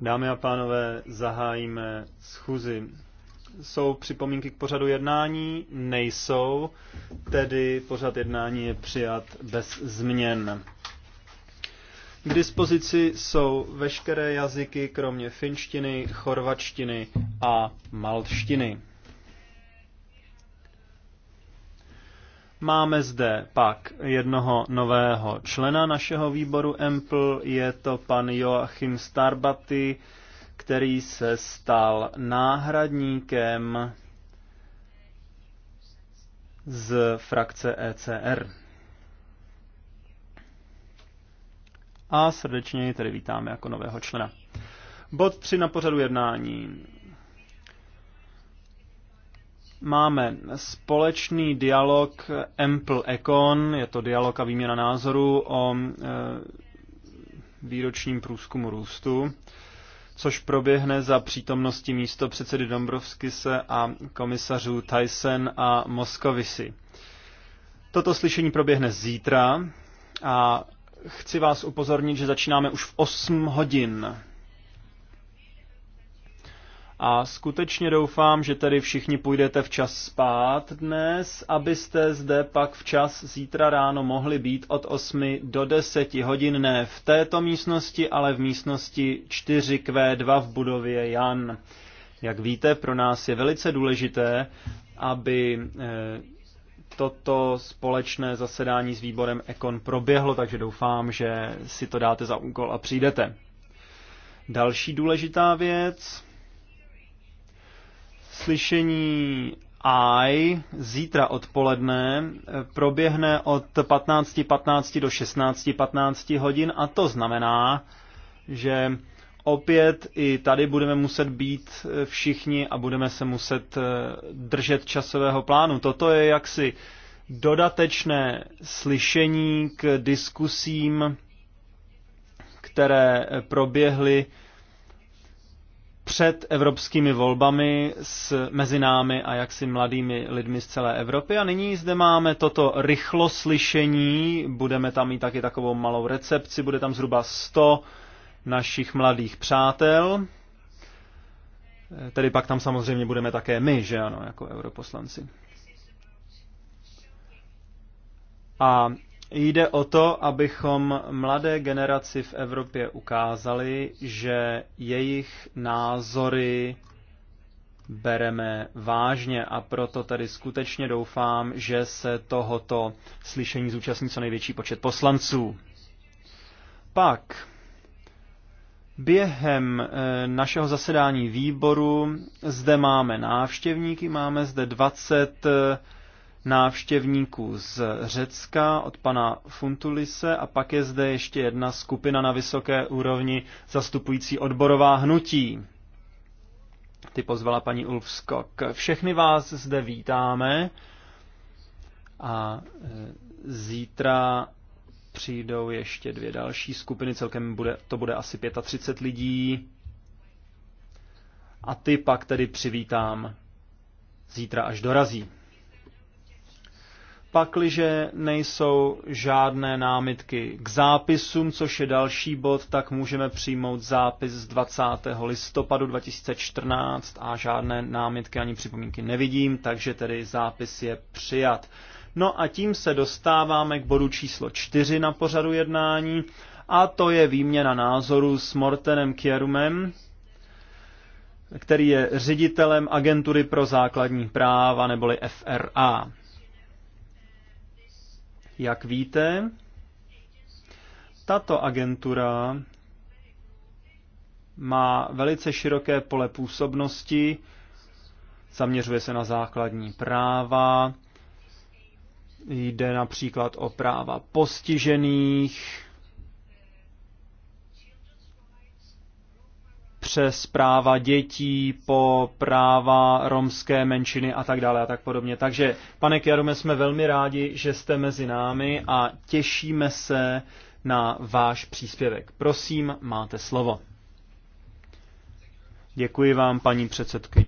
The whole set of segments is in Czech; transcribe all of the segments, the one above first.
Dámy a pánové, zahájíme schůzi. Jsou připomínky k pořadu jednání? Nejsou, tedy pořad jednání je přijat bez změn. K dispozici jsou veškeré jazyky kromě finštiny, chorvačtiny a malštiny. Máme zde pak jednoho nového člena našeho výboru EMPL, je to pan Joachim Starbaty, který se stal náhradníkem z frakce ECR. A srdečně ji tedy vítáme jako nového člena. Bod 3 na pořadu jednání Máme společný dialog Ample Econ, je to dialog a výměna názoru o e, výročním průzkumu růstu, což proběhne za přítomnosti místo předsedy Dombrovskise a komisařů Tyson a Moskovisi. Toto slyšení proběhne zítra a chci vás upozornit, že začínáme už v 8 hodin. A skutečně doufám, že tady všichni půjdete včas spát dnes, abyste zde pak včas zítra ráno mohli být od 8 do 10 hodin, ne v této místnosti, ale v místnosti 4Q2 v budově Jan. Jak víte, pro nás je velice důležité, aby eh, toto společné zasedání s výborem Ekon proběhlo, takže doufám, že si to dáte za úkol a přijdete. Další důležitá věc, slyšení AI zítra odpoledne eh, proběhne od 15.15 .15 do 16.15 .15 hodin a to znamená, že opět i tady budeme muset být eh, všichni a budeme se muset eh, držet časového plánu. Toto je jaksi dodatečné slyšení k diskusím, které proběhly před evropskými volbami s, mezi námi a jaksi mladými lidmi z celé Evropy. A nyní zde máme toto rychloslyšení, budeme tam mít taky takovou malou recepci, bude tam zhruba 100 našich mladých přátel. E, tedy pak tam samozřejmě budeme také my, že ano, jako europoslanci. A Jde o to, abychom mladé generaci v Evropě ukázali, že jejich názory bereme vážně a proto tady skutečně doufám, že se tohoto slyšení zúčastní co největší počet poslanců. Pak během eh, našeho zasedání výboru zde máme návštěvníky, máme zde 20 návštěvníků z Řecka od pana Funtulise a pak je zde ještě jedna skupina na vysoké úrovni zastupující odborová hnutí. Ty pozvala paní Ulfskok. Všechny vás zde vítáme a e, zítra přijdou ještě dvě další skupiny, celkem bude, to bude asi 35 lidí. A ty pak tedy přivítám zítra, až dorazí. Pakliže nejsou žádné námitky k zápisům, což je další bod, tak můžeme přijmout zápis z 20. listopadu 2014 a žádné námitky ani připomínky nevidím, takže tedy zápis je přijat. No a tím se dostáváme k bodu číslo 4 na pořadu jednání a to je výměna názoru s Mortenem Kierumem, který je ředitelem Agentury pro základní práva neboli FRA. Jak víte, tato agentura má velice široké pole působnosti, zaměřuje se na základní práva, jde například o práva postižených, přes práva dětí, po práva romské menšiny a tak dále a tak podobně. Takže, pane Kjarume, jsme velmi rádi, že jste mezi námi a těšíme se na váš příspěvek. Prosím, máte slovo. Děkuji vám, paní předsedkyně.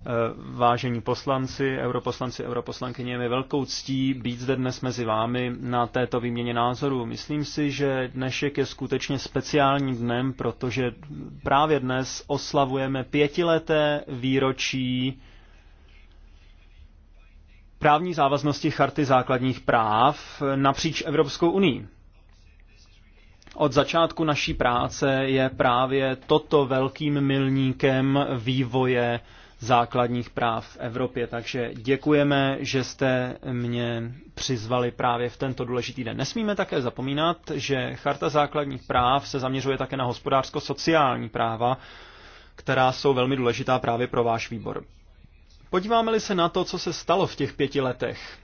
Eh, vážení poslanci, europoslanci, europoslankyně, je mi velkou ctí být zde dnes mezi vámi na této výměně názorů. Myslím si, že dnešek je skutečně speciálním dnem, protože právě dnes oslavujeme pětileté výročí právní závaznosti Charty základních práv napříč Evropskou unii. Od začátku naší práce je právě toto velkým milníkem vývoje základních práv v Evropě. Takže děkujeme, že jste mě přizvali právě v tento důležitý den. Nesmíme také zapomínat, že Charta základních práv se zaměřuje také na hospodářsko-sociální práva, která jsou velmi důležitá právě pro váš výbor. Podíváme-li se na to, co se stalo v těch pěti letech,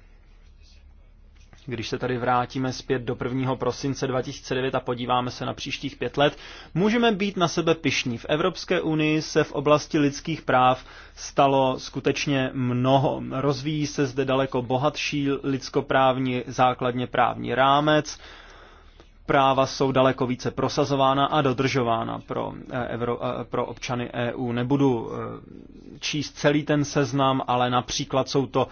když se tady vrátíme zpět do 1. prosince 2009 a podíváme se na příštích pět let, můžeme být na sebe pišní. V Evropské unii se v oblasti lidských práv stalo skutečně mnoho. Rozvíjí se zde daleko bohatší lidskoprávní základně právní rámec, práva jsou daleko více prosazována a dodržována pro, eh, Evro, eh, pro občany EU. Nebudu eh, číst celý ten seznam, ale například jsou to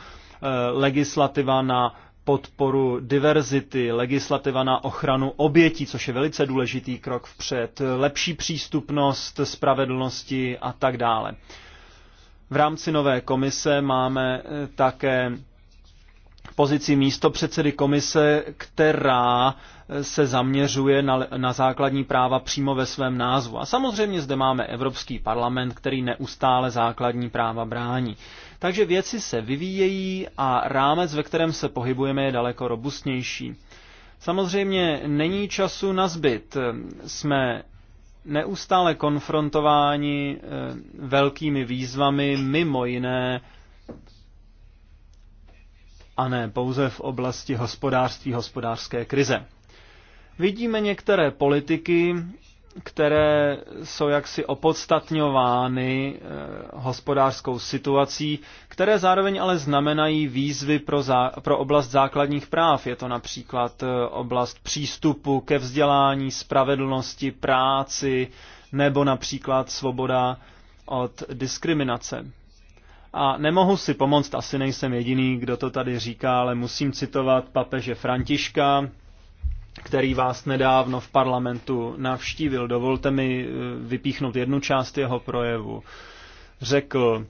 legislativa na podporu diverzity, legislativa na ochranu obětí, což je velice důležitý krok vpřed, lepší přístupnost spravedlnosti a tak dále. V rámci nové komise máme eh, také pozici místo předsedy komise, která se zaměřuje na, na základní práva přímo ve svém názvu. A samozřejmě zde máme Evropský parlament, který neustále základní práva brání. Takže věci se vyvíjejí a rámec, ve kterém se pohybujeme, je daleko robustnější. Samozřejmě není času na zbyt. Jsme neustále konfrontováni eh, velkými výzvami, mimo jiné a ne pouze v oblasti hospodářství hospodářské krize. Vidíme některé politiky, které jsou jaksi opodstatňovány e, hospodářskou situací, které zároveň ale znamenají výzvy pro, zá, pro oblast základních práv. Je to například e, oblast přístupu ke vzdělání, spravedlnosti, práci nebo například svoboda od diskriminace. A nemohu si pomoct, asi nejsem jediný, kdo to tady říká, ale musím citovat papeže Františka, který vás nedávno v parlamentu navštívil. Dovolte mi eh, vypíchnout jednu část jeho projevu. Řekl,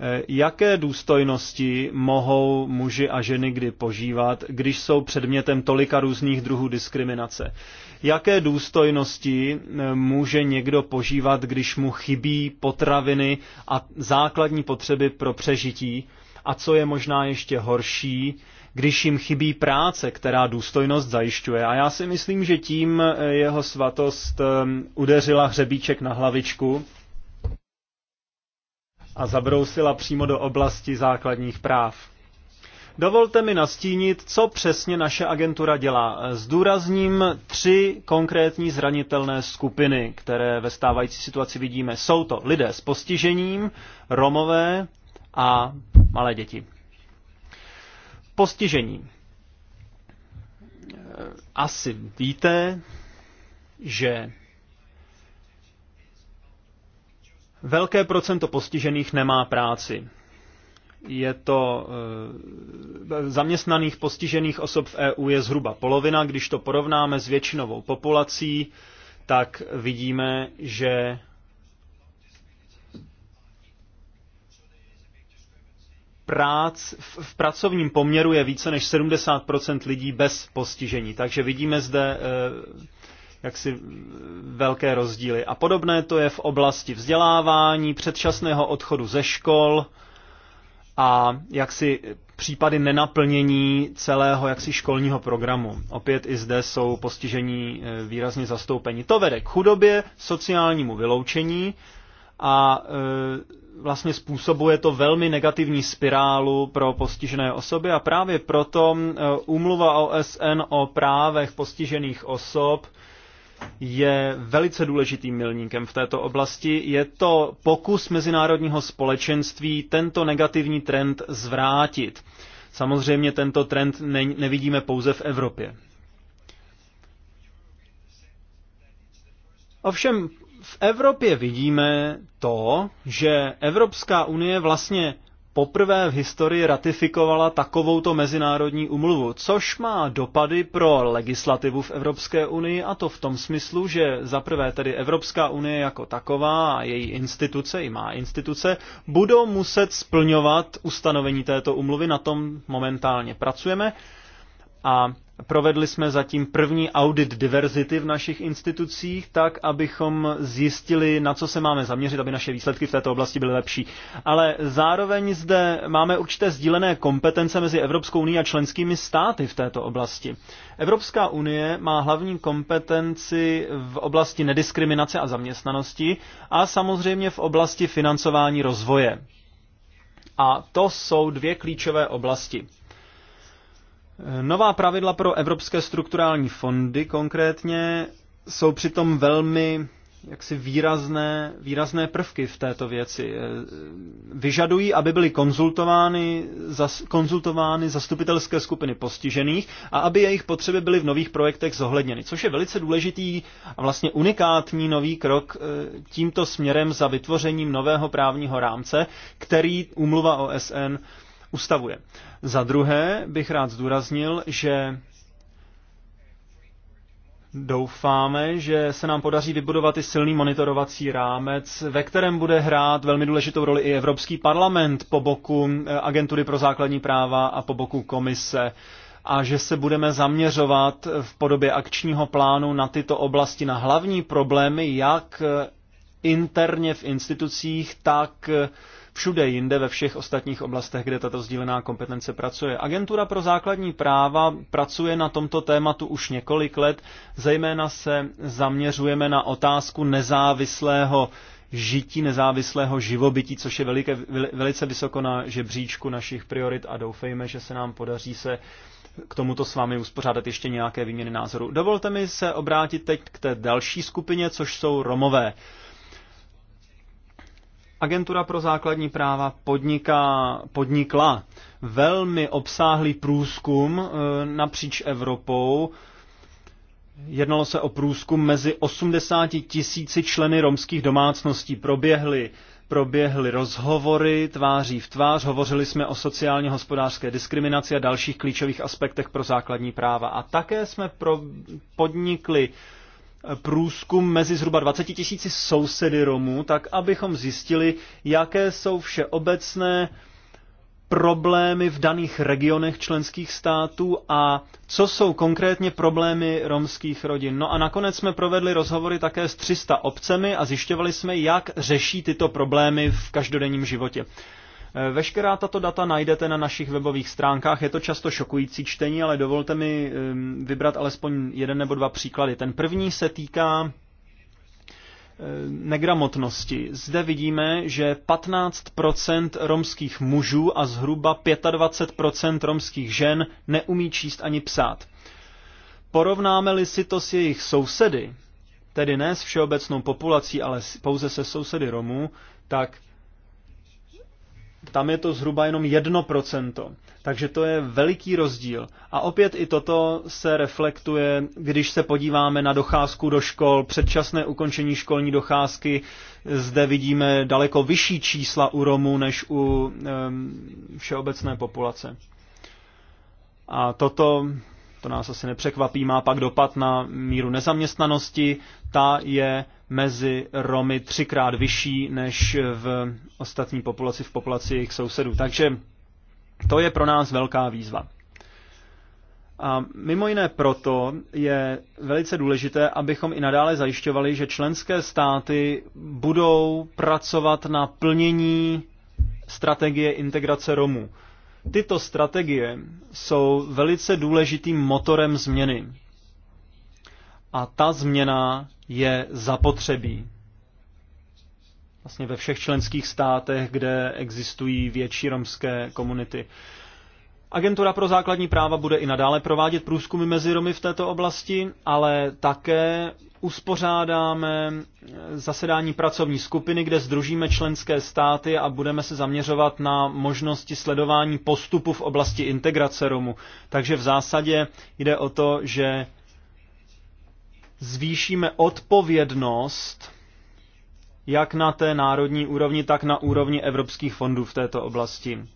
eh, jaké důstojnosti mohou muži a ženy kdy požívat, když jsou předmětem tolika různých druhů diskriminace. Jaké důstojnosti eh, může někdo požívat, když mu chybí potraviny a základní potřeby pro přežití, a co je možná ještě horší, když jim chybí práce, která důstojnost zajišťuje. A já si myslím, že tím eh, jeho svatost eh, udeřila hřebíček na hlavičku a zabrousila přímo do oblasti základních práv. Dovolte mi nastínit, co přesně naše agentura dělá. Zdůrazním tři konkrétní zranitelné skupiny, které ve stávající situaci vidíme. Jsou to lidé s postižením, Romové a malé děti postižením. Asi víte, že velké procento postižených nemá práci. Je to eh, zaměstnaných postižených osob v EU je zhruba polovina. Když to porovnáme s většinovou populací, tak vidíme, že prác, v pracovním poměru je více než 70% lidí bez postižení. Takže vidíme zde eh, jaksi eh, velké rozdíly. A podobné to je v oblasti vzdělávání, předčasného odchodu ze škol a jaksi případy nenaplnění celého jaksi školního programu. Opět i zde jsou postižení eh, výrazně zastoupeni. To vede k chudobě, sociálnímu vyloučení, a e, vlastně způsobuje to velmi negativní spirálu pro postižené osoby a právě proto umluva e, OSN o právech postižených osob je velice důležitým milníkem v této oblasti. Je to pokus mezinárodního společenství tento negativní trend zvrátit. Samozřejmě tento trend ne- nevidíme pouze v Evropě. Ovšem v Evropě vidíme to, že Evropská unie vlastně poprvé v historii ratifikovala takovouto mezinárodní umluvu, což má dopady pro legislativu v Evropské unii a to v tom smyslu, že zaprvé tedy Evropská unie jako taková a její instituce i má instituce budou muset splňovat ustanovení této umluvy, na tom momentálně pracujeme a Provedli jsme zatím první audit diverzity v našich institucích, tak abychom zjistili, na co se máme zaměřit, aby naše výsledky v této oblasti byly lepší. Ale zároveň zde máme určité sdílené kompetence mezi Evropskou unii a členskými státy v této oblasti. Evropská unie má hlavní kompetenci v oblasti nediskriminace a zaměstnanosti a samozřejmě v oblasti financování rozvoje. A to jsou dvě klíčové oblasti. Nová pravidla pro evropské strukturální fondy konkrétně jsou přitom velmi jaksi výrazné, výrazné prvky v této věci. Eh, vyžadují, aby byly konzultovány, zas, konzultovány zastupitelské skupiny postižených a aby jejich potřeby byly v nových projektech zohledněny, což je velice důležitý a vlastně unikátní nový krok eh, tímto směrem za vytvořením nového právního rámce, který úmluva OSN ustavuje. Za druhé bych rád zdůraznil, že Doufáme, že se nám podaří vybudovat i silný monitorovací rámec, ve kterém bude hrát velmi důležitou roli i Evropský parlament po boku eh, Agentury pro základní práva a po boku komise a že se budeme zaměřovat v podobě akčního plánu na tyto oblasti, na hlavní problémy, jak eh, interně v institucích, tak eh, všude jinde ve všech ostatních oblastech, kde tato sdílená kompetence pracuje. Agentura pro základní práva pracuje na tomto tématu už několik let, zejména se zaměřujeme na otázku nezávislého žití nezávislého živobytí, což je velike, velice vysoko na žebříčku našich priorit a doufejme, že se nám podaří se k tomuto s vámi uspořádat ještě nějaké výměny názorů. Dovolte mi se obrátit teď k té další skupině, což jsou Romové. Agentura pro základní práva podniká, podnikla velmi obsáhlý průzkum eh, napříč Evropou. Jednalo se o průzkum mezi 80 tisíci členy romských domácností. Proběhly proběhly rozhovory tváří v tvář, hovořili jsme o sociálně hospodářské diskriminaci a dalších klíčových aspektech pro základní práva. A také jsme pro, podnikli průzkum mezi zhruba 20 tisíci sousedy Romů, tak abychom zjistili, jaké jsou všeobecné problémy v daných regionech členských států a co jsou konkrétně problémy romských rodin. No a nakonec jsme provedli rozhovory také s 300 obcemi a zjišťovali jsme, jak řeší tyto problémy v každodenním životě. Veškerá tato data najdete na našich webových stránkách. Je to často šokující čtení, ale dovolte mi um, vybrat alespoň jeden nebo dva příklady. Ten první se týká um, negramotnosti. Zde vidíme, že 15% romských mužů a zhruba 25% romských žen neumí číst ani psát. Porovnáme-li si to s jejich sousedy, tedy ne s všeobecnou populací, ale pouze se sousedy Romů, tak tam je to zhruba jenom 1%. Takže to je veliký rozdíl. A opět i toto se reflektuje, když se podíváme na docházku do škol, předčasné ukončení školní docházky. Zde vidíme daleko vyšší čísla u Romů než u um, všeobecné populace. A toto to nás asi nepřekvapí, má pak dopad na míru nezaměstnanosti. Ta je mezi Romy třikrát vyšší než v ostatní populaci, v populaci jejich sousedů. Takže to je pro nás velká výzva. A mimo jiné proto je velice důležité, abychom i nadále zajišťovali, že členské státy budou pracovat na plnění strategie integrace Romů. Tyto strategie jsou velice důležitým motorem změny. A ta změna je zapotřebí. Vlastně ve všech členských státech, kde existují větší romské komunity. Agentura pro základní práva bude i nadále provádět průzkumy mezi Romy v této oblasti, ale také uspořádáme eh, zasedání pracovní skupiny, kde združíme členské státy a budeme se zaměřovat na možnosti sledování postupu v oblasti integrace Romů. Takže v zásadě jde o to, že zvýšíme odpovědnost jak na té národní úrovni, tak na úrovni evropských fondů v této oblasti.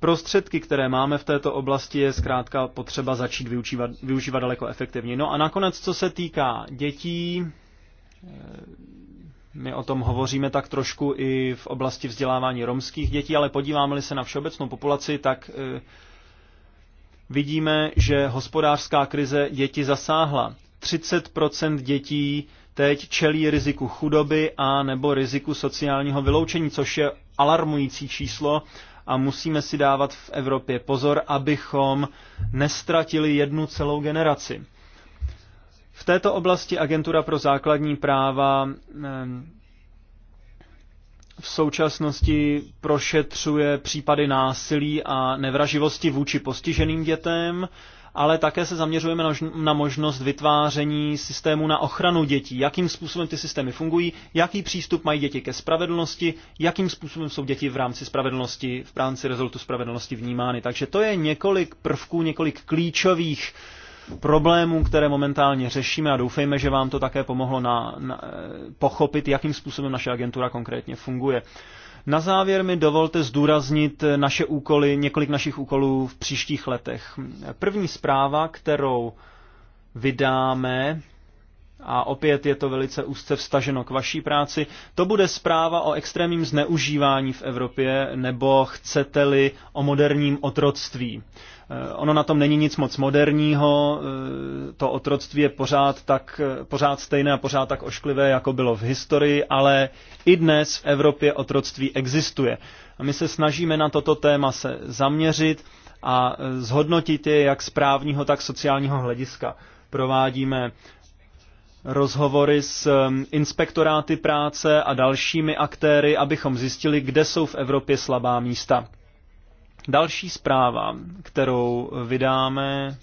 prostředky, které máme v této oblasti, je zkrátka potřeba začít využívat, využívat daleko efektivně. No a nakonec, co se týká dětí, eh, my o tom hovoříme tak trošku i v oblasti vzdělávání romských dětí, ale podíváme-li se na všeobecnou populaci, tak eh, vidíme, že hospodářská krize děti zasáhla. 30% dětí teď čelí riziku chudoby a nebo riziku sociálního vyloučení, což je alarmující číslo a musíme si dávat v Evropě pozor, abychom nestratili jednu celou generaci. V této oblasti Agentura pro základní práva ehm, v současnosti prošetřuje případy násilí a nevraživosti vůči postiženým dětem, ale také se zaměřujeme na možnost vytváření systému na ochranu dětí, jakým způsobem ty systémy fungují, jaký přístup mají děti ke spravedlnosti, jakým způsobem jsou děti v rámci spravedlnosti, v rámci rezultu spravedlnosti vnímány. Takže to je několik prvků, několik klíčových problémů, které momentálně řešíme a doufejme, že vám to také pomohlo na, na, eh, pochopit, jakým způsobem naše agentura konkrétně funguje. Na závěr mi dovolte zdůraznit naše úkoly, několik našich úkolů v příštích letech. První zpráva, kterou vydáme, a opět je to velice úzce vstaženo k vaší práci, to bude zpráva o extrémním zneužívání v Evropě, nebo chcete-li o moderním otroctví. Eh, ono na tom není nic moc moderního, eh, to otroctví je pořád, tak, pořád stejné a pořád tak ošklivé, jako bylo v historii, ale i dnes v Evropě otroctví existuje. A my se snažíme na toto téma se zaměřit a eh, zhodnotit je jak z právního, tak sociálního hlediska. Provádíme rozhovory s inspektoráty práce a dalšími aktéry, abychom zjistili, kde jsou v Evropě slabá místa. Další zpráva, kterou vydáme,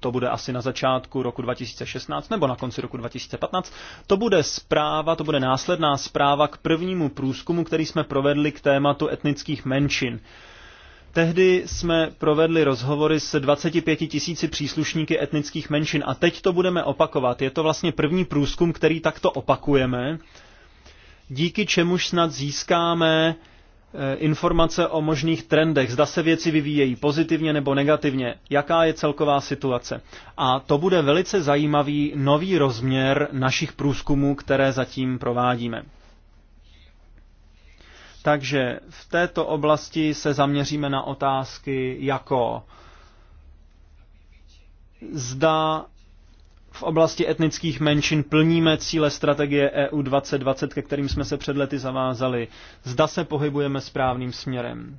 to bude asi na začátku roku 2016 nebo na konci roku 2015, to bude zpráva, to bude následná zpráva k prvnímu průzkumu, který jsme provedli k tématu etnických menšin. Tehdy jsme provedli rozhovory s 25 tisíci příslušníky etnických menšin a teď to budeme opakovat. Je to vlastně první průzkum, který takto opakujeme, díky čemuž snad získáme Eh, informace o možných trendech, zda se věci vyvíjejí pozitivně nebo negativně, jaká je celková situace. A to bude velice zajímavý nový rozměr našich průzkumů, které zatím provádíme. Takže v této oblasti se zaměříme na otázky jako zda v oblasti etnických menšin plníme cíle strategie EU 2020, ke kterým jsme se před lety zavázali. Zda se pohybujeme správným směrem.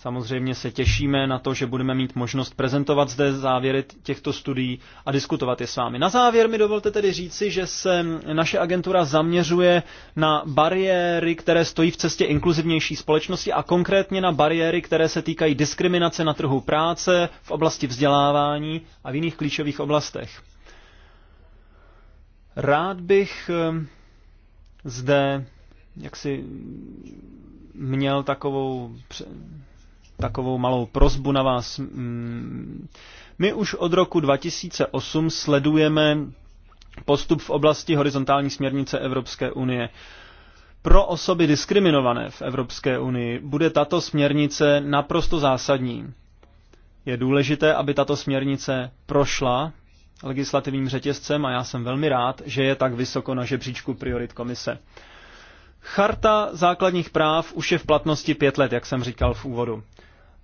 Samozřejmě se těšíme na to, že budeme mít možnost prezentovat zde závěry těchto studií a diskutovat je s vámi. Na závěr mi dovolte tedy říci, že se naše agentura zaměřuje na bariéry, které stojí v cestě inkluzivnější společnosti a konkrétně na bariéry, které se týkají diskriminace na trhu práce, v oblasti vzdělávání a v jiných klíčových oblastech. Rád bych eh, zde jaksi měl takovou takovou malou prozbu na vás. Mm, my už od roku 2008 sledujeme postup v oblasti horizontální směrnice Evropské unie. Pro osoby diskriminované v Evropské unii bude tato směrnice naprosto zásadní. Je důležité, aby tato směrnice prošla legislativním řetězcem a já jsem velmi rád, že je tak vysoko na žebříčku priorit komise. Charta základních práv už je v platnosti pět let, jak jsem říkal v úvodu.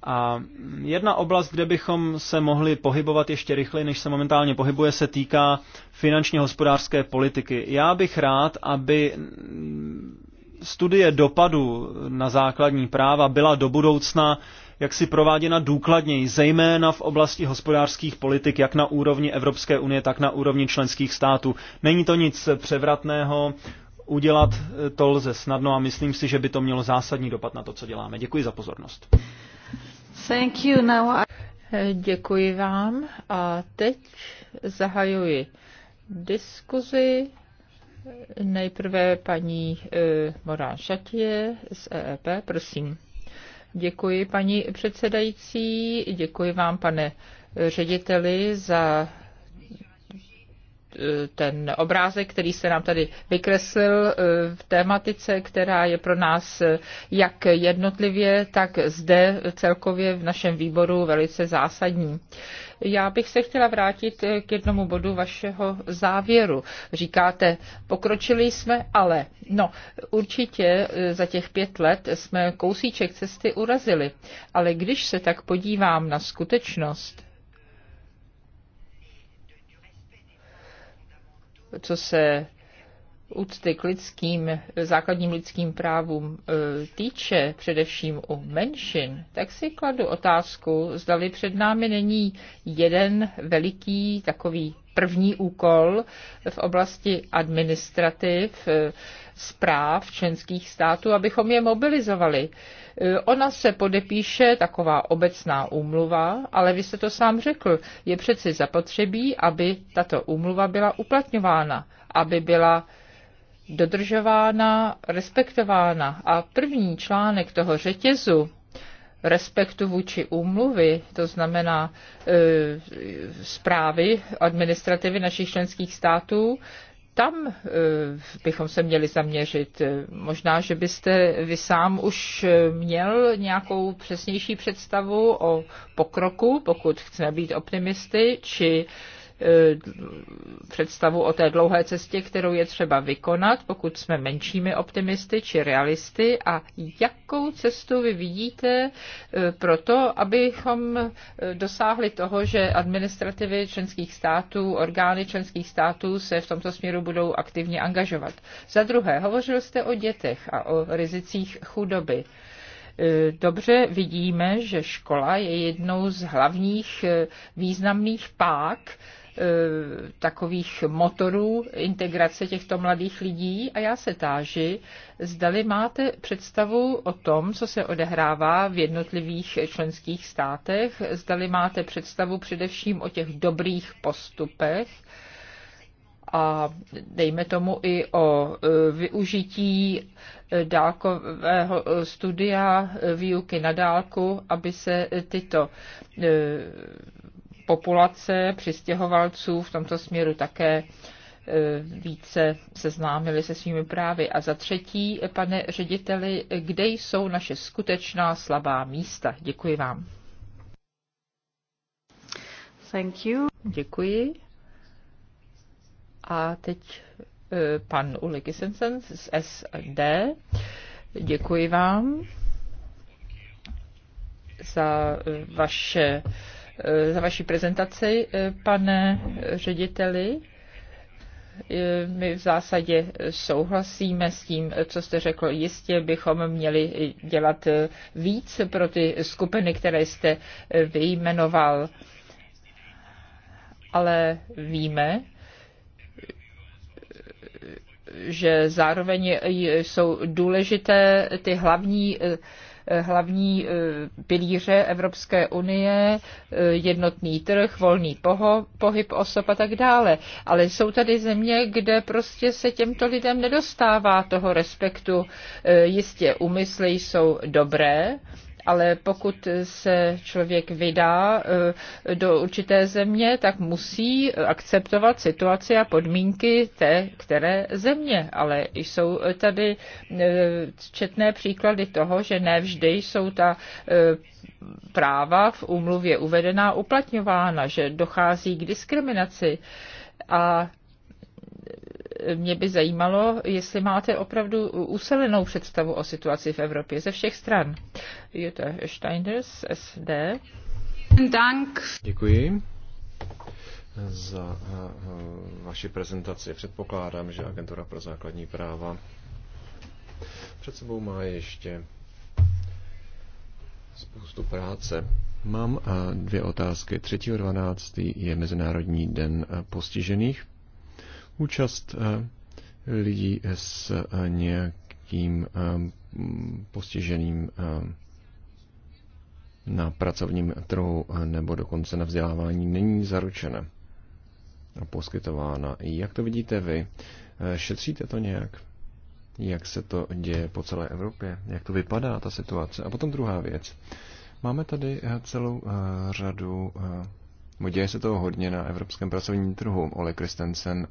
A jedna oblast, kde bychom se mohli pohybovat ještě rychleji, než se momentálně pohybuje, se týká finančně hospodářské politiky. Já bych rád, aby studie dopadu na základní práva byla do budoucna jak si prováděna důkladněji, zejména v oblasti hospodářských politik, jak na úrovni Evropské unie, tak na úrovni členských států. Není to nic převratného, udělat to lze snadno a myslím si, že by to mělo zásadní dopad na to, co děláme. Děkuji za pozornost. Thank you. Now I... Děkuji vám a teď zahajuji diskuzi. Nejprve paní e, Morán Šatě z EEP, prosím. Děkuji paní předsedající, děkuji vám pane řediteli za ten obrázek, který se nám tady vykreslil eh, v tématice, která je pro nás eh, jak jednotlivě, tak zde celkově v našem výboru velice zásadní. Já bych se chtěla vrátit eh, k jednomu bodu vašeho závěru. Říkáte, pokročili jsme, ale no, určitě za těch pět let jsme kousíček cesty urazili. Ale když se tak podívám na skutečnost, co se úcty k lidským, základním lidským právům e, týče, především u menšin, tak si kladu otázku, zdali před námi není jeden veliký takový první úkol v oblasti administrativ, e, zpráv členských států, abychom je mobilizovali. E, ona se podepíše taková obecná úmluva, ale vy jste to sám řekl, je přeci zapotřebí, aby tato úmluva byla uplatňována, aby byla dodržována, respektována. A první článek toho řetězu respektu vůči úmluvy, to znamená e, zprávy administrativy našich členských států, tam e, bychom se měli zaměřit. E, možná, že byste vy sám už e, měl nějakou přesnější představu o pokroku, pokud chceme být optimisty, či E, představu o té dlouhé cestě, kterou je třeba vykonat, pokud jsme menšími optimisty či realisty a jakou cestu vy vidíte e, pro to, abychom e, dosáhli toho, že administrativy členských států, orgány členských států se v tomto směru budou aktivně angažovat. Za druhé, hovořil jste o dětech a o rizicích chudoby dobře vidíme, že škola je jednou z hlavních významných pák Eh, takových motorů integrace těchto mladých lidí a já se táži, zdali máte představu o tom, co se odehrává v jednotlivých členských státech, zdali máte představu především o těch dobrých postupech, a dejme tomu i o eh, využití eh, dálkového studia, výuky na dálku, aby se tyto populace přistěhovalců v tomto směru také e, více seznámili se svými právy. A za třetí, pane řediteli, kde jsou naše skutečná slabá místa? Děkuji vám. Thank you. Děkuji. A teď e, pan Uli Kisensen z SD. Děkuji vám za e, vaše Eh, za vaši prezentaci, eh, pane řediteli. Eh, my v zásadě souhlasíme s tím, co jste řekl. Jistě bychom měli dělat víc pro ty skupiny, které jste vyjmenoval. Ale víme, že zároveň jsou důležité ty hlavní hlavní eh, pilíře Evropské unie, eh, jednotný trh, volný poho, pohyb osob a tak dále. Ale jsou tady země, kde prostě se těmto lidem nedostává toho respektu. Eh, jistě úmysly jsou dobré, ale pokud se člověk vydá eh, do určité země, tak musí akceptovat situaci a podmínky té, které země. Ale jsou tady eh, četné příklady toho, že ne vždy jsou ta eh, práva v úmluvě uvedená uplatňována, že dochází k diskriminaci a mě by zajímalo, jestli máte opravdu uselenou představu o situaci v Evropě ze všech stran. Jutta Steinders, SD. Dank. Děkuji za eh, vaši prezentaci. Předpokládám, že Agentura pro základní práva před sebou má ještě spoustu práce. Mám eh, dvě otázky. 3.12. je Mezinárodní den eh, postižených účast eh, lidí s eh, nějakým eh, postižením na pracovním trhu nebo dokonce na vzdělávání není zaručena a poskytována. Jak to vidíte vy? Šetříte to nějak? Jak se to děje po celé Evropě? Jak to vypadá ta situace? A potom druhá věc. Máme tady celou řadu Děje se toho hodně na evropském pracovním trhu. Ole Kristensen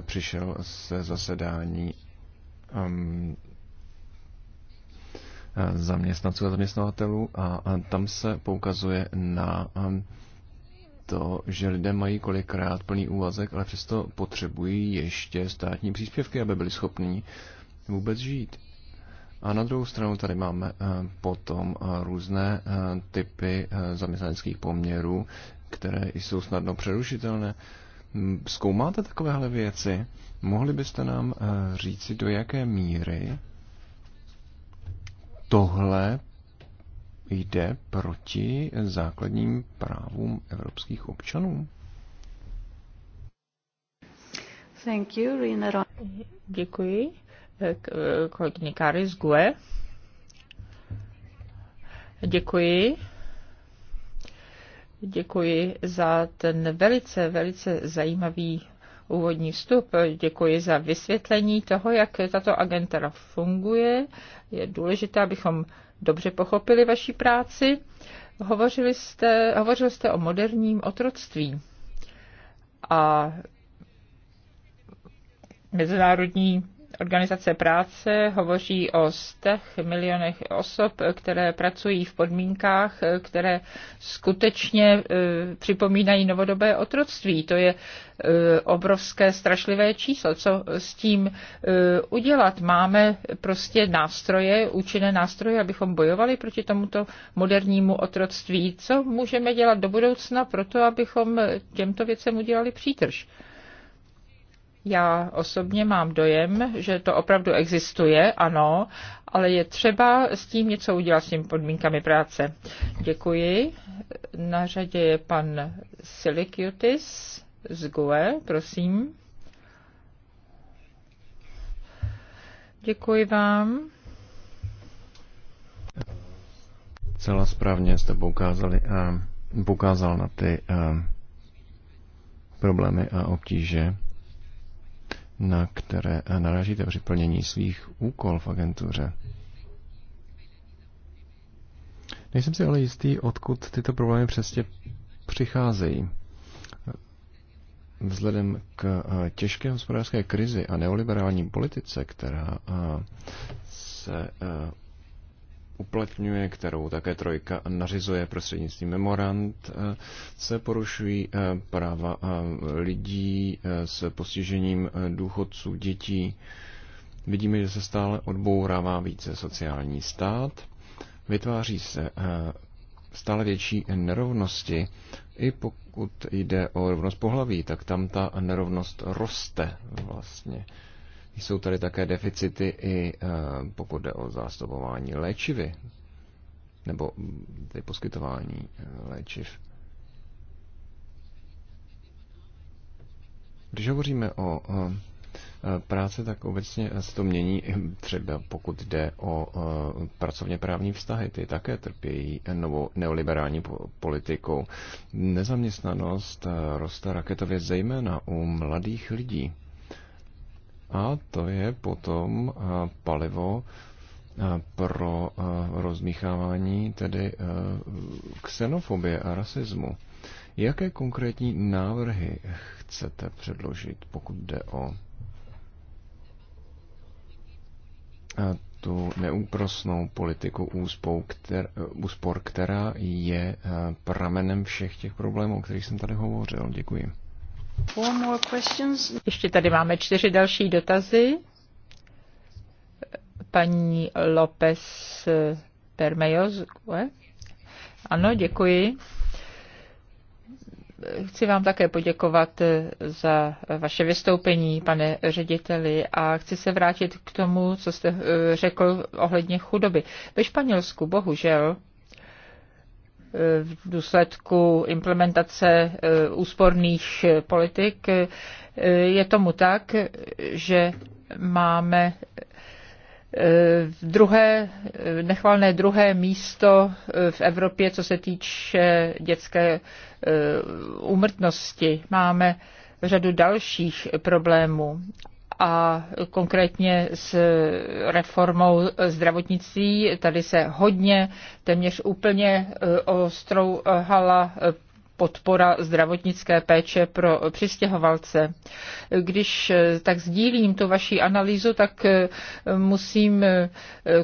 přišel se zasedání um, zaměstnanců a zaměstnavatelů a, a tam se poukazuje na um, to, že lidé mají kolikrát plný úvazek, ale přesto potřebují ještě státní příspěvky, aby byli schopni vůbec žít. A na druhou stranu tady máme eh, potom eh, různé eh, typy zaměstnaneckých poměrů, které jsou snadno přerušitelné. Zkoumáte takovéhle věci? Mohli byste nám říci, do jaké míry tohle jde proti základním právům evropských občanů? Thank you, Rina Děkuji kolegyně Kary z GUE. Děkuji. Děkuji za ten velice, velice zajímavý úvodní vstup. Děkuji za vysvětlení toho, jak tato agentura funguje. Je důležité, abychom dobře pochopili vaší práci. Hovořili jste, hovořil jste o moderním otroctví a mezinárodní organizace práce hovoří o stech milionech osob, které pracují v podmínkách, které skutečně e, připomínají novodobé otroctví. To je e, obrovské strašlivé číslo. Co s tím e, udělat? Máme prostě nástroje, účinné nástroje, abychom bojovali proti tomuto modernímu otroctví. Co můžeme dělat do budoucna pro to, abychom těmto věcem udělali přítrž? Já osobně mám dojem, že to opravdu existuje, ano, ale je třeba s tím něco udělat, s těmi podmínkami práce. Děkuji. Na řadě je pan Silikiotis z GUE, prosím. Děkuji vám. Celá správně jste poukázali, eh, poukázal na ty eh, problémy a obtíže, na které eh, narážíte při plnění svých úkol v agentuře. Nejsem si ale jistý, odkud tyto problémy přesně přicházejí. Vzhledem k eh, těžké hospodářské krizi a neoliberální politice, která eh, se uplatňuje, kterou také trojka nařizuje prostřednictvím memorand, eh, se porušují eh, práva eh, lidí s postižením důchodců, dětí. Vidíme, že se stále odbourává více sociální stát, vytváří se stále větší nerovnosti. I pokud jde o rovnost pohlaví, tak tam ta nerovnost roste vlastně. Jsou tady také deficity i eh, pokud jde o zásobování léčivy nebo hm, tedy poskytování eh, léčiv. Když hovoříme o eh, práce, tak obecně se to mění třeba pokud jde o pracovně právní vztahy. Ty také trpějí novou neoliberální politikou. Nezaměstnanost roste raketově zejména u mladých lidí. A to je potom eh, palivo eh, pro eh, rozmíchávání tedy ksenofobie a rasismu. Jaké konkrétní návrhy chcete předložit, pokud jde o tu neúprosnou politiku úspor, která, úspor, která je pramenem všech těch problémů, o kterých jsem tady hovořil. Děkuji. Ještě tady máme čtyři další dotazy. Paní López Permejoz. Ano, děkuji chci vám také poděkovat za vaše vystoupení, pane řediteli, a chci se vrátit k tomu, co jste řekl ohledně chudoby. Ve Španělsku bohužel v důsledku implementace eh, úsporných politik. Eh, je tomu tak, že máme eh, druhé, nechvalné druhé místo v Evropě, co se týče dětské úmrtnosti. Máme řadu dalších problémů a konkrétně s reformou zdravotnictví. Tady se hodně, téměř úplně eh, ostrouhala eh, eh, podpora zdravotnické péče pro přistěhovalce. Když eh, tak sdílím tu vaši analýzu, tak eh, musím eh,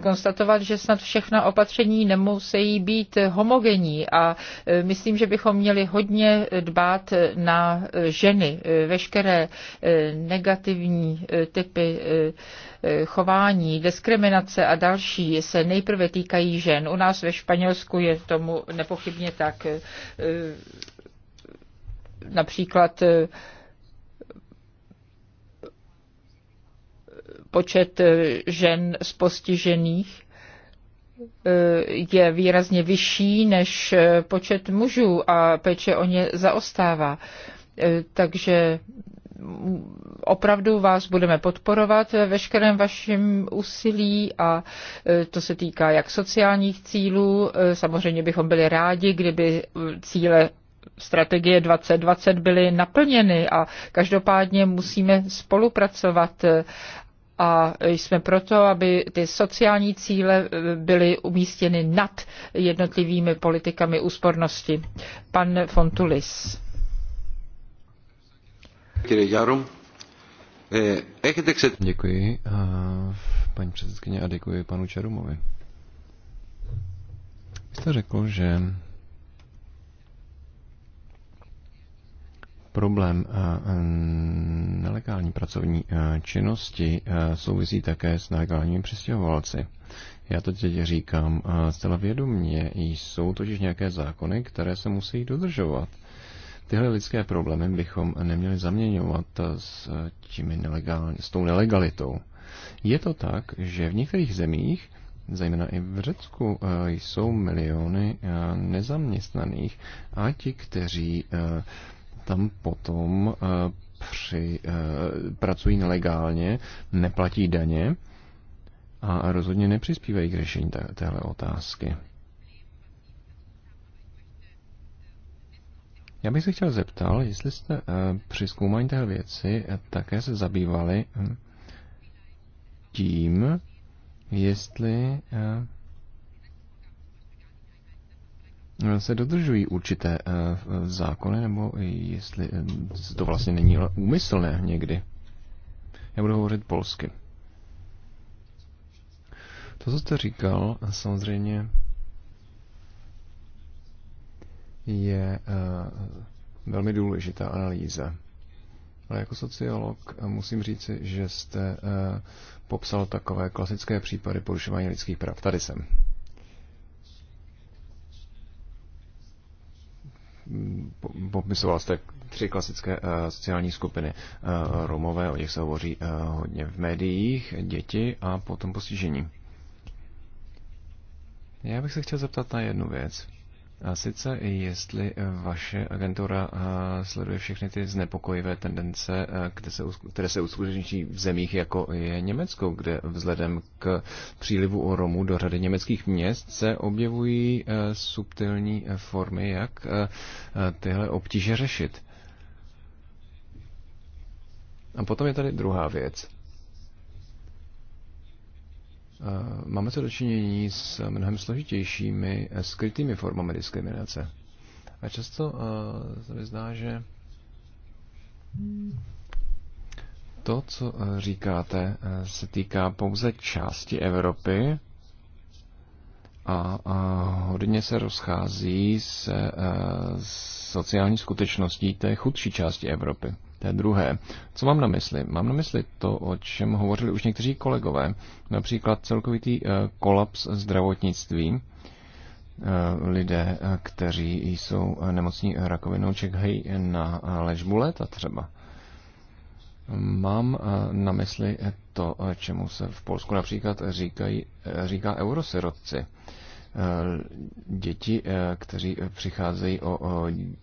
konstatovat, že snad všechna opatření nemusí být homogenní a myslím, že bychom měli hodně dbát na ženy, veškeré negativní typy Eh, chování, diskriminace a další se nejprve týkají žen. U nás ve Španělsku je tomu nepochybně tak. Eh, eh, například počet žen z postižených je výrazně vyšší než počet mužů a péče o ně zaostává. Takže opravdu vás budeme podporovat ve veškerém vašem úsilí a e, to se týká jak sociálních cílů. E, samozřejmě bychom byli rádi, kdyby e, cíle strategie 2020 byly naplněny a každopádně musíme spolupracovat a jsme proto, aby ty sociální cíle byly umístěny nad jednotlivými politikami úspornosti. Pan Fontulis. Děkuji, paní předsedkyně, a děkuji panu Čerumovi. Vy jste řekl, že problém nelegální pracovní činnosti souvisí také s nelegálními přistěhovalci. Já to teď říkám zcela vědomně, jsou totiž nějaké zákony, které se musí dodržovat. Tyhle lidské problémy bychom neměli zaměňovat s, eh, tím nelegál, s tou nelegalitou. Je to tak, že v některých zemích, zejména i v Řecku, eh, jsou miliony eh, nezaměstnaných a ti, kteří tam potom při, pracují nelegálně, neplatí daně a rozhodně nepřispívají k řešení téhle otázky. Já bych se chtěl zeptal, jestli jste eh, při zkoumání té věci eh, také se zabývali hm, tím, jestli eh, se dodržují určité zákony, nebo jestli to vlastně není úmyslné někdy. Já budu hovořit polsky. To, co jste říkal, samozřejmě je eh, velmi důležitá analýza. Ale jako sociolog eh, musím říci, že jste eh, popsal takové klasické případy porušování lidských práv. Tady jsem. Popisoval jste tři klasické sociální skupiny. Romové, o těch se hovoří hodně v médiích, děti a potom postižení. Já bych se chtěl zeptat na jednu věc. A sice, jestli eh, vaše agentura eh, sleduje všechny ty znepokojivé tendence, eh, kde se, které se uskuteční v zemích, jako je Německo, kde vzhledem k přílivu Romů do řady německých měst se objevují subtilní formy, jak tyhle obtíže řešit. A potom je tady druhá věc máme co dočinění s mnohem složitějšími eh, skrytými formami diskriminace. A často eh, se mi zdá, že to, co eh, říkáte, se týká pouze části Evropy a, a hodně se rozchází se sociální skutečností té chudší části Evropy té druhé. Co mám na mysli? Mám na mysli to, o čem hovořili už někteří kolegové, například celkovitý eh, kolaps zdravotnictví, eh, lidé, eh, kteří jsou nemocní rakovinou, čekají na léčbu léta třeba. Mám na mysli to, čemu se v Polsku například říkají, říká eurosirotci. Eh, děti, eh, kteří přicházejí o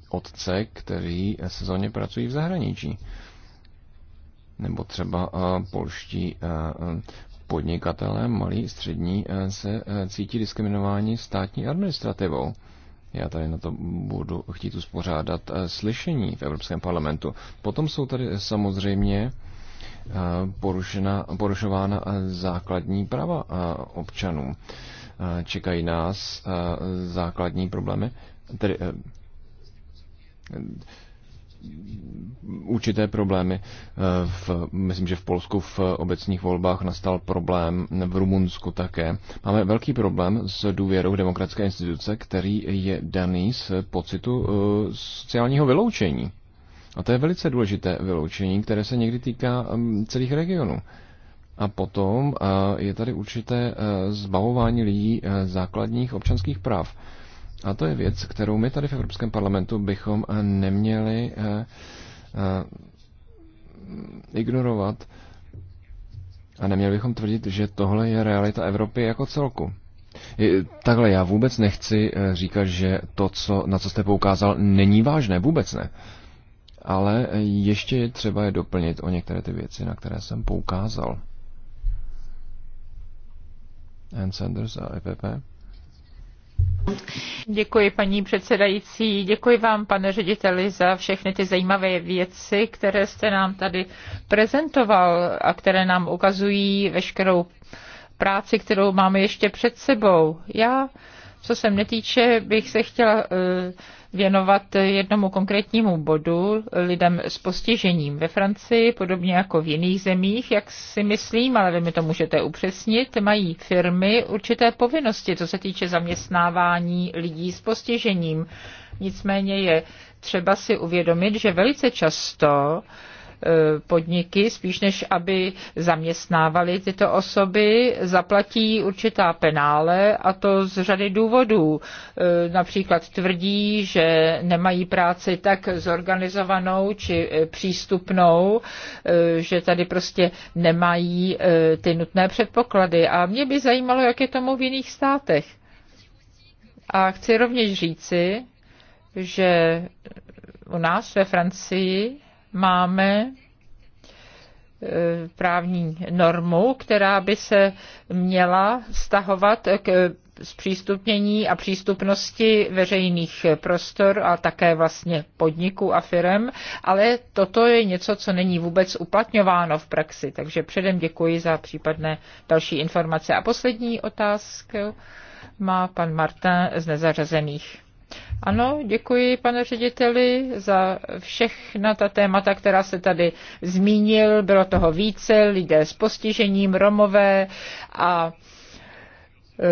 otce, kteří sezóně pracují v zahraničí. Nebo třeba eh, polští podnikatelé, malí, střední, se cítí diskriminováni státní administrativou. Já tady na to budu chtít uspořádat slyšení v Evropském parlamentu. Potom jsou tady samozřejmě porušena, porušována základní práva občanů. Čekají nás základní problémy, tedy e, určité problémy. E, v, myslím, že v Polsku v obecních volbách nastal problém, v Rumunsku také. Máme velký problém s důvěrou v demokratické instituce, který je daný z pocitu e, sociálního vyloučení. A to je velice důležité vyloučení, které se někdy týká celých regionů. A potom eh, je tady určité eh, zbavování lidí eh, základních občanských práv. A to je věc, kterou my tady v Evropském parlamentu bychom neměli ignorovat a neměli bychom tvrdit, že tohle je realita Evropy jako celku. Takhle já vůbec nechci říkat, že to, co, na co jste poukázal, není vážné, vůbec ne. Ale ještě je třeba je doplnit o některé ty věci, na které jsem poukázal. Sanders a EPP. Děkuji paní předsedající, děkuji vám pane řediteli za všechny ty zajímavé věci, které jste nám tady prezentoval a které nám ukazují veškerou práci, kterou máme ještě před sebou. Já, co se mne týče, bych se chtěla uh, věnovat jednomu konkrétnímu bodu lidem s postižením ve Francii, podobně jako v jiných zemích, jak si myslím, ale vy mi to můžete upřesnit, mají firmy určité povinnosti, co se týče zaměstnávání lidí s postižením. Nicméně je třeba si uvědomit, že velice často uh, Eh, podniky, spíš než aby zaměstnávali tyto osoby, zaplatí určitá penále a to z řady důvodů. Eh, například tvrdí, že nemají práci tak zorganizovanou či eh, přístupnou, že tady prostě nemají ty nutné předpoklady. A mě by zajímalo, jak je tomu v jiných státech. A chci rovněž říci, že u nás ve Francii máme eh, právní normu, která by se měla stahovat k zpřístupnění a přístupnosti veřejných prostor a také vlastně podniků a firem, ale toto je něco, co není vůbec uplatňováno v praxi, takže předem děkuji za případné další informace. A poslední otázku má pan Martin z nezařazených. Ano, děkuji, pane řediteli, za všechna ta témata, která se tady zmínil. Bylo toho více, lidé s postižením, Romové a Eh,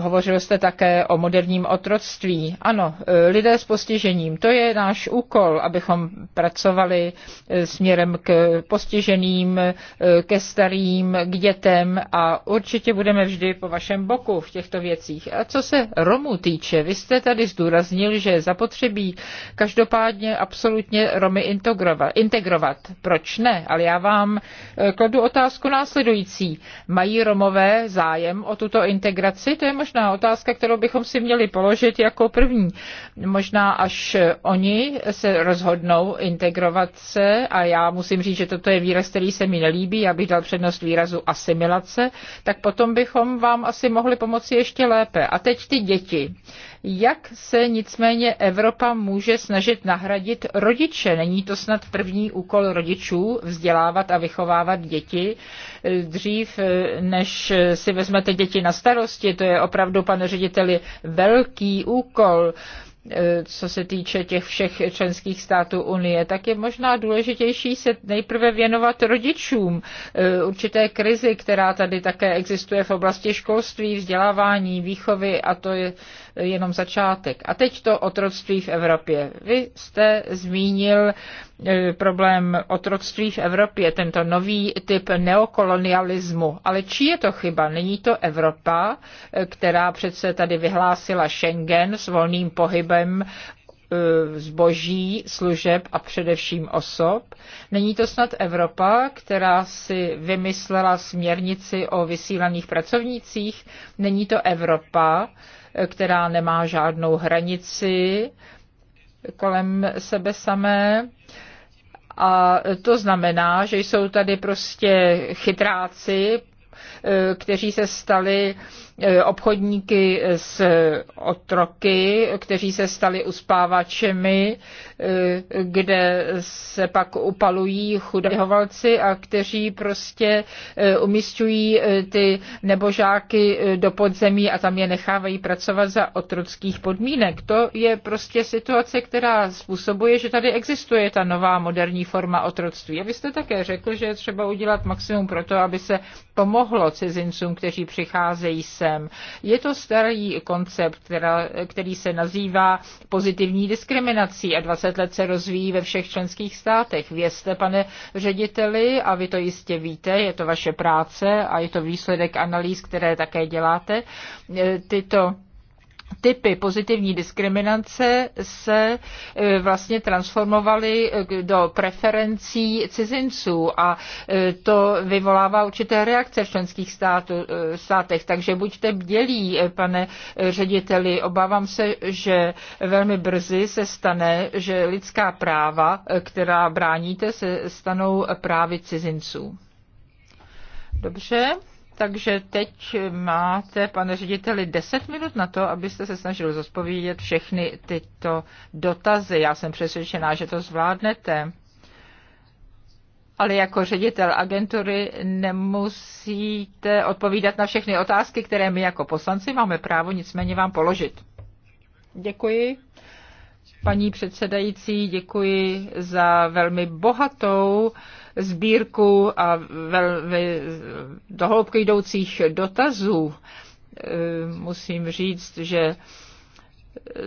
hovořil jste také o moderním otroctví. Ano, eh, lidé s postižením, to je náš úkol, abychom pracovali eh, směrem k postiženým, ke starým, k dětem a určitě budeme vždy po vašem boku v těchto věcích. A co se Romů týče, vy jste tady zdůraznil, že zapotřebí každopádně absolutně Romy integrovat. Proč ne? Ale já vám kladu otázku následující. Mají Romové zájem o tuto integraci? To je možná otázka, kterou bychom si měli položit jako první. Možná až oni se rozhodnou integrovat se a já musím říct, že toto je výraz, který se mi nelíbí, já bych dal přednost výrazu asimilace, tak potom bychom vám asi mohli pomoci ještě lépe. A teď ty děti. Jak se nicméně Evropa může snažit nahradit rodiče? Není to snad první úkol rodičů vzdělávat a vychovávat děti dřív, eh, než si vezmete děti na starosti? To je opravdu, pane řediteli, velký úkol eh, co se týče těch všech členských států Unie, tak je možná důležitější se nejprve věnovat rodičům eh, určité krizi, která tady také existuje v oblasti školství, vzdělávání, výchovy a to je jenom začátek. A teď to otroctví v Evropě. Vy jste zmínil e, problém otroctví v Evropě, tento nový typ neokolonialismu. Ale čí je to chyba? Není to Evropa, e, která přece tady vyhlásila Schengen s volným pohybem e, zboží, služeb a především osob. Není to snad Evropa, která si vymyslela směrnici o vysílaných pracovnících? Není to Evropa, která nemá žádnou hranici kolem sebe samé. A to znamená, že jsou tady prostě chytráci, eh, kteří se stali Eh, obchodníky s eh, otroky, kteří se stali uspávačemi, eh, kde se pak upalují chudovalci a kteří prostě umistují ty nebožáky do podzemí a tam je nechávají pracovat za otrockých podmínek. To je prostě situace, která způsobuje, že tady existuje ta nová moderní forma otroctví. A vy jste také řekl, že je třeba udělat maximum pro to, aby se pomohlo cizincům, kteří přicházejí se systém. Je to starý koncept, která, který se nazývá pozitivní diskriminací a 20 let se rozvíjí ve všech členských státech. Vězte, pane řediteli, a vy to jistě víte, je to vaše práce a je to výsledek analýz, které také děláte. E, tyto typy pozitivní diskriminace se e, vlastně transformovaly e, do preferencí cizinců a e, to vyvolává určité reakce v členských státu, státech. Takže buďte bdělí, pane řediteli. Obávám se, že velmi brzy se stane, že lidská práva, která bráníte, se stanou právy cizinců. Dobře takže teď máte, pane řediteli, 10 minut na to, abyste se snažili zodpovědět všechny tyto dotazy. Já jsem přesvědčená, že to zvládnete. Ale jako ředitel agentury nemusíte odpovídat na všechny otázky, které my jako poslanci máme právo nicméně vám položit. Děkuji. Paní předsedající, děkuji za velmi bohatou sbírku a velmi dohloubky jdoucích dotazů. Eh, musím říct, že eh,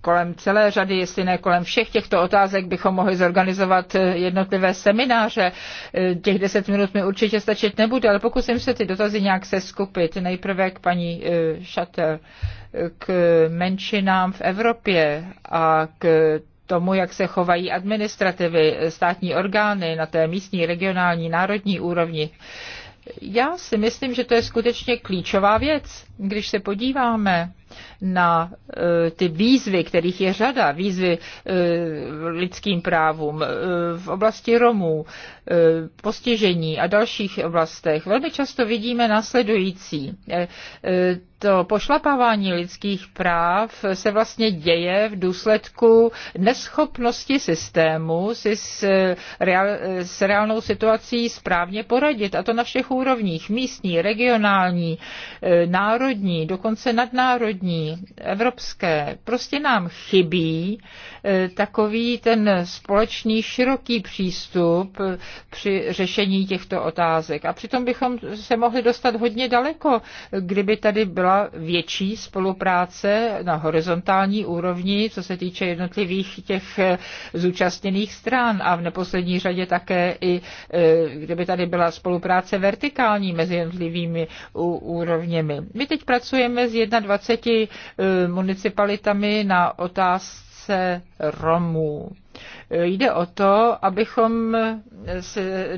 kolem celé řady, jestli ne kolem všech těchto otázek, bychom mohli zorganizovat eh, jednotlivé semináře. Těch deset minut mi určitě stačit nebude, ale pokusím se ty dotazy nějak seskupit. Nejprve k paní Šatel, k menšinám v Evropě a k tomu, jak se chovají administrativy, státní orgány na té místní, regionální, národní úrovni. Já si myslím, že to je skutečně klíčová věc. Když se podíváme na eh, ty výzvy, kterých je řada, výzvy eh, lidským právům eh, v oblasti Romů, postižení a dalších oblastech, velmi často vidíme následující. To pošlapávání lidských práv se vlastně děje v důsledku neschopnosti systému si s, reál, s reálnou situací správně poradit. A to na všech úrovních. Místní, regionální, národní, dokonce nadnárodní národní, evropské. Prostě nám chybí eh, takový ten společný široký přístup eh, při řešení těchto otázek. A přitom bychom se mohli dostat hodně daleko, kdyby tady byla větší spolupráce na horizontální úrovni, co se týče jednotlivých těch eh, zúčastněných stran a v neposlední řadě také i kdyby tady byla spolupráce vertikální mezi jednotlivými úrovněmi. My teď pracujeme s 21 šesti e, municipalitami na otázce Romů. E, jde o to, abychom se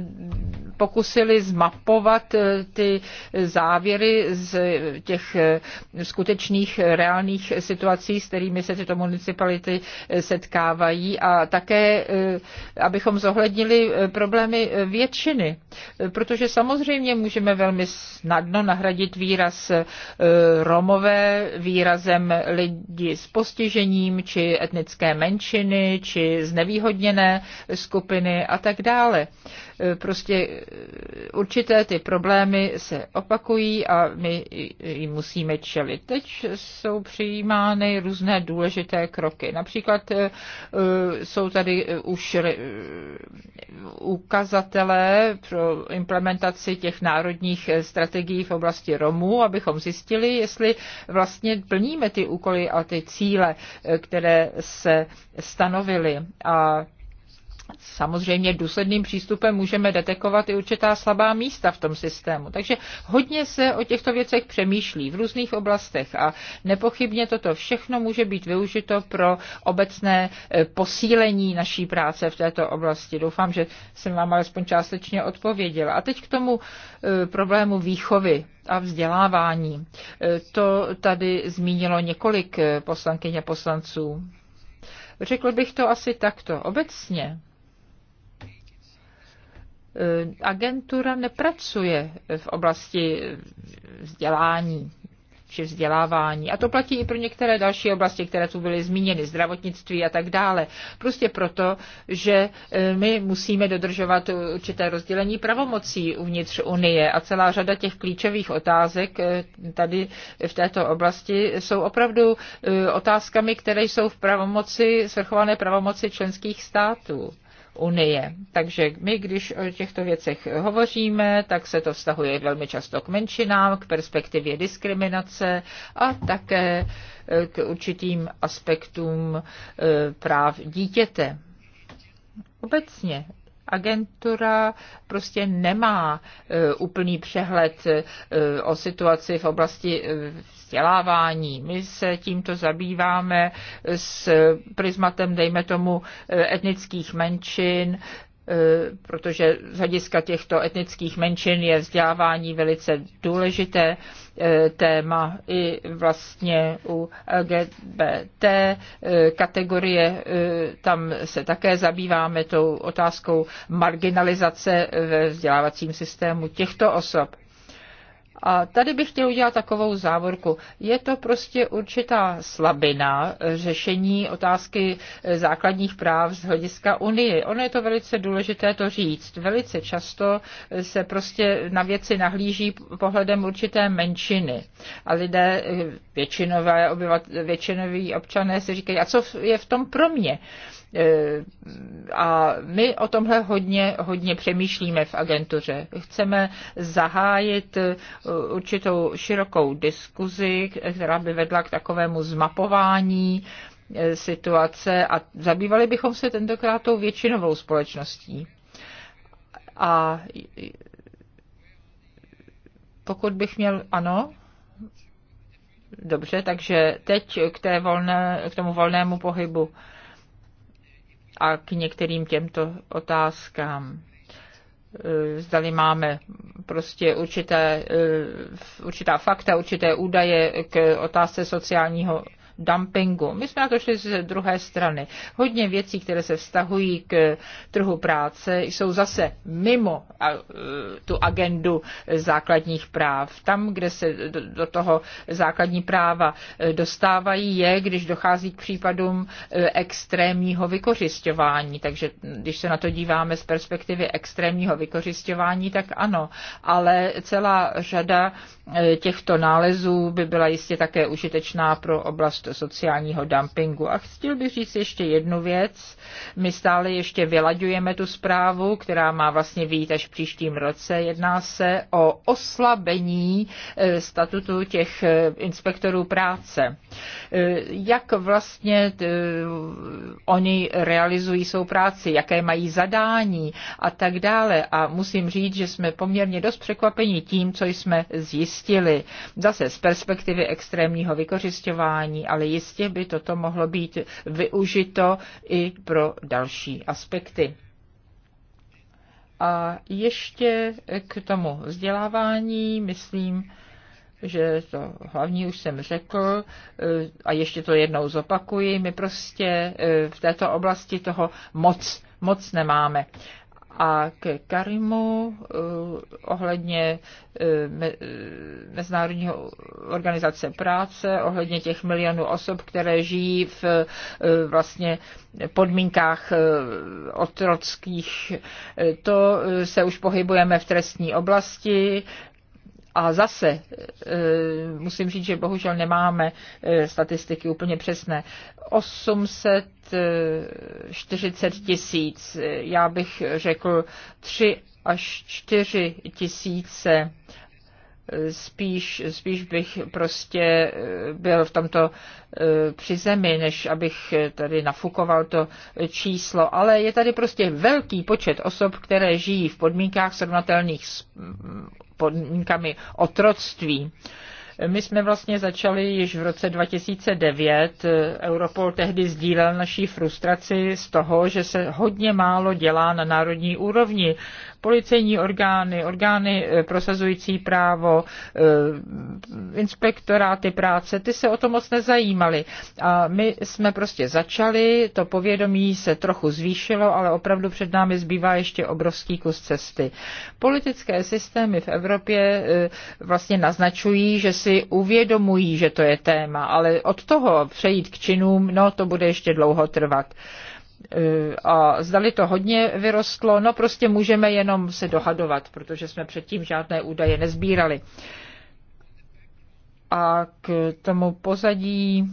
pokusili zmapovat eh, ty závěry z těch eh, skutečných eh, reálných situací, s kterými se tyto municipality setkávají a také, abychom zohlednili problémy většiny, protože samozřejmě můžeme velmi snadno nahradit výraz Romové výrazem lidi s postižením, či etnické menšiny, či znevýhodněné skupiny a tak dále. Prostě určité ty problémy se opakují a my jim musíme čelit. Teď jsou přijímány různé důležité kroky. Například e, jsou tady e, už e, ukazatelé pro implementaci těch národních strategií v oblasti Romů, abychom zjistili, jestli vlastně plníme ty úkoly a ty cíle, které se stanovily. A Samozřejmě důsledným přístupem můžeme detekovat i určitá slabá místa v tom systému. Takže hodně se o těchto věcech přemýšlí v různých oblastech a nepochybně toto všechno může být využito pro obecné e, posílení naší práce v této oblasti. Doufám, že jsem vám alespoň částečně odpověděla. A teď k tomu e, problému výchovy a vzdělávání. E, to tady zmínilo několik poslankyně poslanců. Řekl bych to asi takto. Obecně Eh, agentura nepracuje v oblasti vzdělání či vzdělávání. A to platí i pro některé další oblasti, které tu byly zmíněny, zdravotnictví a tak dále. Prostě proto, že eh, my musíme dodržovat určité rozdělení pravomocí uvnitř Unie a celá řada těch klíčových otázek eh, tady v této oblasti jsou opravdu otázkami, které jsou v pravomoci, svrchované pravomoci členských států unie. Takže my, když o těchto věcech hovoříme, tak se to vztahuje velmi často k menšinám, k perspektivě diskriminace a také e, k určitým aspektům e, práv dítěte. Obecně agentura prostě nemá e, úplný přehled e, o situaci v oblasti e, vzdělávání. My se tímto zabýváme s prismatem, dejme tomu, etnických menšin, Eh, protože z hlediska těchto etnických menšin je vzdělávání velice důležité eh, téma i vlastně u LGBT eh, kategorie. Tam se také zabýváme tou otázkou marginalizace ve vzdělávacím systému těchto osob. A tady bych chtěl udělat takovou závorku. Je to prostě určitá slabina eh, řešení otázky eh, základních práv z hlediska Unie. Ono je to velice důležité to říct. Velice často eh, se prostě na věci nahlíží pohledem určité menšiny. A lidé, většinové obyvat, většinoví občané si říkají, a co je v tom pro mě? Eh, a my o tomhle hodně, hodně přemýšlíme v agentuře. Chceme zahájit eh, určitou širokou diskuzi, která by vedla k takovému zmapování eh, situace a zabývali bychom se tentokrát tou většinovou společností. A pokud bych měl, ano, dobře, takže teď k, té volné, k tomu volnému pohybu a k některým těmto otázkám eh, zdali máme prostě určité, eh, určitá fakta, určité údaje k otázce sociálního dumpingu. My jsme na to šli z druhé strany. Hodně věcí, které se vztahují k trhu práce, jsou zase mimo e, tu agendu základních práv. Tam, kde se do toho základní práva e, dostávají, je, když dochází k případům e, extrémního vykořišťování. Takže když se na to díváme z perspektivy extrémního vykořišťování, tak ano, ale celá řada těchto nálezů by byla jistě také užitečná pro oblast sociálního dumpingu. A chtěl bych říct ještě jednu věc. My stále ještě vyladujeme tu zprávu, která má vlastně výjít až v příštím roce. Jedná se o oslabení e, statutu těch e, inspektorů práce. E, jak vlastně oni realizují svou práci, jaké mají zadání a tak dále. A musím říct, že jsme poměrně dost překvapeni tím, co jsme zjistili. Zase z perspektivy extrémního vykořišťování, a ale jistě by toto mohlo být využito i pro další aspekty. A ještě k tomu vzdělávání, myslím, že to hlavní už jsem řekl a ještě to jednou zopakuji, my prostě v této oblasti toho moc, moc nemáme a ke Karimu eh, ohledně eh, eh, Mezinárodní organizace práce, ohledně těch milionů osob, které žijí v vlastně podmínkách otrockých. To se už pohybujeme v trestní oblasti. A zase eh, musím říct, že bohužel nemáme eh, statistiky úplně přesné. 800 40 eh, tisíc, já bych řekl 3 až 4 tisíce spíš, spíš bych prostě byl v tomto při zemi, než abych tady nafukoval to číslo. Ale je tady prostě velký počet osob, které žijí v podmínkách srovnatelných s podmínkami otroctví. My jsme vlastně začali již v roce 2009. Europol tehdy sdílel naší frustraci z toho, že se hodně málo dělá na národní úrovni. Policejní orgány, orgány eh, prosazující právo, eh, inspektoráty práce, ty se o to moc nezajímaly. A my jsme prostě začali, to povědomí se trochu zvýšilo, ale opravdu před námi zbývá ještě obrovský kus cesty. Politické systémy v Evropě eh, vlastně naznačují, že si si uvědomují, že to je téma, ale od toho přejít k činům, no to bude ještě dlouho trvat e, a zdali to hodně vyrostlo, no prostě můžeme jenom se dohadovat, protože jsme předtím žádné údaje nezbírali. A k tomu pozadí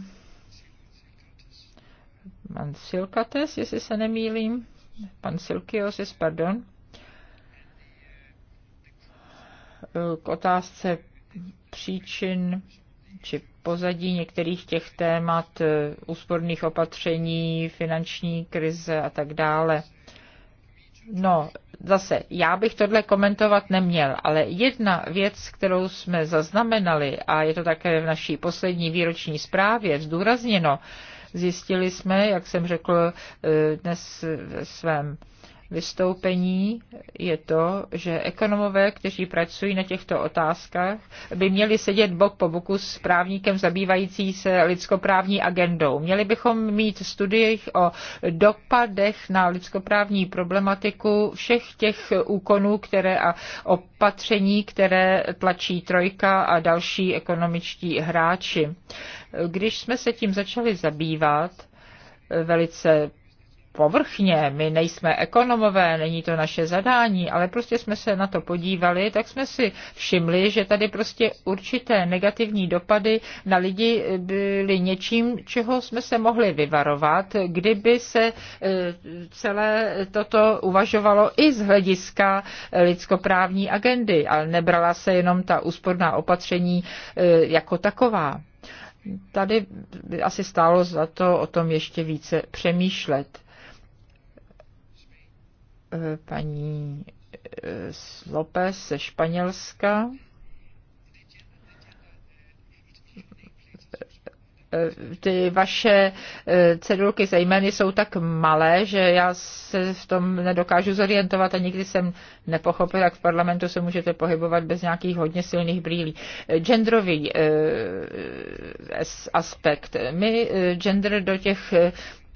pan Silkates, jestli se nemýlím, pan Silkiosis, pardon, e, k otázce příčin či pozadí některých těch témat, e, úsporných opatření, finanční krize a tak dále. No, zase, já bych tohle komentovat neměl, ale jedna věc, kterou jsme zaznamenali, a je to také v naší poslední výroční zprávě zdůrazněno, zjistili jsme, jak jsem řekl e, dnes ve svém vystoupení je to, že ekonomové, kteří pracují na těchto otázkách, by měli sedět bok po boku s právníkem zabývající se lidskoprávní agendou. Měli bychom mít studie o dopadech na lidskoprávní problematiku všech těch úkonů které a opatření, které tlačí trojka a další ekonomičtí hráči. Když jsme se tím začali zabývat, velice povrchně, my nejsme ekonomové, není to naše zadání, ale prostě jsme se na to podívali, tak jsme si všimli, že tady prostě určité negativní dopady na lidi byly něčím, čeho jsme se mohli vyvarovat, kdyby se e, celé toto uvažovalo i z hlediska lidskoprávní agendy, ale nebrala se jenom ta úsporná opatření e, jako taková. Tady by asi stálo za to o tom ještě více přemýšlet. Eh, paní eh, López ze Španělska. Eh, ty vaše cedulky zejmény jsou tak malé, že já se v tom nedokážu zorientovat a nikdy jsem nepochopil, jak v parlamentu se můžete pohybovat bez nějakých hodně silných brýlí. Genderový aspekt. My gender do těch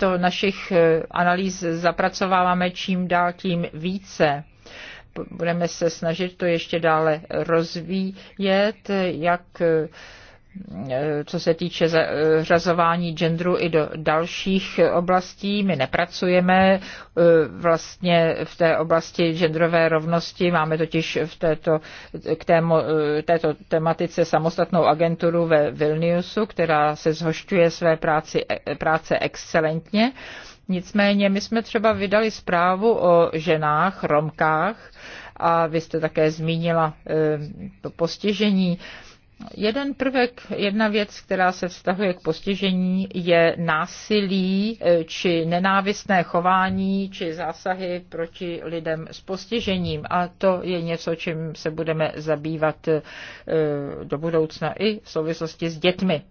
do našich eh, analýz zapracováváme čím dál tím více budeme se snažit to ještě dále rozvíjet, jak eh, Eh, co se týče eh, řazování genderu i do dalších oblastí. My nepracujeme eh, vlastně v té oblasti genderové rovnosti. Máme totiž v této, k tému, této tematice samostatnou agenturu ve Vilniusu, která se zhošťuje své práci, práce excelentně. Nicméně my jsme třeba vydali zprávu o ženách, romkách a vy jste také zmínila to postižení. Jeden prvek, jedna věc, která se vztahuje k postižení, je násilí eh, či nenávistné chování či zásahy proti lidem s postižením. A to je něco, čím se budeme zabývat eh, do budoucna i v souvislosti s dětmi.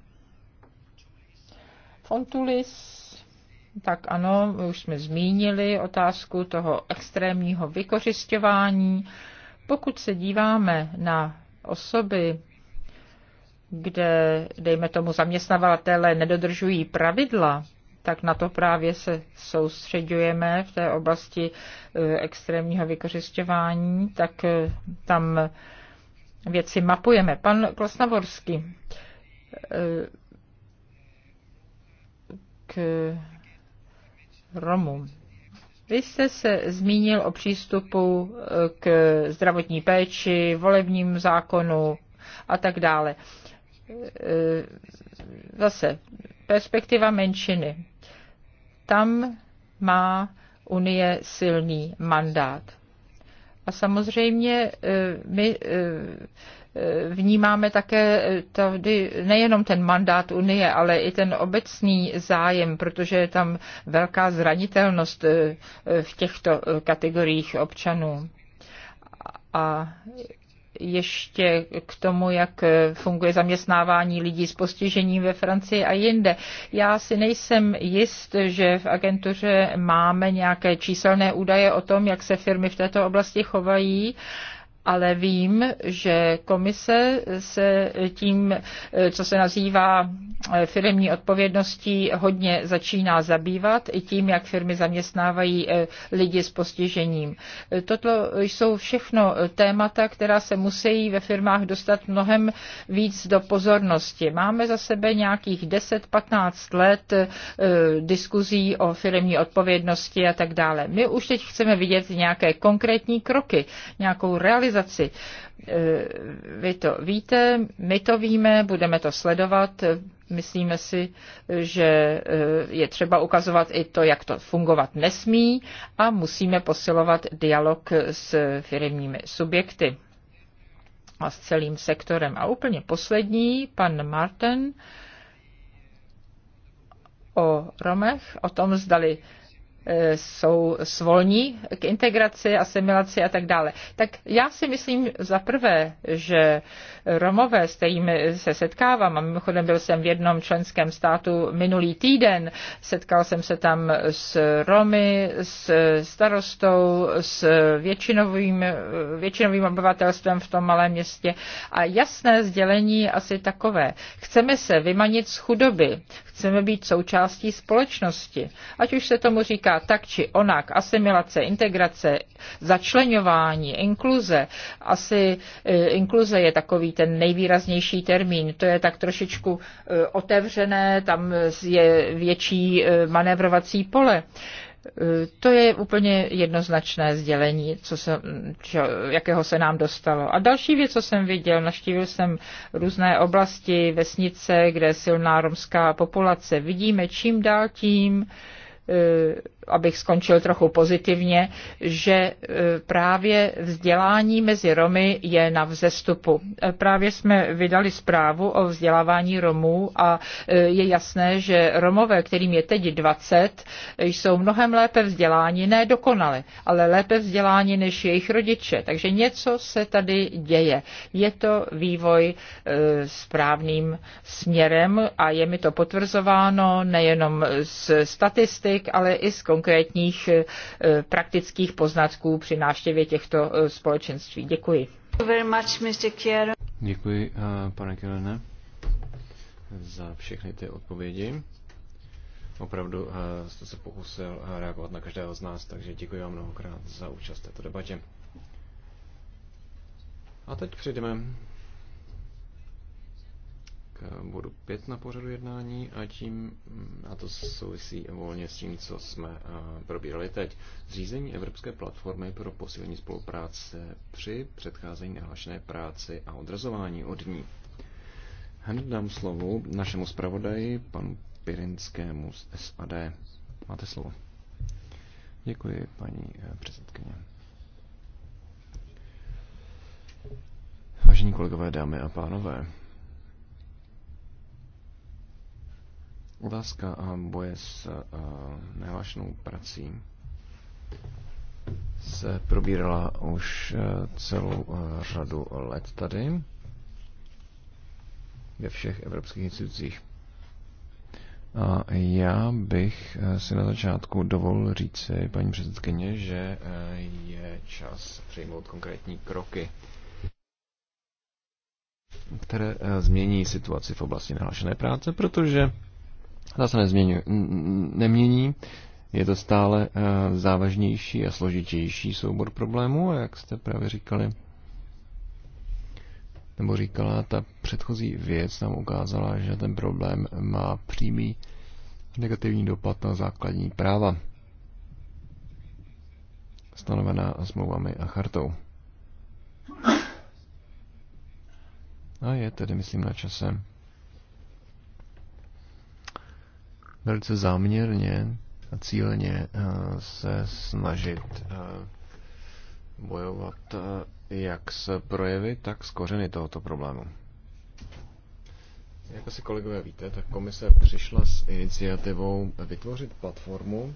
Fontulis. Tak ano, už jsme zmínili otázku toho extrémního vykořišťování. Pokud se díváme na osoby kde, dejme tomu, zaměstnavatele nedodržují pravidla, tak na to právě se soustředujeme v té oblasti eh, extrémního vykořišťování, tak eh, tam věci mapujeme. Pan Klosnavorský eh, k Romům. Vy jste se zmínil o přístupu k zdravotní péči, volebním zákonu a tak dále. E, e, zase perspektiva menšiny. Tam má Unie silný mandát. A samozřejmě e, my vnímáme také tady nejenom ten mandát Unie, ale i ten obecný zájem, protože je tam velká zranitelnost v těchto kategoriích občanů. A ještě k tomu, jak funguje zaměstnávání lidí s postižením ve Francii a jinde. Já si nejsem jist, že v agentuře máme nějaké číselné údaje o tom, jak se firmy v této oblasti chovají ale vím, že komise se tím, co se nazývá eh, firmní odpovědností, hodně začíná zabývat i tím, jak firmy zaměstnávají eh, lidi s postižením. Eh, toto jsou všechno témata, která se musí ve firmách dostat mnohem víc do pozornosti. Máme za sebe nějakých 10-15 let diskuzí o firmní odpovědnosti a tak dále. My už teď chceme vidět nějaké konkrétní kroky, nějakou realizaci civilizaci. E, vy to víte, my to víme, budeme to sledovat. Myslíme si, že e, je třeba ukazovat i to, jak to fungovat nesmí a musíme posilovat dialog s firmními subjekty a s celým sektorem. A úplně poslední, pan Martin o Romech, o tom zdali E, jsou svolní k integraci, asimilaci a tak dále. Tak já si myslím za prvé, že Romové, s kterými se setkávám, a mimochodem byl jsem v jednom členském státu minulý týden, setkal jsem se tam s Romy, s starostou, s většinovým, většinovým obyvatelstvem v tom malém městě a jasné sdělení asi takové. Chceme se vymanit z chudoby, chceme být součástí společnosti, ať už se tomu říká tak či onak, asimilace, integrace, začlenování, inkluze, asi e, inkluze je takový ten nejvýraznější termín, to je tak trošičku e, otevřené, tam je větší e, manévrovací pole. To je úplně jednoznačné sdělení, co se, čo, jakého se nám dostalo. A další věc, co jsem viděl, naštívil jsem různé oblasti, vesnice, kde je silná romská populace. Vidíme čím dál tím abych skončil trochu pozitivně, že e, právě vzdělání mezi Romy je na vzestupu. E, právě jsme vydali zprávu o vzdělávání Romů a e, je jasné, že Romové, kterým je teď 20, jsou mnohem lépe vzděláni, ne dokonale, ale lépe vzděláni než jejich rodiče. Takže něco se tady děje. Je to vývoj správným směrem a je mi to potvrzováno nejenom z statistik, ale i z konkrétních konkrétních eh, praktických poznatků při návštěvě těchto eh, společenství. Děkuji. Děkuji, eh, pane Kelene, za všechny ty odpovědi. Opravdu jste se pokusil reagovat na každého z nás, takže děkuji vám mnohokrát za účast v této debatě. A teď přejdeme Eh, bodu 5 na pořadu jednání a tím, mm, a to souvisí volně s tím, co jsme eh, probírali teď, zřízení Evropské platformy pro posílení spolupráce při předcházení nehlašené práci a odrazování od ní. Hned dám slovo našemu zpravodaji, panu Pirinskému z SAD. Máte slovo. Děkuji, paní eh, předsedkyně. Vážení kolegové, dámy a pánové, Otázka boje s nehlašnou prací se probírala už e, celou e, řadu let tady ve všech evropských institucích. A já bych e, si na začátku dovolil říci, paní předsedkyně, že je čas přijmout konkrétní kroky, které změní situaci v oblasti nahlášené práce, protože ta se nezměňuje, nemění. Je to stále eh, závažnější a složitější soubor problémů, jak jste právě říkali. Nebo říkala, ta předchozí věc nám ukázala, že ten problém má přímý negativní dopad na základní práva stanovená smlouvami a chartou. A je tedy, myslím, na čase velice záměrně a cíleně eh, se snažit eh, bojovat eh, jak s projevy, tak s kořeny tohoto problému. Jak asi kolegové víte, tak komise přišla s iniciativou vytvořit platformu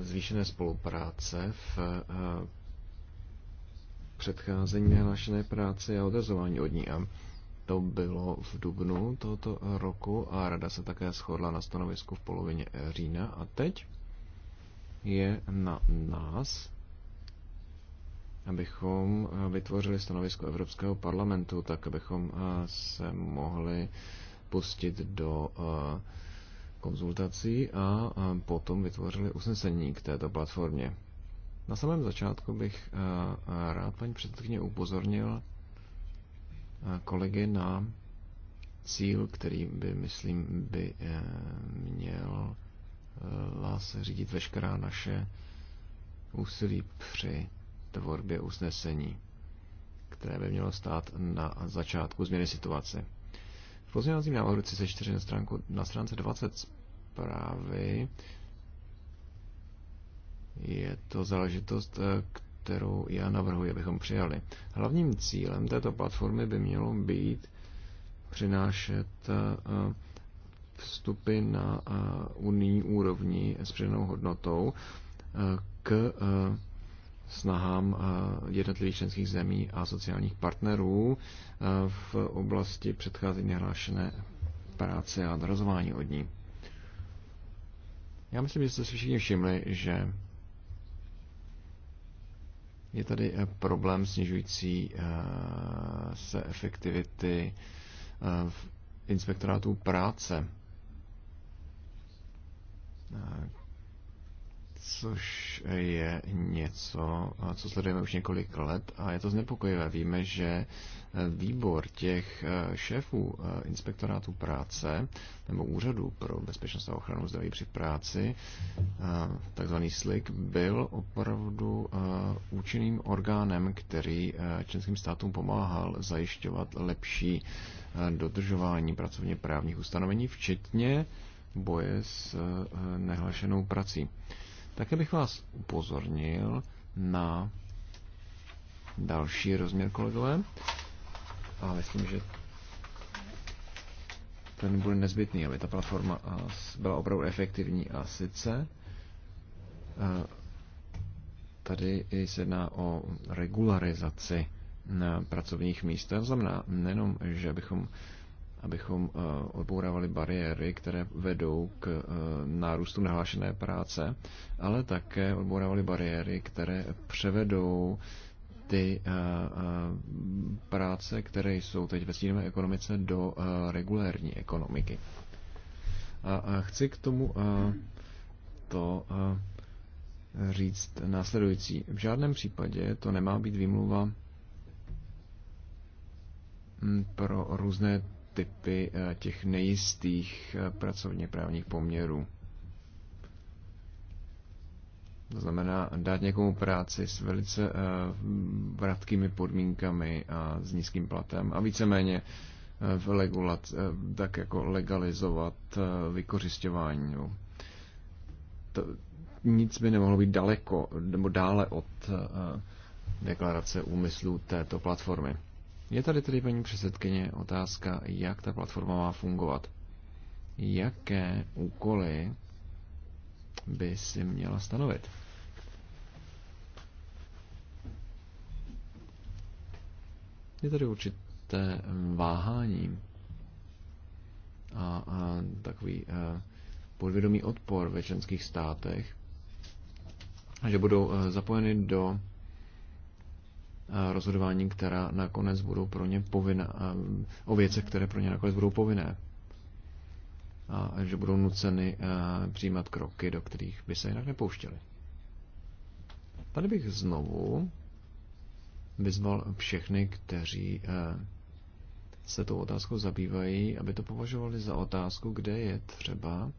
zvýšené spolupráce v předcházení nehlášené práce a odrazování od ní. A to bylo v dubnu tohoto roku a rada se také shodla na stanovisku v polovině eh, října a teď je na nás, abychom eh, vytvořili stanovisko Evropského parlamentu, tak abychom eh, se mohli pustit do konzultací a potom vytvořili usnesení k této platformě. Na samém začátku bych rád paní předsedkyně upozornil Eh, kolegy na cíl, který by, myslím, by eh, měl eh, se řídit veškerá naše úsilí při tvorbě usnesení, které by mělo stát na začátku změny situace. V pozměňovacím návrhu 34 na, stránku, na stránce 20 zprávy je to záležitost, k kterou já navrhuji, abychom přijali. Hlavním cílem této platformy by mělo být přinášet eh, vstupy na eh, unijní úrovni s přidanou hodnotou eh, k snahám jednotlivých členských zemí a sociálních partnerů v oblasti předcházení nehlášené práce a odrazování od ní. Já myslím, že jste si všichni všimli, že je tady eh, problém snižující eh, se efektivity eh, v inspektorátu práce, což je něco, co sledujeme už několik let a je to znepokojivé. Víme, že výbor těch eh, šéfů eh, inspektorátu práce nebo úřadu pro bezpečnost a ochranu zdraví při práci, eh, takzvaný SLIK, byl opravdu účinným orgánem, který členským státům pomáhal zajišťovat lepší dodržování pracovně právních ustanovení, včetně boje s nehlašenou prací. Také bych vás upozornil na další rozměr, kolegové. A myslím, že ten bude nezbytný, aby ta platforma byla opravdu efektivní. A sice tady se jedná o regularizaci pracovních míst. To znamená nejenom, že bychom abychom eh, odbourávali bariéry, které vedou k eh, nárůstu nahlášené práce, ale také odbourávali bariéry, které převedou ty eh, práce, které jsou teď ve stínové ekonomice, do regulérní ekonomiky. A chci k tomu to říct následující. V žádném případě to nemá být výmluva hm, pro různé typy eh, těch nejistých eh, pracovně právních poměrů. To znamená dát někomu práci s velice eh, vratkými podmínkami a s nízkým platem a víceméně v legulat, tak jako legalizovat vykořišťování. No. nic by nemohlo být daleko nebo dále od deklarace úmyslů této platformy. Je tady tedy, paní předsedkyně, otázka, jak ta platforma má fungovat. Jaké úkoly by si měla stanovit? Je tady určité váhání a, a takový a, e, podvědomý odpor ve členských státech, že budou e, zapojeny do Eh, rozhodování, která nakonec budou pro ně povinná, eh, o věcech, které pro ně nakonec budou povinné. A že budou nuceny eh, přijímat kroky, do kterých by se jinak nepouštěli. Tady bych znovu vyzval všechny, kteří se tou otázkou zabývají, aby to považovali za otázku, kde je třeba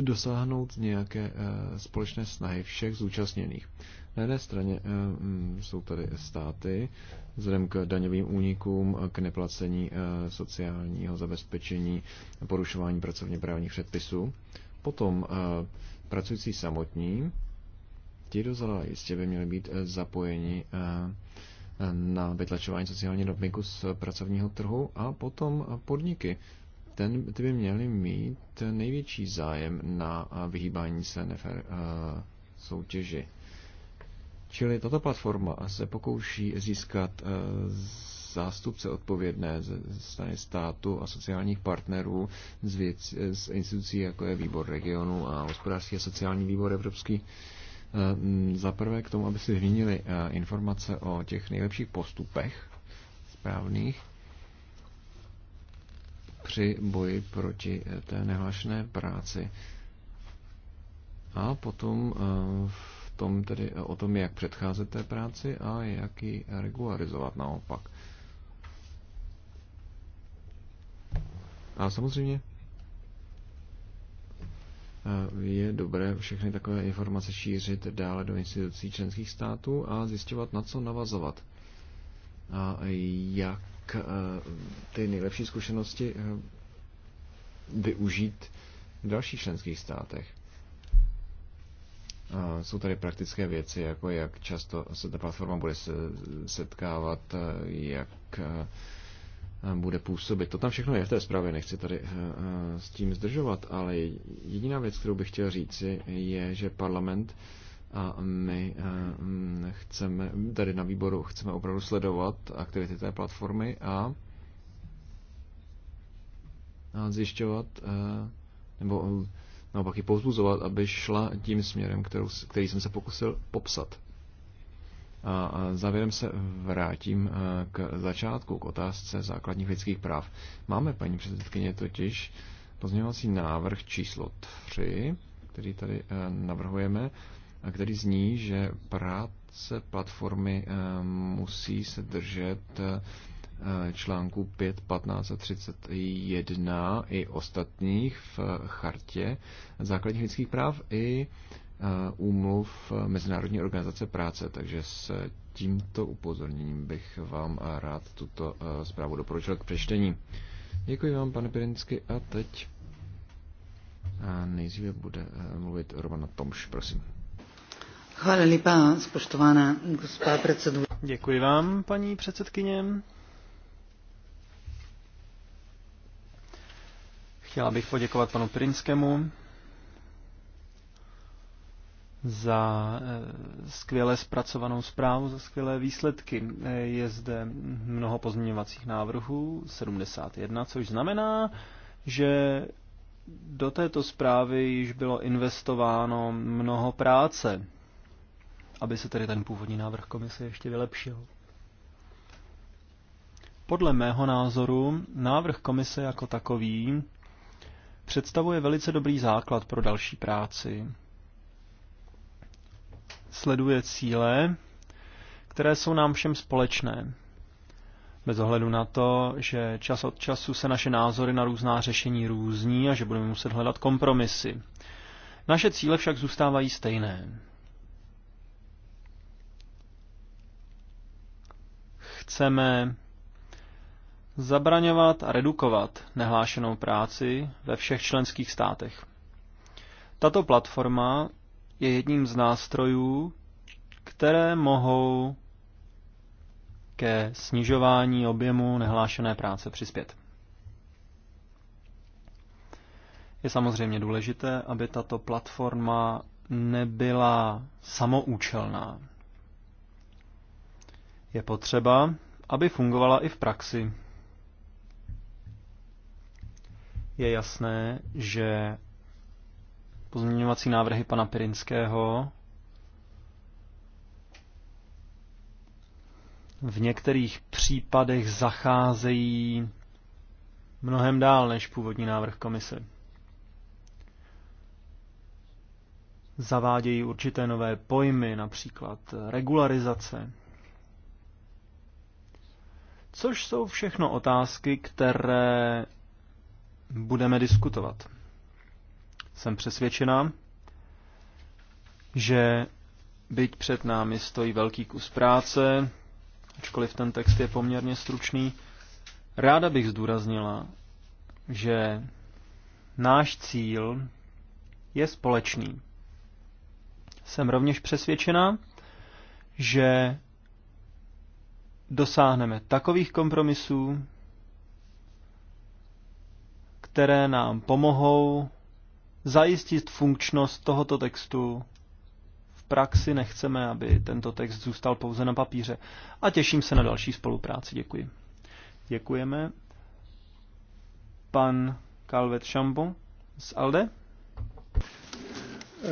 dosáhnout nějaké eh, společné snahy všech zúčastněných. Na jedné straně eh, mm, jsou tady státy, vzhledem k daňovým únikům, k neplacení eh, sociálního zabezpečení, porušování pracovně právních předpisů. Potom pracující samotní, ti dozala jistě by měli být zapojeni na vytlačování sociálního dopinku z pracovního trhu a potom podniky, ten, by měli mít největší zájem na vyhýbání se nefer soutěži. Čili tato platforma se pokouší získat zástupce odpovědné ze strany státu a sociálních partnerů z, věc, z institucí, jako je výbor regionu a hospodářský a sociální výbor evropský, za prvé k tomu, aby si vyměnili informace o těch nejlepších postupech správných při boji proti eh, té nehlašné práci. A potom eh, v tom tedy eh, o tom, jak předcházet té práci a jak ji regularizovat naopak. A samozřejmě je dobré všechny takové informace šířit dále do institucí členských států a zjišťovat, na co navazovat a jak Eh, ty nejlepší zkušenosti eh, využít v dalších členských státech. Jsou tady praktické věci, jako jak často se ta platforma bude setkávat, eh, jak bude působit. To tam všechno je v té zprávě, nechci tady s tím zdržovat, ale jediná věc, kterou bych chtěl říci, je, že parlament a my eh, mm, chceme, tady na výboru chceme opravdu sledovat aktivity té platformy a, a zjišťovat eh, nebo eh, naopak ji pouzbuzovat, aby šla tím směrem, kterou, který jsem se pokusil popsat. A závěrem se vrátím k začátku, k otázce základních lidských práv. Máme, paní předsedkyně, totiž pozměňovací návrh číslo 3, který tady navrhujeme, který zní, že práce platformy eh, musí se držet eh, článku 5, 15 a 31 i ostatních v chartě základních lidských práv i eh, úmluv Mezinárodní organizace práce. Takže s tímto upozorněním bych vám rád tuto zprávu doporučil k přečtení. Děkuji vám, pane Pirinsky, a teď nejdříve bude mluvit Romana Tomš, prosím. Děkuji vám, paní předsedkyně. Chtěla bych poděkovat panu Prinskému za eh, skvěle zpracovanou zprávu, za skvělé výsledky. Eh, je zde mnoho pozměňovacích návrhů, 71, což znamená, že do této zprávy již bylo investováno mnoho práce aby se tedy ten původní návrh komise ještě vylepšil. Podle mého názoru návrh komise jako takový představuje velice dobrý základ pro další práci. Sleduje cíle, které jsou nám všem společné. Bez ohledu na to, že čas od času se naše názory na různá řešení různí a že budeme muset hledat kompromisy. Naše cíle však zůstávají stejné. chceme zabraňovat a redukovat nehlášenou práci ve všech členských státech. Tato platforma je jedním z nástrojů, které mohou ke snižování objemu nehlášené práce přispět. Je samozřejmě důležité, aby tato platforma nebyla samoučelná je potřeba, aby fungovala i v praxi. Je jasné, že pozměňovací návrhy pana Pirinského v některých případech zacházejí mnohem dál než původní návrh komise. Zavádějí určité nové pojmy, například regularizace, Což jsou všechno otázky, které budeme diskutovat. Jsem přesvědčená, že byť před námi stojí velký kus práce, ačkoliv ten text je poměrně stručný, ráda bych zdůraznila, že náš cíl je společný. Jsem rovněž přesvědčená, že dosáhneme takových kompromisů, které nám pomohou zajistit funkčnost tohoto textu. V praxi nechceme, aby tento text zůstal pouze na papíře. A těším se na další spolupráci. Děkuji. Děkujeme. Pan Calvet Chambon z ALDE.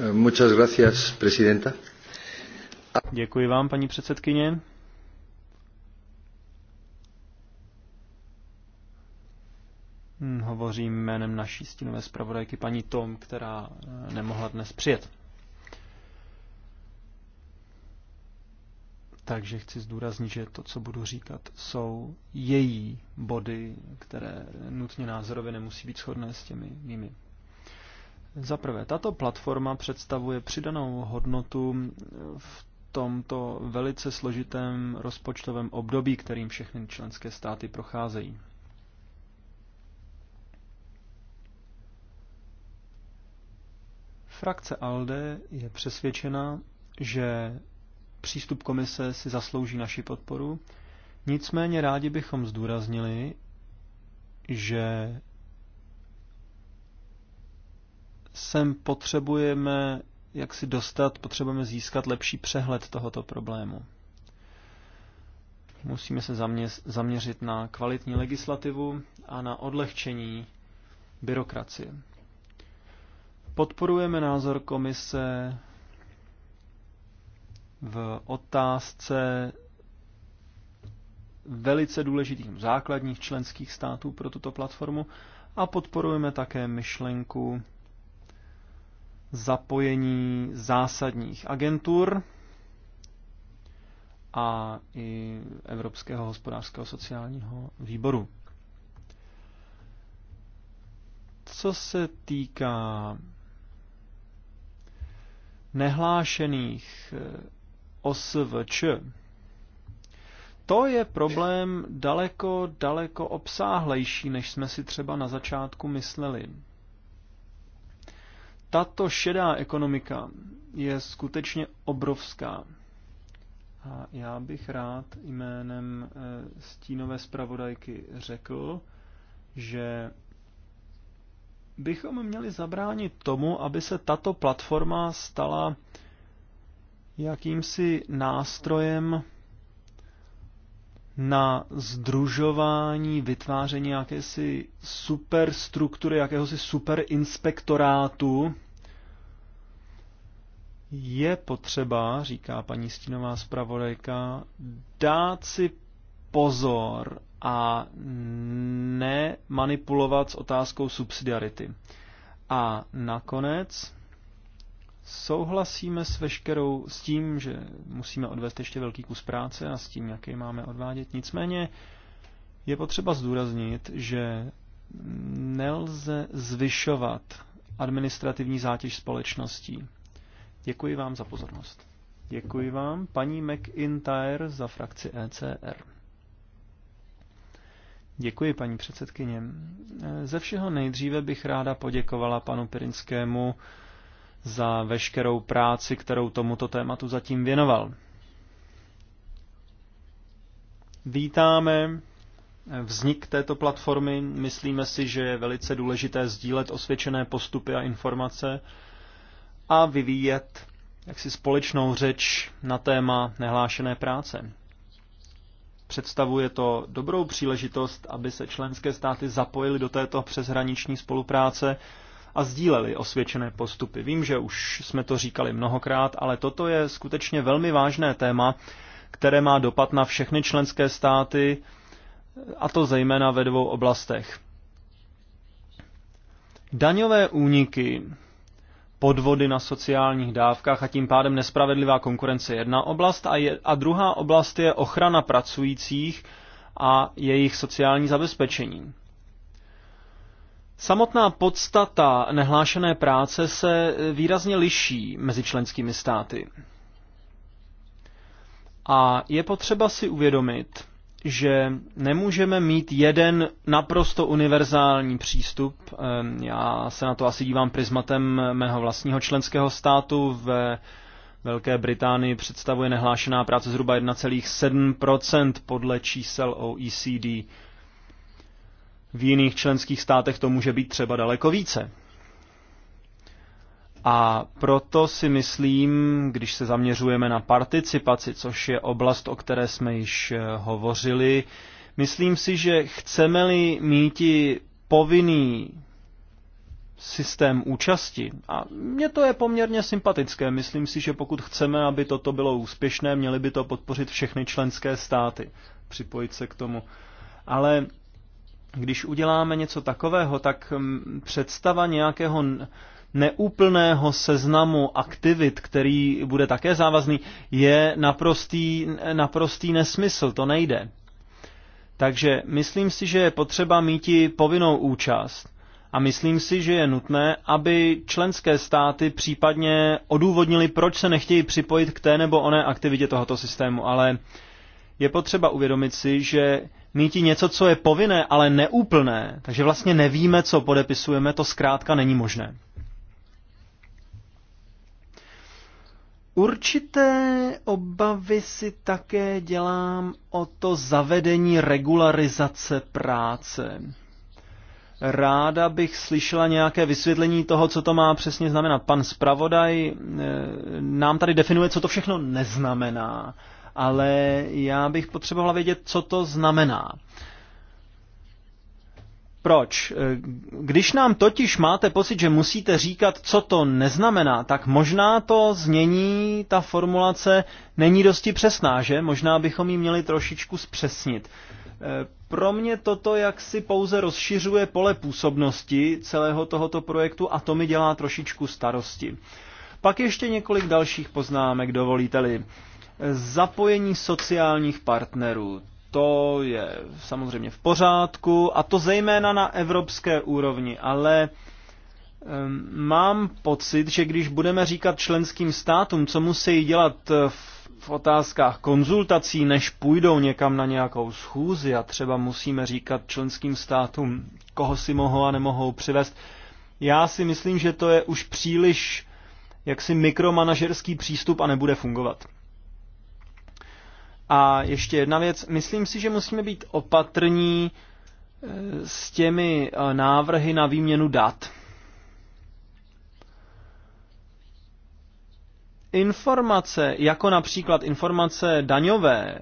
Eh, muchas gracias, presidenta. Děkuji vám, paní předsedkyně. Hm, hovořím jménem naší stínové zpravodajky paní Tom, která eh, nemohla dnes přijet. Takže chci zdůraznit, že to, co budu říkat, jsou její body, které nutně názorově nemusí být shodné s těmi mými. Za prvé, tato platforma představuje přidanou hodnotu eh, v tomto velice složitém rozpočtovém období, kterým všechny členské státy procházejí. Frakce ALDE je přesvědčena, že přístup komise si zaslouží naši podporu, nicméně rádi bychom zdůraznili, že sem potřebujeme, jak si dostat, potřebujeme získat lepší přehled tohoto problému. Musíme se zaměřit na kvalitní legislativu a na odlehčení byrokracie. Podporujeme názor komise v otázce velice důležitých základních členských států pro tuto platformu a podporujeme také myšlenku zapojení zásadních agentur a i Evropského hospodářského sociálního výboru. Co se týká nehlášených eh, OSVČ, to je problém daleko, daleko obsáhlejší, než jsme si třeba na začátku mysleli. Tato šedá ekonomika je skutečně obrovská. A já bych rád jménem eh, stínové zpravodajky řekl, že bychom měli zabránit tomu, aby se tato platforma stala jakýmsi nástrojem na združování, vytváření jakési superstruktury, jakéhosi superinspektorátu, je potřeba, říká paní Stínová zpravodajka, dát si pozor a nemanipulovat s otázkou subsidiarity. A nakonec souhlasíme s veškerou, s tím, že musíme odvést ještě velký kus práce a s tím, jaký máme odvádět. Nicméně je potřeba zdůraznit, že nelze zvyšovat administrativní zátěž společností. Děkuji vám za pozornost. Děkuji vám, paní McIntyre za frakci ECR. Děkuji, paní předsedkyně. Ze všeho nejdříve bych ráda poděkovala panu Pirinskému za veškerou práci, kterou tomuto tématu zatím věnoval. Vítáme vznik této platformy. Myslíme si, že je velice důležité sdílet osvědčené postupy a informace a vyvíjet jaksi společnou řeč na téma nehlášené práce. Představuje to dobrou příležitost, aby se členské státy zapojily do této přeshraniční spolupráce a sdíleli osvědčené postupy. Vím, že už jsme to říkali mnohokrát, ale toto je skutečně velmi vážné téma, které má dopad na všechny členské státy, a to zejména ve dvou oblastech. Daňové úniky podvody na sociálních dávkách a tím pádem nespravedlivá konkurence jedna oblast a, je, a druhá oblast je ochrana pracujících a jejich sociální zabezpečení. Samotná podstata nehlášené práce se eh, výrazně liší mezi členskými státy. A je potřeba si uvědomit, že nemůžeme mít jeden naprosto univerzální přístup. Já se na to asi dívám prismatem mého vlastního členského státu. Ve Velké Británii představuje nehlášená práce zhruba 1,7 podle čísel OECD. V jiných členských státech to může být třeba daleko více. A proto si myslím, když se zaměřujeme na participaci, což je oblast, o které jsme již eh, hovořili, myslím si, že chceme-li mít povinný systém účasti. A mně to je poměrně sympatické. Myslím si, že pokud chceme, aby toto bylo úspěšné, měli by to podpořit všechny členské státy. Připojit se k tomu. Ale když uděláme něco takového, tak mm, představa nějakého neúplného seznamu aktivit, který bude také závazný, je naprostý, naprostý nesmysl, to nejde. Takže myslím si, že je potřeba mít i povinnou účast. A myslím si, že je nutné, aby členské státy případně odůvodnili, proč se nechtějí připojit k té nebo oné aktivitě tohoto systému. Ale je potřeba uvědomit si, že mít něco, co je povinné, ale neúplné, takže vlastně nevíme, co podepisujeme, to zkrátka není možné. Určité obavy si také dělám o to zavedení regularizace práce. Ráda bych slyšela nějaké vysvětlení toho, co to má přesně znamenat. Pan zpravodaj eh, nám tady definuje, co to všechno neznamená, ale já bych potřebovala vědět, co to znamená. Proč? Eh, když nám totiž máte pocit, že musíte říkat, co to neznamená, tak možná to změní, ta formulace není dosti přesná, že? Možná bychom ji měli trošičku zpřesnit. Eh, pro mě toto jaksi pouze rozšiřuje pole působnosti celého tohoto projektu a to mi dělá trošičku starosti. Pak ještě několik dalších poznámek, dovolíte-li. Eh, zapojení sociálních partnerů to je samozřejmě v pořádku, a to zejména na evropské úrovni, ale ehm, mám pocit, že když budeme říkat členským státům, co musí dělat v v otázkách konzultací, než půjdou někam na nějakou schůzi a třeba musíme říkat členským státům, koho si mohou a nemohou přivést, já si myslím, že to je už příliš jaksi mikromanažerský přístup a nebude fungovat. A ještě jedna věc. Myslím si, že musíme být opatrní eh, s těmi eh, návrhy na výměnu dat. Informace, jako například informace daňové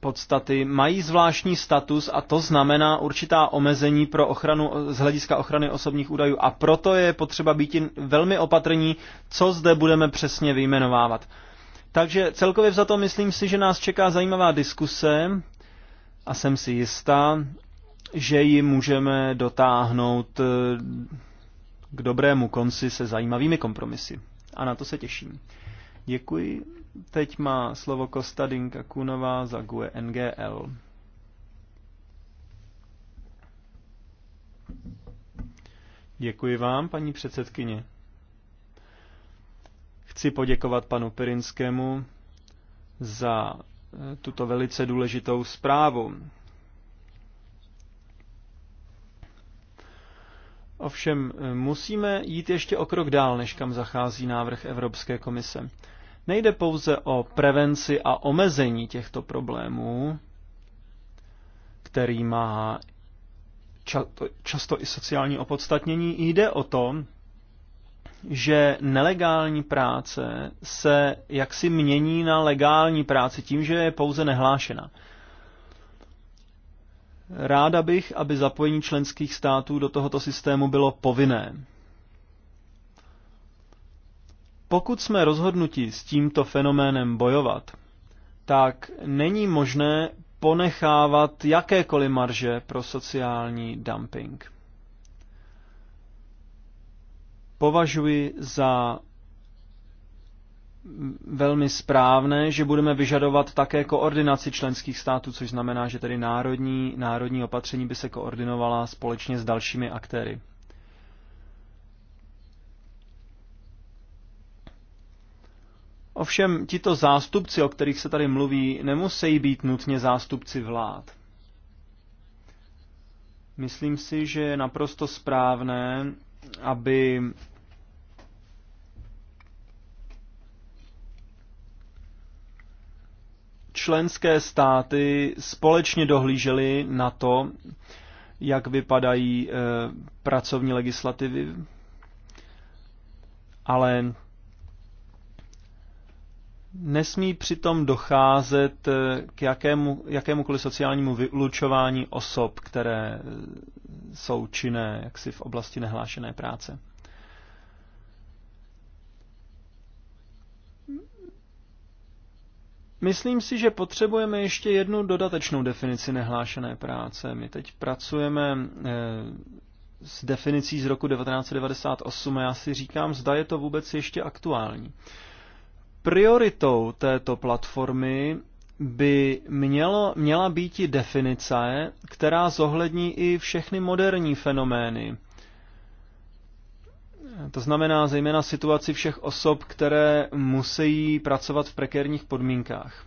podstaty, mají zvláštní status a to znamená určitá omezení pro ochranu, z hlediska ochrany osobních údajů a proto je potřeba být velmi opatrní, co zde budeme přesně vyjmenovávat. Takže celkově za to myslím si, že nás čeká zajímavá diskuse a jsem si jistá, že ji můžeme dotáhnout eh, k dobrému konci se zajímavými kompromisy. A na to se těším. Děkuji. Teď má slovo Dinka Kunová za GUE NGL. Děkuji vám, paní předsedkyně. Chci poděkovat panu Pirinskému za eh, tuto velice důležitou zprávu. Ovšem eh, musíme jít ještě o krok dál, než kam zachází návrh Evropské komise. Nejde pouze o prevenci a omezení těchto problémů, který má často i sociální opodstatnění, jde o to, že nelegální práce se jaksi mění na legální práci tím, že je pouze nehlášena. Ráda bych, aby zapojení členských států do tohoto systému bylo povinné. Pokud jsme rozhodnuti s tímto fenoménem bojovat, tak není možné ponechávat jakékoliv marže pro sociální dumping považuji za velmi správné, že budeme vyžadovat také koordinaci členských států, což znamená, že tedy národní, národní opatření by se koordinovala společně s dalšími aktéry. Ovšem, tito zástupci, o kterých se tady mluví, nemusí být nutně zástupci vlád. Myslím si, že je naprosto správné, aby členské státy společně dohlížely na to, jak vypadají e, pracovní legislativy, ale nesmí přitom docházet eh, k jakému, jakémukoliv sociálnímu vylučování osob, které eh, jsou činné jaksi v oblasti nehlášené práce. Myslím si, že potřebujeme ještě jednu dodatečnou definici nehlášené práce. My teď pracujeme eh, s definicí z roku 1998 a já si říkám, zda je to vůbec ještě aktuální. Prioritou této platformy by mělo, měla být i definice, která zohlední i všechny moderní fenomény, to znamená zejména situaci všech osob, které musí pracovat v prekérních podmínkách.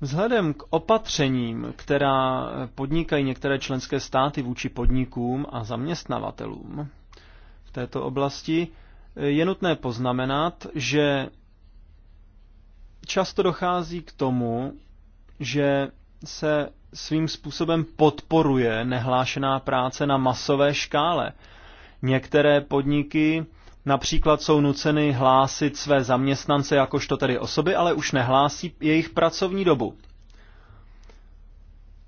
Vzhledem k opatřením, která podnikají některé členské státy vůči podnikům a zaměstnavatelům v této oblasti, je nutné poznamenat, že často dochází k tomu, že se svým způsobem podporuje nehlášená práce na masové škále. Některé podniky například jsou nuceny hlásit své zaměstnance jakožto tedy osoby, ale už nehlásí jejich pracovní dobu.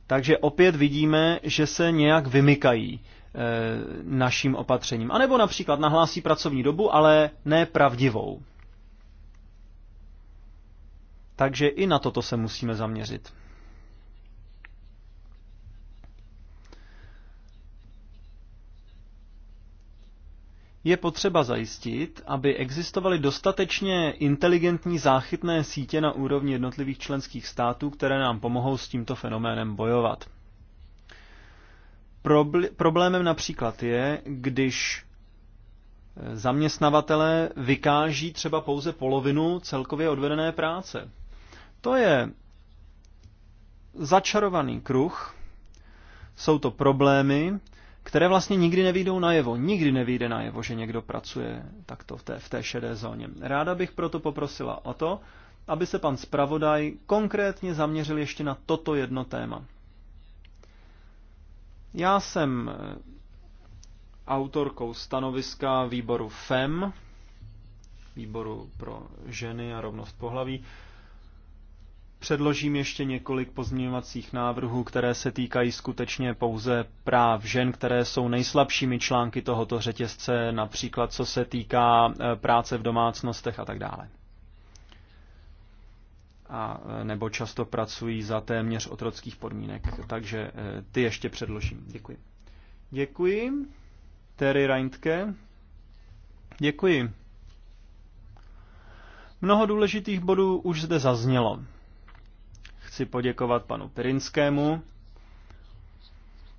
Takže opět vidíme, že se nějak vymykají e, naším opatřením. A nebo například nahlásí pracovní dobu, ale ne pravdivou. Takže i na toto se musíme zaměřit. je potřeba zajistit, aby existovaly dostatečně inteligentní záchytné sítě na úrovni jednotlivých členských států, které nám pomohou s tímto fenoménem bojovat. Probl- problémem například je, když eh, zaměstnavatele vykáží třeba pouze polovinu celkově odvedené práce. To je začarovaný kruh, jsou to problémy, které vlastně nikdy nevídou najevo. Nikdy nevíde najevo, že někdo pracuje takto v té, v té šedé zóně. Ráda bych proto poprosila o to, aby se pan zpravodaj konkrétně zaměřil ještě na toto jedno téma. Já jsem eh, autorkou stanoviska výboru FEM, výboru pro ženy a rovnost pohlaví, Předložím ještě několik pozměňovacích návrhů, které se týkají skutečně pouze práv žen, které jsou nejslabšími články tohoto řetězce, například co se týká eh, práce v domácnostech a tak dále. A eh, nebo často pracují za téměř otrockých podmínek. Takže eh, ty ještě předložím. Děkuji. Děkuji. Terry Reintke. Děkuji. Mnoho důležitých bodů už zde zaznělo chci poděkovat panu Pirinskému.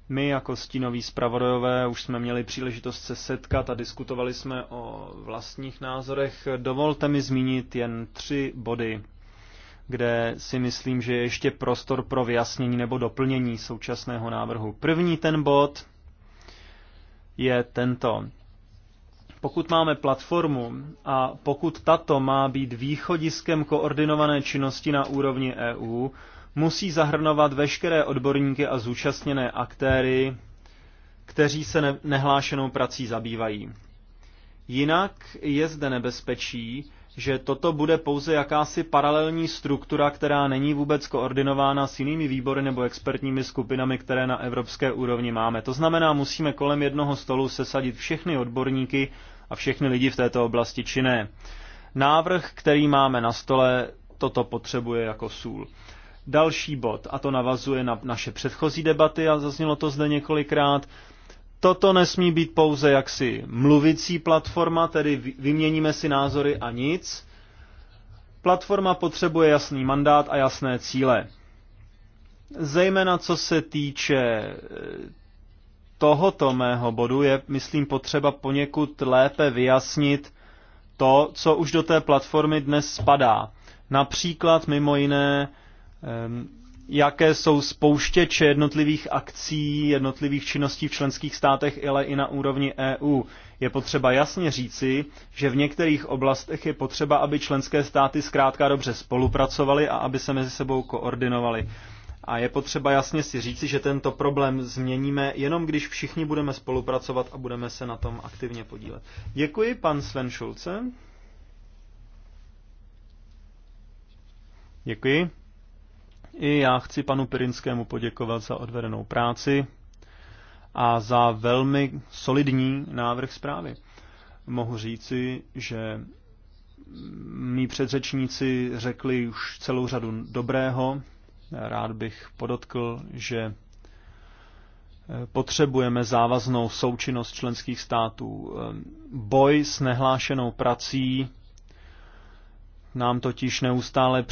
My jako stínoví zpravodajové už jsme měli příležitost se setkat a diskutovali jsme o vlastních názorech. Dovolte mi zmínit jen tři body, kde si myslím, že je ještě prostor pro vyjasnění nebo doplnění současného návrhu. První ten bod je tento. Pokud máme platformu a pokud tato má být východiskem koordinované činnosti na úrovni EU, musí zahrnovat veškeré odborníky a zúčastněné aktéry, kteří se nehlášenou prací zabývají. Jinak je zde nebezpečí, že toto bude pouze jakási paralelní struktura, která není vůbec koordinována s jinými výbory nebo expertními skupinami, které na evropské úrovni máme. To znamená, musíme kolem jednoho stolu sesadit všechny odborníky a všechny lidi v této oblasti činné. Návrh, který máme na stole, toto potřebuje jako sůl. Další bod, a to navazuje na naše předchozí debaty a zaznělo to zde několikrát, toto nesmí být pouze jaksi mluvicí platforma, tedy vyměníme si názory a nic. Platforma potřebuje jasný mandát a jasné cíle. Zejména co se týče eh, tohoto mého bodu je, myslím, potřeba poněkud lépe vyjasnit to, co už do té platformy dnes spadá. Například mimo jiné, jaké jsou spouštěče jednotlivých akcí, jednotlivých činností v členských státech, ale i na úrovni EU. Je potřeba jasně říci, že v některých oblastech je potřeba, aby členské státy zkrátka dobře spolupracovaly a aby se mezi sebou koordinovaly. A je potřeba jasně si říci, že tento problém změníme jenom, když všichni budeme spolupracovat a budeme se na tom aktivně podílet. Děkuji, pan Sven Šulce. Děkuji. I já chci panu Pirinskému poděkovat za odvedenou práci a za velmi solidní návrh zprávy. Mohu říci, že mý předřečníci řekli už celou řadu dobrého, Rád bych podotkl, že eh, potřebujeme závaznou součinnost členských států. Eh, boj s nehlášenou prací nám totiž neustále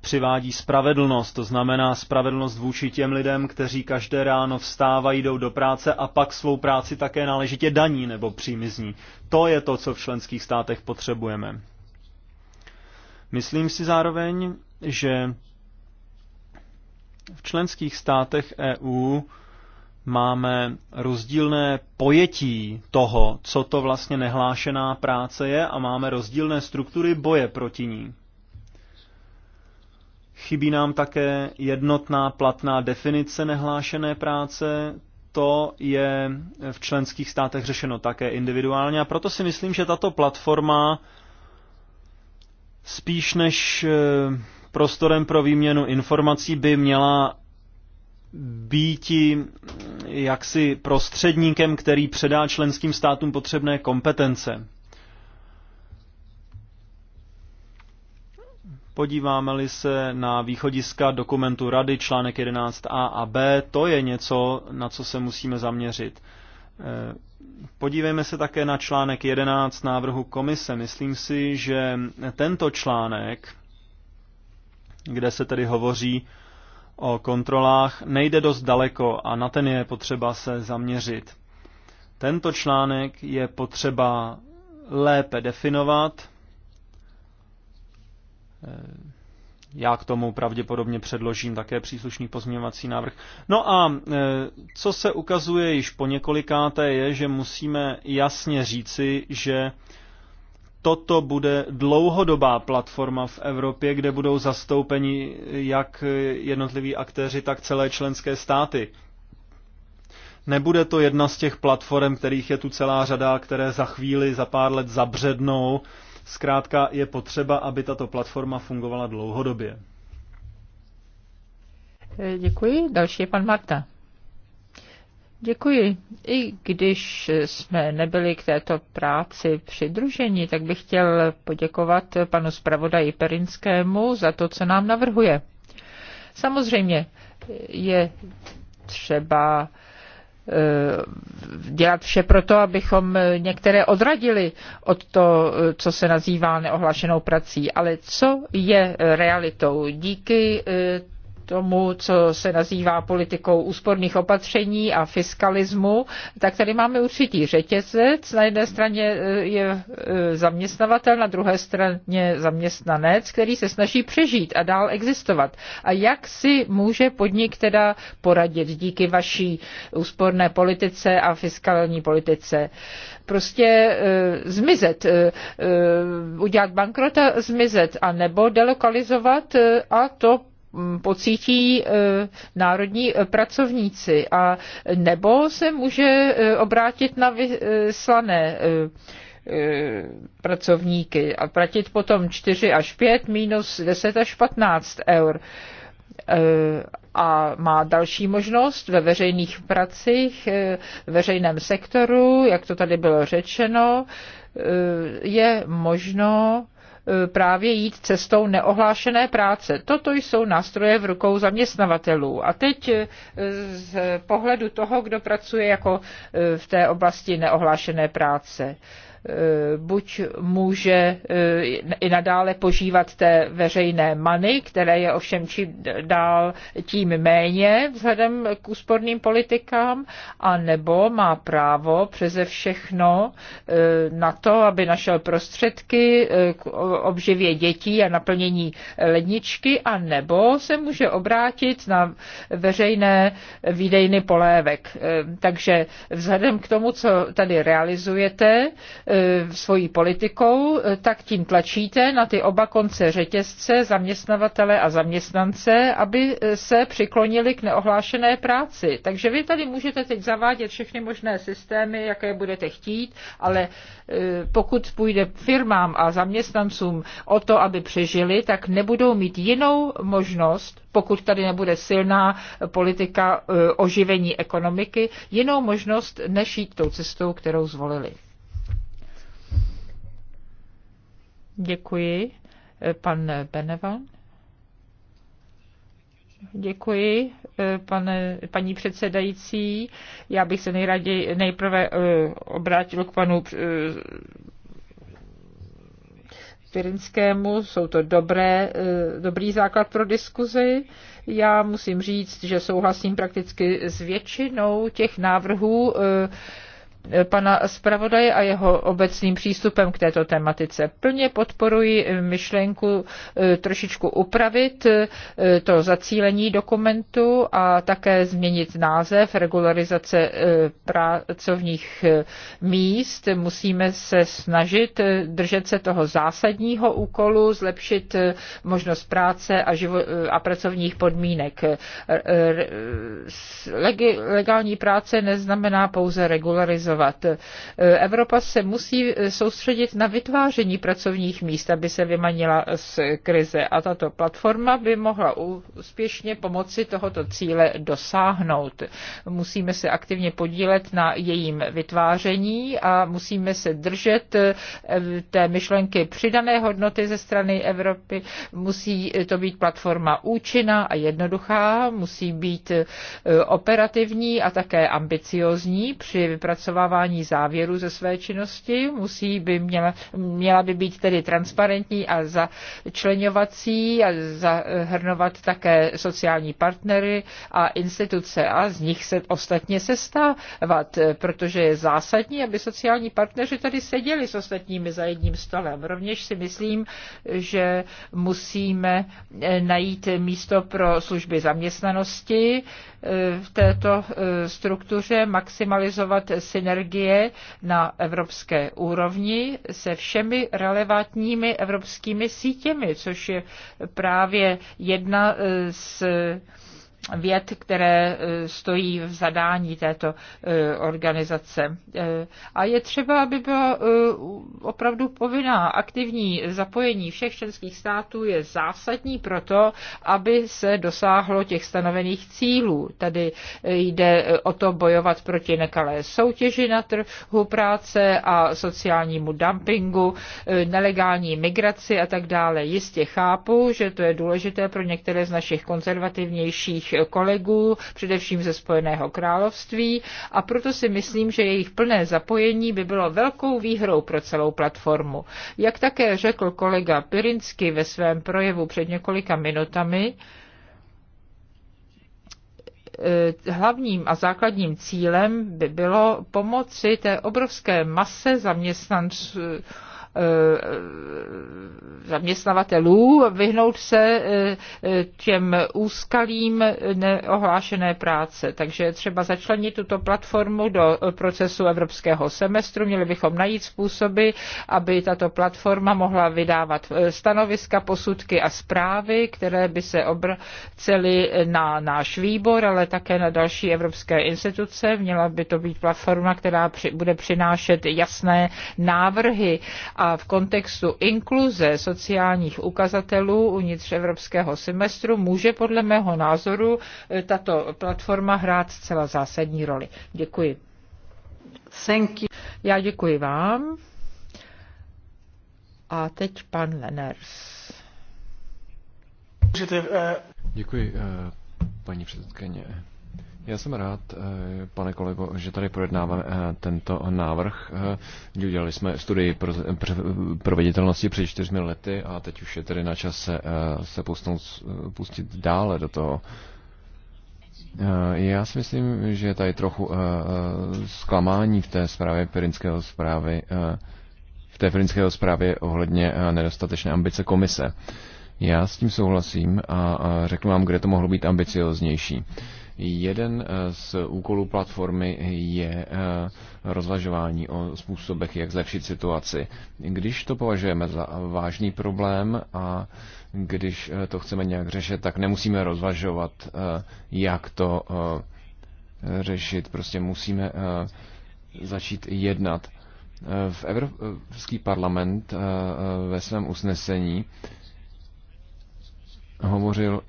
přivádí spravedlnost, to znamená spravedlnost vůči těm lidem, kteří každé ráno vstávají, jdou do práce a pak svou práci také náležitě daní nebo příjmy z ní. To je to, co v členských státech potřebujeme. Myslím si zároveň, že v členských státech EU máme rozdílné pojetí toho, co to vlastně nehlášená práce je a máme rozdílné struktury boje proti ní. Chybí nám také jednotná platná definice nehlášené práce. To je v členských státech řešeno také individuálně a proto si myslím, že tato platforma spíš než eh, prostorem pro výměnu informací by měla být mm, jaksi prostředníkem, který předá členským státům potřebné kompetence. Podíváme-li se na východiska dokumentu Rady článek 11a a b, to je něco, na co se musíme zaměřit. E, podívejme se také na článek 11 návrhu komise. Myslím si, že tento článek kde se tedy hovoří o kontrolách, nejde dost daleko a na ten je potřeba se zaměřit. Tento článek je potřeba lépe definovat. Eh, já k tomu pravděpodobně předložím také příslušný pozměňovací návrh. No a eh, co se ukazuje již po několikáté je, že musíme jasně říci, že toto bude dlouhodobá platforma v Evropě, kde budou zastoupeni jak jednotliví aktéři, tak celé členské státy. Nebude to jedna z těch platform, kterých je tu celá řada, které za chvíli, za pár let zabřednou. Zkrátka je potřeba, aby tato platforma fungovala dlouhodobě. Děkuji. Další je pan Marta. Děkuji. I když jsme nebyli k této práci přidruženi, tak bych chtěl poděkovat panu zpravodaji Perinskému za to, co nám navrhuje. Samozřejmě je třeba eh, dělat vše pro to, abychom některé odradili od to, eh, co se nazývá neohlašenou prací. Ale co je realitou? Díky eh, tomu, co se nazývá politikou úsporných opatření a fiskalismu, tak tady máme určitý řetězec. Na jedné straně e, je e, zaměstnavatel, na druhé straně zaměstnanec, který se snaží přežít a dál existovat. A jak si může podnik teda poradit díky vaší úsporné politice a fiskální politice? prostě e, zmizet, e, e udělat bankrota, zmizet, a nebo delokalizovat e, a to Mm, pocítí eh, národní eh, pracovníci a nebo se může eh, obrátit na vyslané pracovníky a platit potom 4 až 5 minus 10 až 15 eur a má další možnost ve veřejných pracích, v veřejném sektoru, jak to tady bylo řečeno, je možno E, právě jít cestou neohlášené práce. Toto jsou nástroje v rukou zaměstnavatelů. A teď e, z pohledu toho, kdo pracuje jako e, v té oblasti neohlášené práce. Eh, buď může eh, i nadále požívat té veřejné many, které je ovšem čím dál tím méně vzhledem k úsporným politikám, a nebo má právo přeze všechno eh, na to, aby našel prostředky k obživě dětí a naplnění ledničky, a nebo se může obrátit na veřejné výdejny polévek. Takže vzhledem k tomu, co tady realizujete, Eh, svojí politikou, eh, tak tím tlačíte na ty oba konce řetězce, zaměstnavatele a zaměstnance, aby eh, se přiklonili k neohlášené práci. Takže vy tady můžete teď zavádět všechny možné systémy, jaké budete chtít, ale pokud půjde firmám a zaměstnancům o to, aby přežili, tak nebudou mít jinou možnost, pokud tady nebude silná politika oživení ekonomiky, jinou možnost než jít tou cestou, kterou zvolili. Děkuji. Eh, pan Benevan. Děkuji, eh, pane, paní předsedající. Já bych se nejraději nejprve eh, obrátil k panu Pirinskému. Jsou to dobré, dobrý základ pro diskuzi. Já musím říct, že souhlasím prakticky s většinou těch návrhů, Eh, pana zpravodaje a jeho obecným přístupem k této tematice. Plně podporuji myšlenku eh, trošičku upravit eh, to zacílení dokumentu a také změnit název regularizace pracovních míst. Musíme se snažit držet se toho zásadního úkolu, zlepšit možnost práce a, živo- a pracovních podmínek. Legální práce neznamená pouze regularizovat pracovat. E, Evropa se musí e, soustředit na vytváření pracovních míst, aby se vymanila z krize a tato platforma by mohla úspěšně pomoci tohoto cíle dosáhnout. Musíme se aktivně podílet na jejím vytváření a musíme se držet e, té myšlenky přidané hodnoty ze strany Evropy. Musí to být platforma účinná a jednoduchá, musí být operativní a také ambiciozní při vypracování vyvodávání závěru ze své činnosti, musí by měla, měla by být tedy transparentní a začlenovací a zahrnovat také sociální partnery a instituce a z nich se ostatně sestávat, protože je zásadní, aby sociální partneři tady seděli s ostatními za jedním stolem. Rovněž si myslím, že musíme najít místo pro služby zaměstnanosti v této eh, struktuře, maximalizovat synergie energie na evropské úrovni se všemi relevantními evropskými sítěmi, což je právě jedna z věd, které e, stojí v zadání této e, organizace. E, a je třeba, aby byla opravdu povinná aktivní zapojení všech členských států je zásadní proto, aby se dosáhlo těch stanovených cílů. Tady jde o to bojovat proti nekalé soutěži na trhu práce a sociálnímu dumpingu, nelegální migraci a tak dále. Jistě chápu, že to je důležité pro některé z našich konzervativnějších kolegů, především ze Spojeného království, a proto si myslím, že jejich plné zapojení by bylo velkou výhrou pro celou platformu. Jak také řekl kolega Pirinsky ve svém projevu před několika minutami, eh, hlavním a základním cílem by bylo pomoci té obrovské mase zaměstnanců, Eh, zaměstnavatelů vyhnout se eh, těm úskalým neohlášené práce. Takže třeba začlenit tuto platformu do procesu evropského semestru. Měli bychom najít způsoby, aby tato platforma mohla vydávat eh, stanoviska, posudky a zprávy, které by se obracely na náš výbor, ale také na další evropské instituce. Měla by to být platforma, která bude přinášet jasné návrhy a a v kontextu inkluze sociálních ukazatelů uvnitř evropského semestru může podle mého názoru eh, tato platforma hrát zcela zásadní roli. Děkuji. Thank you. Já děkuji vám. A teď pan Leners. Eh, děkuji, eh, paní předsedkyně. Já jsem rád, eh, pane kolego, že tady projednáváme eh, tento návrh. Eh, udělali jsme studii proveditelnosti před čtyřmi lety a teď už je tedy na čase se pustnout, pustit dále do toho. Já si myslím, že je tady trochu zklamání v té zprávě perinského zprávy, v té Pirinského zprávě ohledně nedostatečné ambice komise. Já s tím souhlasím a řeknu vám, kde to mohlo být ambicioznější. Jeden eh, z úkolů platformy je eh, rozvažování o způsobech, jak zlepšit situaci. Když to považujeme za vážný problém a když eh, to chceme nějak řešit, tak nemusíme rozvažovat, jak to řešit. Prostě musíme začít jednat. V Evropský parlament ve svém usnesení hovořil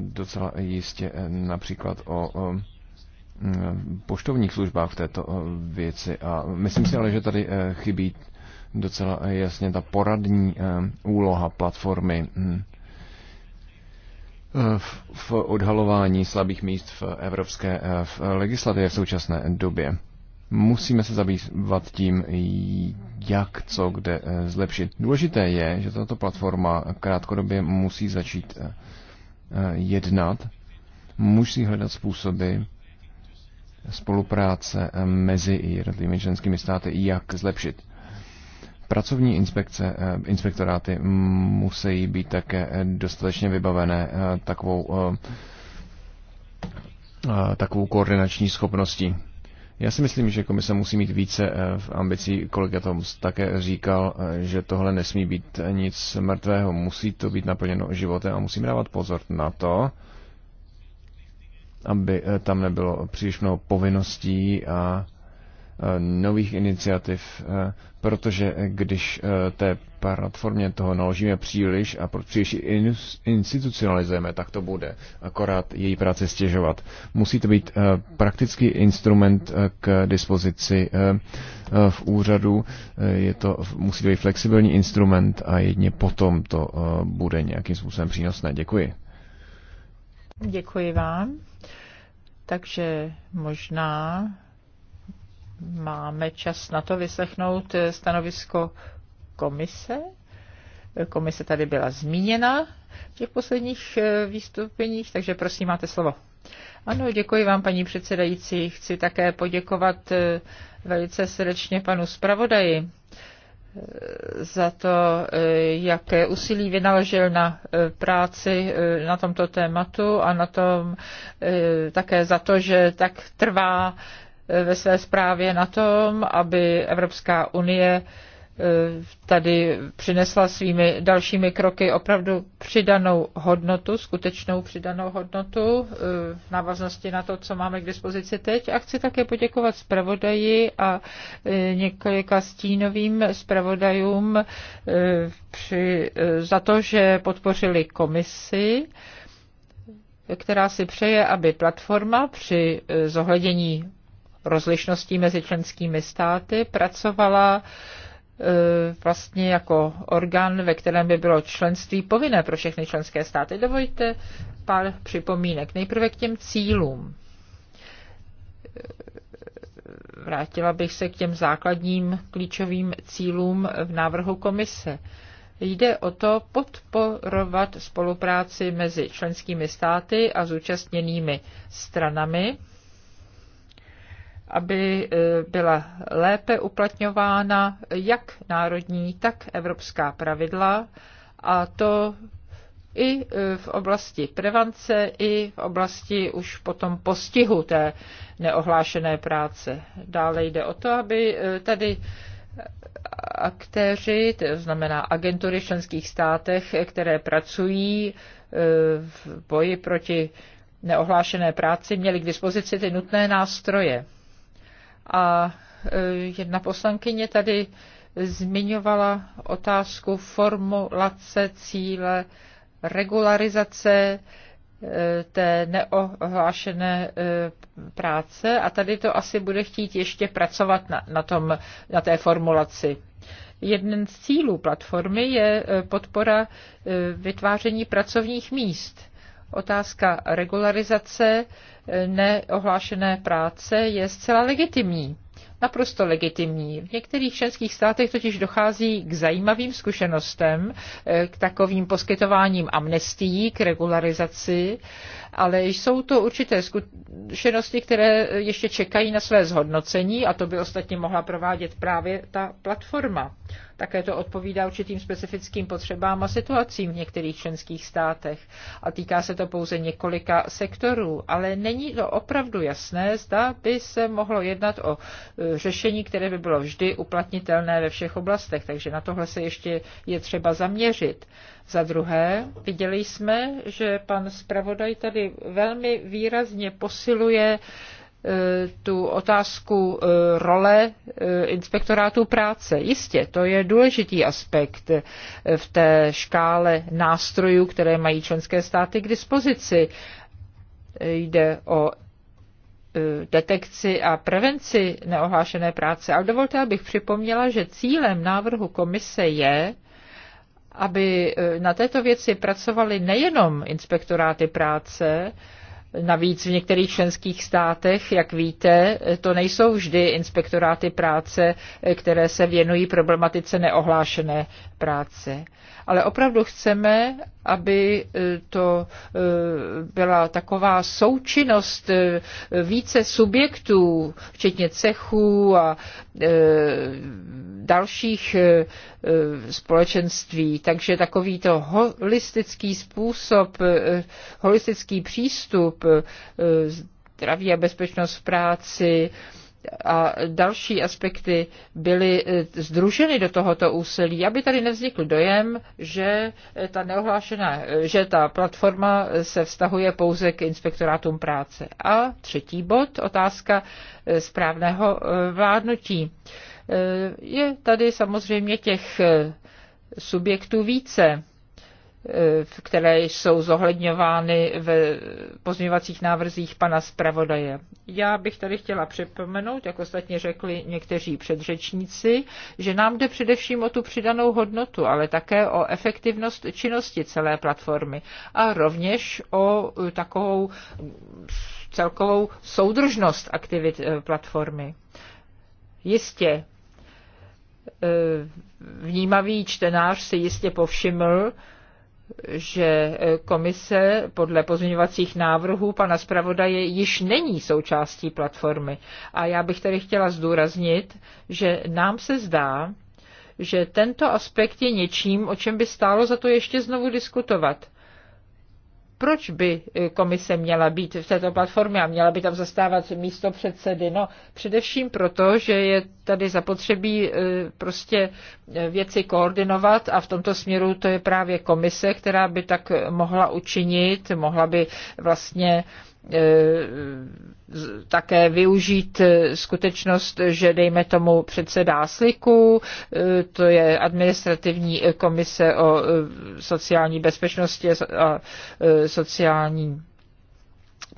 docela jistě e, například o poštovních službách v této e, věci. A myslím si ale, že tady e, chybí docela jasně ta poradní úloha platformy v odhalování slabých míst v evropské v legislativě v současné době. Musíme se zabývat tím, jak co kde zlepšit. Důležité je, že tato platforma krátkodobě musí začít Eh, jednat, musí hledat způsoby spolupráce eh, mezi jednotlivými členskými státy, jak zlepšit. Pracovní inspekce, eh, inspektoráty musí být také dostatečně vybavené takovou, takovou koordinační schopností já si myslím, že komise musí mít více eh, v ambicí. Kolega tom také říkal, eh, že tohle nesmí být nic mrtvého, musí to být naplněno životem a musíme dávat pozor na to, aby eh, tam nebylo příliš mnoho povinností a nových iniciativ, protože když té platformě toho naložíme příliš a příliš institucionalizujeme, tak to bude akorát její práce stěžovat. Musí to být eh, praktický instrument eh, k dispozici eh, v úřadu, je to, musí to být flexibilní instrument a jedně potom to bude nějakým způsobem přínosné. Děkuji. Děkuji vám. Takže možná máme čas na to vyslechnout stanovisko komise. Komise tady byla zmíněna v těch posledních eh, výstupeních, takže prosím, máte slovo. Ano, děkuji vám, paní předsedající. Chci také poděkovat eh, velice srdečně panu zpravodaji eh, za to, jaké úsilí vynaložil na práci na tomto tématu a na tom také za to, že tak trvá ve své zprávě na tom, aby Evropská unie Eh, tady přinesla svými dalšími kroky opravdu přidanou hodnotu, skutečnou přidanou hodnotu eh, v návaznosti na to, co máme k dispozici teď. A chci také poděkovat zpravodaji a eh, několika stínovým zpravodajům při, za to, že podpořili komisi která si přeje, aby platforma při zohledění rozlišností mezi členskými státy pracovala E, vlastně jako orgán, ve kterém by bylo členství povinné pro všechny členské státy. Dovolte pár připomínek. Nejprve k těm cílům. E, vrátila bych se k těm základním klíčovým cílům v návrhu komise. Jde o to podporovat spolupráci mezi členskými státy a zúčastněnými stranami aby e, byla lépe uplatňována jak národní, tak evropská pravidla a to i e, v oblasti prevence, i v oblasti už potom postihu té neohlášené práce. Dále jde o to, aby e, tady aktéři, to znamená agentury v členských státech, které pracují v boji proti neohlášené práci, měli k dispozici ty nutné nástroje. A e, jedna poslankyně tady zmiňovala otázku formulace cíle regularizace e, té neohlášené e, práce a tady to asi bude chtít ještě pracovat na, na, tom, na té formulaci. Jeden z cílů platformy je podpora vytváření pracovních míst. Otázka regularizace neohlášené práce je zcela legitimní naprosto legitimní. V některých členských státech totiž dochází k zajímavým zkušenostem, eh, k takovým poskytováním amnestií, k regularizaci ale jsou to určité zkušenosti, které ještě čekají na své zhodnocení a to by ostatně mohla provádět právě ta platforma. Také to odpovídá určitým specifickým potřebám a situacím v některých členských státech a týká se to pouze několika sektorů, ale není to opravdu jasné, zda by se mohlo jednat o e, řešení, které by bylo vždy uplatnitelné ve všech oblastech, takže na tohle se ještě je třeba zaměřit. Za druhé, viděli jsme, že pan zpravodaj tady velmi výrazně posiluje e, tu otázku e, role e, inspektorátu práce. Jistě, to je důležitý aspekt v té škále nástrojů, které mají členské státy k dispozici. Jde o detekci a prevenci neohlášené práce. Ale dovolte, abych připomněla, že cílem návrhu komise je aby eh, na této věci pracovaly nejenom inspektoráty práce, Navíc v některých členských státech, jak víte, to nejsou vždy inspektoráty práce, které se věnují problematice neohlášené práce. Ale opravdu chceme, aby e, to e, byla taková součinnost e, více subjektů, včetně cechů a dalších společenství. Takže takovýto holistický způsob, holistický přístup E, zdraví a bezpečnost v práci, a další aspekty byly e, združeny do tohoto úsilí, aby tady nevznikl dojem, že ta neohlášená, že ta platforma se vztahuje pouze k inspektorátům práce. A třetí bod, otázka e, správného vládnutí. Je tady samozřejmě těch subjektů více které jsou zohledňovány v pozměňovacích návrzích pana zpravodaje. Já bych tady chtěla připomenout, jak ostatně řekli někteří předřečníci, že nám jde především o tu přidanou hodnotu, ale také o efektivnost činnosti celé platformy a rovněž o e, takovou celkovou soudržnost aktivit e, platformy. Jistě, e, vnímavý čtenář si jistě povšiml, že eh, komise podle pozměňovacích návrhů pana zpravodaje již není součástí platformy. A já bych tedy chtěla zdůraznit, že nám se zdá, že tento aspekt je něčím, o čem by stálo za to ještě znovu diskutovat. Proč by eh, komise měla být v této platformě a měla by tam zastávat místo předsedy? No, především proto, že je tady zapotřebí eh, prostě eh, věci koordinovat a v tomto směru to je právě komise, která by tak mohla učinit, mohla by vlastně E, také využít skutečnost, že dejme tomu předseda Sliku, e, to je administrativní komise o e, sociální bezpečnosti a sociální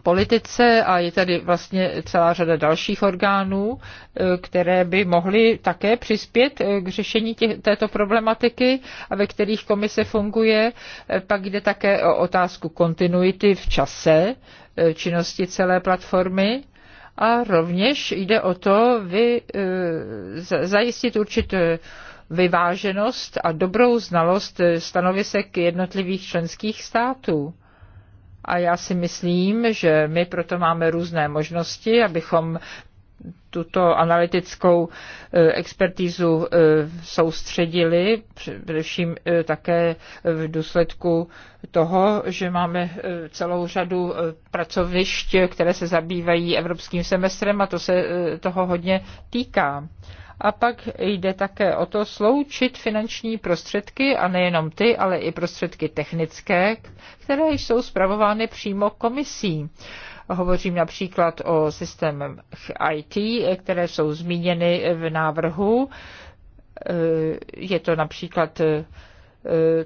politice a je tady vlastně celá řada dalších orgánů, eh, které by mohly také přispět eh, k řešení tě, této problematiky a ve kterých komise funguje. Eh, pak jde také o otázku kontinuity v čase činnosti celé platformy. A rovněž jde o to vy, zajistit určité vyváženost a dobrou znalost stanovisek jednotlivých členských států a já si myslím, že my proto máme různé možnosti, abychom tuto analytickou e, expertízu e, soustředili, především e, také v důsledku toho, že máme celou řadu pracovišť, které se zabývají evropským semestrem a to se toho hodně týká. A pak jde také o to sloučit finanční prostředky, a nejenom ty, ale i prostředky technické, které jsou zpravovány přímo komisí. Hovořím například o systémech IT, které jsou zmíněny v návrhu. Je to například eh,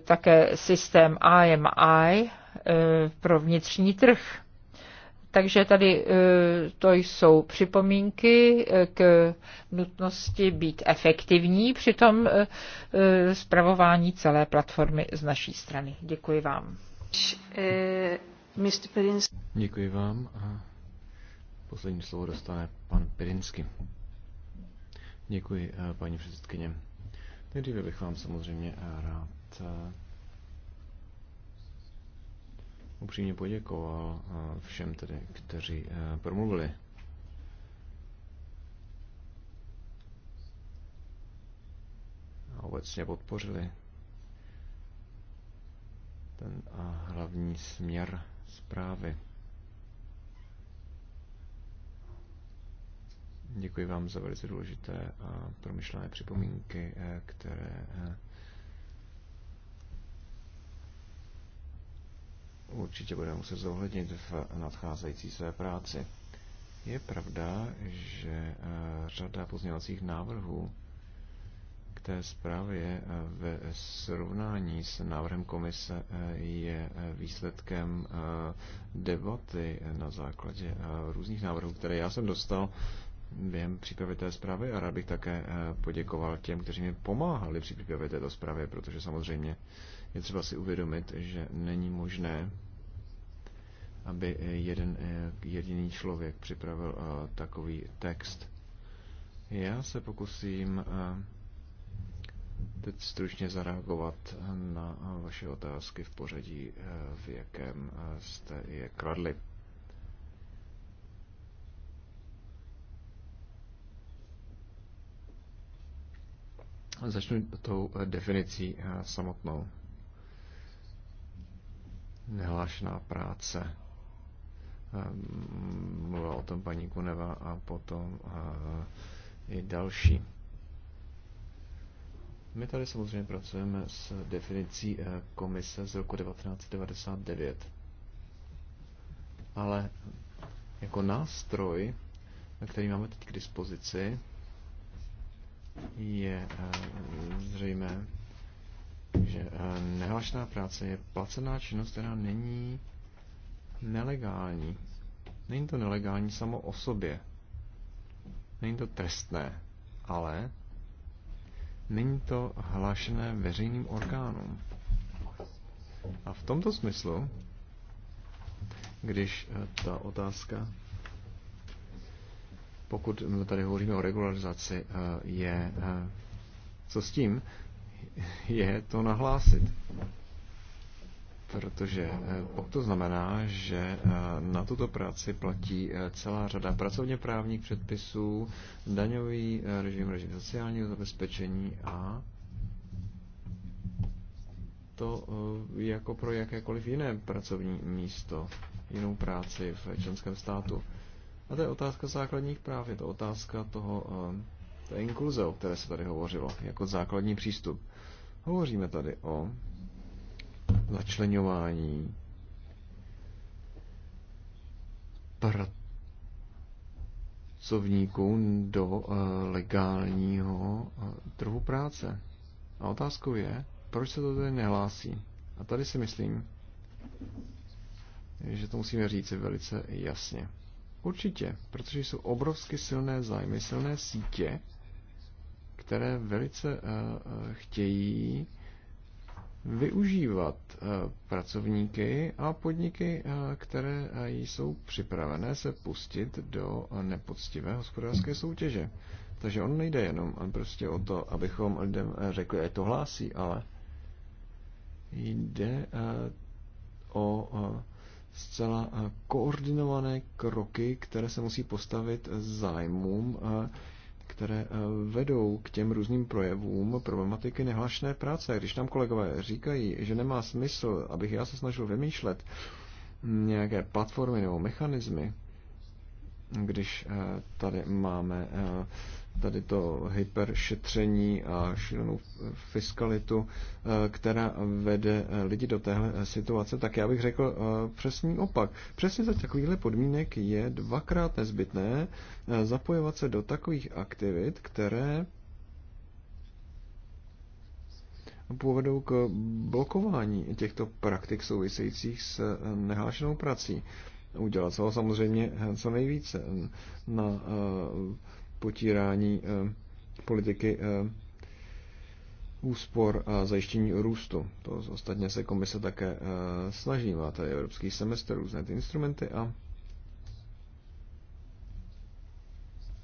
také systém IMI eh, pro vnitřní trh. Takže tady e, to jsou připomínky e, k nutnosti být efektivní při tom zpravování e, celé platformy z naší strany. Děkuji vám. Děkuji vám a poslední slovo dostane pan Pirinsky. Děkuji, paní předsedkyně. Nejdříve bych vám samozřejmě rád upřímně poděkoval eh, všem tedy, kteří eh, promluvili. A obecně podpořili ten hlavní směr zprávy. Děkuji vám za velice důležité a promyšlené připomínky, eh, které určitě bude muset zohlednit v nadcházející své práci. Je pravda, že eh, řada pozměňovacích návrhů k té zprávě eh, ve srovnání s návrhem komise eh, je výsledkem debaty na základě různých návrhů, které já jsem dostal během přípravy té zprávy a rád bych také poděkoval těm, kteří mi pomáhali při přípravě této zprávy, protože samozřejmě je třeba si uvědomit, že není možné, aby jeden eh, jediný člověk připravil eh, takový text. Já se pokusím eh, teď stručně zareagovat na vaše otázky v pořadí, v jakém jste je kladli. Začnu tou definicí samotnou nehlášená práce. Ehm, mluvila o tom paní Kuneva a potom eh, i další. My tady samozřejmě pracujeme s definicí eh, komise z roku 1999. Ale jako nástroj, který máme teď k dispozici, je eh, zřejmé, takže eh, nehlášená práce je placená činnost, která není nelegální. Není to nelegální samo o sobě. Není to trestné, ale není to hlášené veřejným orgánům. A v tomto smyslu, když eh, ta otázka, pokud tady hovoříme o regularizaci, eh, je co s tím, je to nahlásit. Protože eh, to znamená, že eh, na tuto práci platí eh, celá řada pracovně právních předpisů, daňový režim, režim sociálního zabezpečení a to jako pro jakékoliv jiné pracovní místo, jinou práci v členském státu. A to je otázka základních práv, je to otázka toho, té inkluze, o které se tady hovořilo, jako základní přístup. Hovoříme tady o začlenování pracovníků do eh, legálního eh, trhu práce. A otázkou je, proč se to tady nehlásí. A tady si myslím, že to musíme říct velice jasně. Určitě, protože jsou obrovsky silné zájmy, silné sítě, které velice eh, eh, chtějí využívat eh, pracovníky a podniky, které jsou připravené se pustit do nepoctivé hospodářské soutěže. Takže on nejde jenom prostě o to, abychom lidem řekli, že to hlásí, ale jde o zcela koordinované kroky, které se musí postavit zájmům které eh, vedou k těm různým projevům problematiky nehlašné práce. Když nám kolegové říkají, že nemá smysl, abych já se snažil vymýšlet nějaké platformy nebo mechanismy, když eh, tady máme eh, tady to hyperšetření a šílenou fiskalitu, eh, která vede eh, lidi do téhle eh, situace, tak já bych řekl přesný opak. Přesně za takovýchhle podmínek je dvakrát nezbytné zapojovat se do takových aktivit, které povedou k blokování těchto praktik souvisejících s nehlášenou prací. Udělat toho samozřejmě co nejvíce. Na uh, potírání eh, politiky eh, úspor a zajištění růstu. To ostatně se komise také eh, snaží. Má tady evropský semestr, různé ty instrumenty a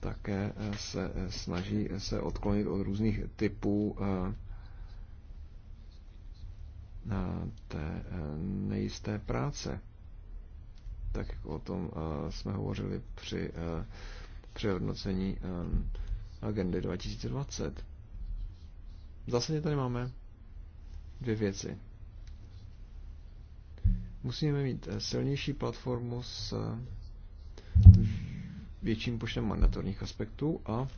také se snaží se odklonit od různých typů té nejisté práce. Tak jako o tom jsme hovořili při přehodnocení ehm, agendy 2020. Zase tady máme dvě věci. Musíme mít eh, silnější platformu s eh, větším počtem mandatorních aspektů a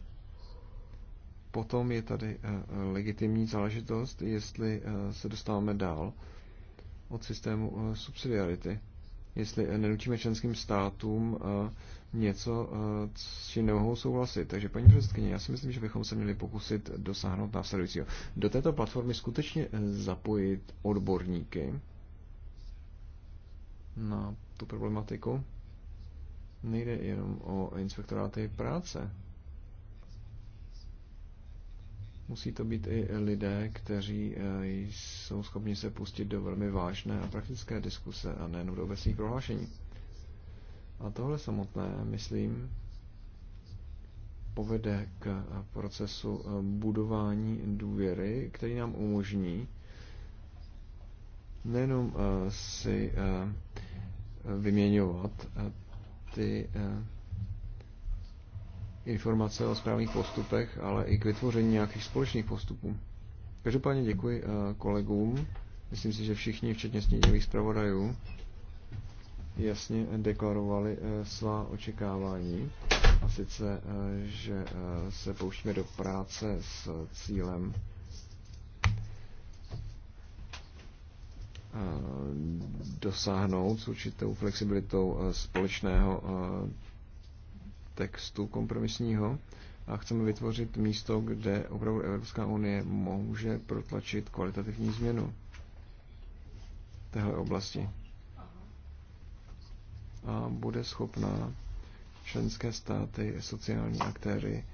potom je tady eh, legitimní záležitost, jestli se dostáváme dál od systému subsidiarity. Jestli nenutíme členským státům něco, eh, s čím nemohou souhlasit. Takže paní předsedkyně, já si myslím, že bychom se měli pokusit dosáhnout následujícího. Do této platformy skutečně eh, zapojit odborníky na tu problematiku. Nejde jenom o inspektoráty práce. Musí to být i lidé, kteří eh, jsou schopni se pustit do velmi vážné a praktické diskuse a nejen do obecných prohlášení. A tohle samotné, myslím, povede k procesu eh, budování důvěry, který nám umožní nejenom eh, si eh, vyměňovat ty informace o správných postupech, ale i k vytvoření nějakých společných postupů. Každopádně děkuji kolegům. Myslím si, že všichni, včetně snědivých zpravodajů, jasně deklarovali eh, svá očekávání. A sice, eh, že eh, se pouštíme do práce s cílem dosáhnout s určitou flexibilitou společného textu kompromisního a chceme vytvořit místo, kde opravdu Evropská unie může protlačit kvalitativní změnu téhle oblasti a bude schopná členské státy, sociální aktéry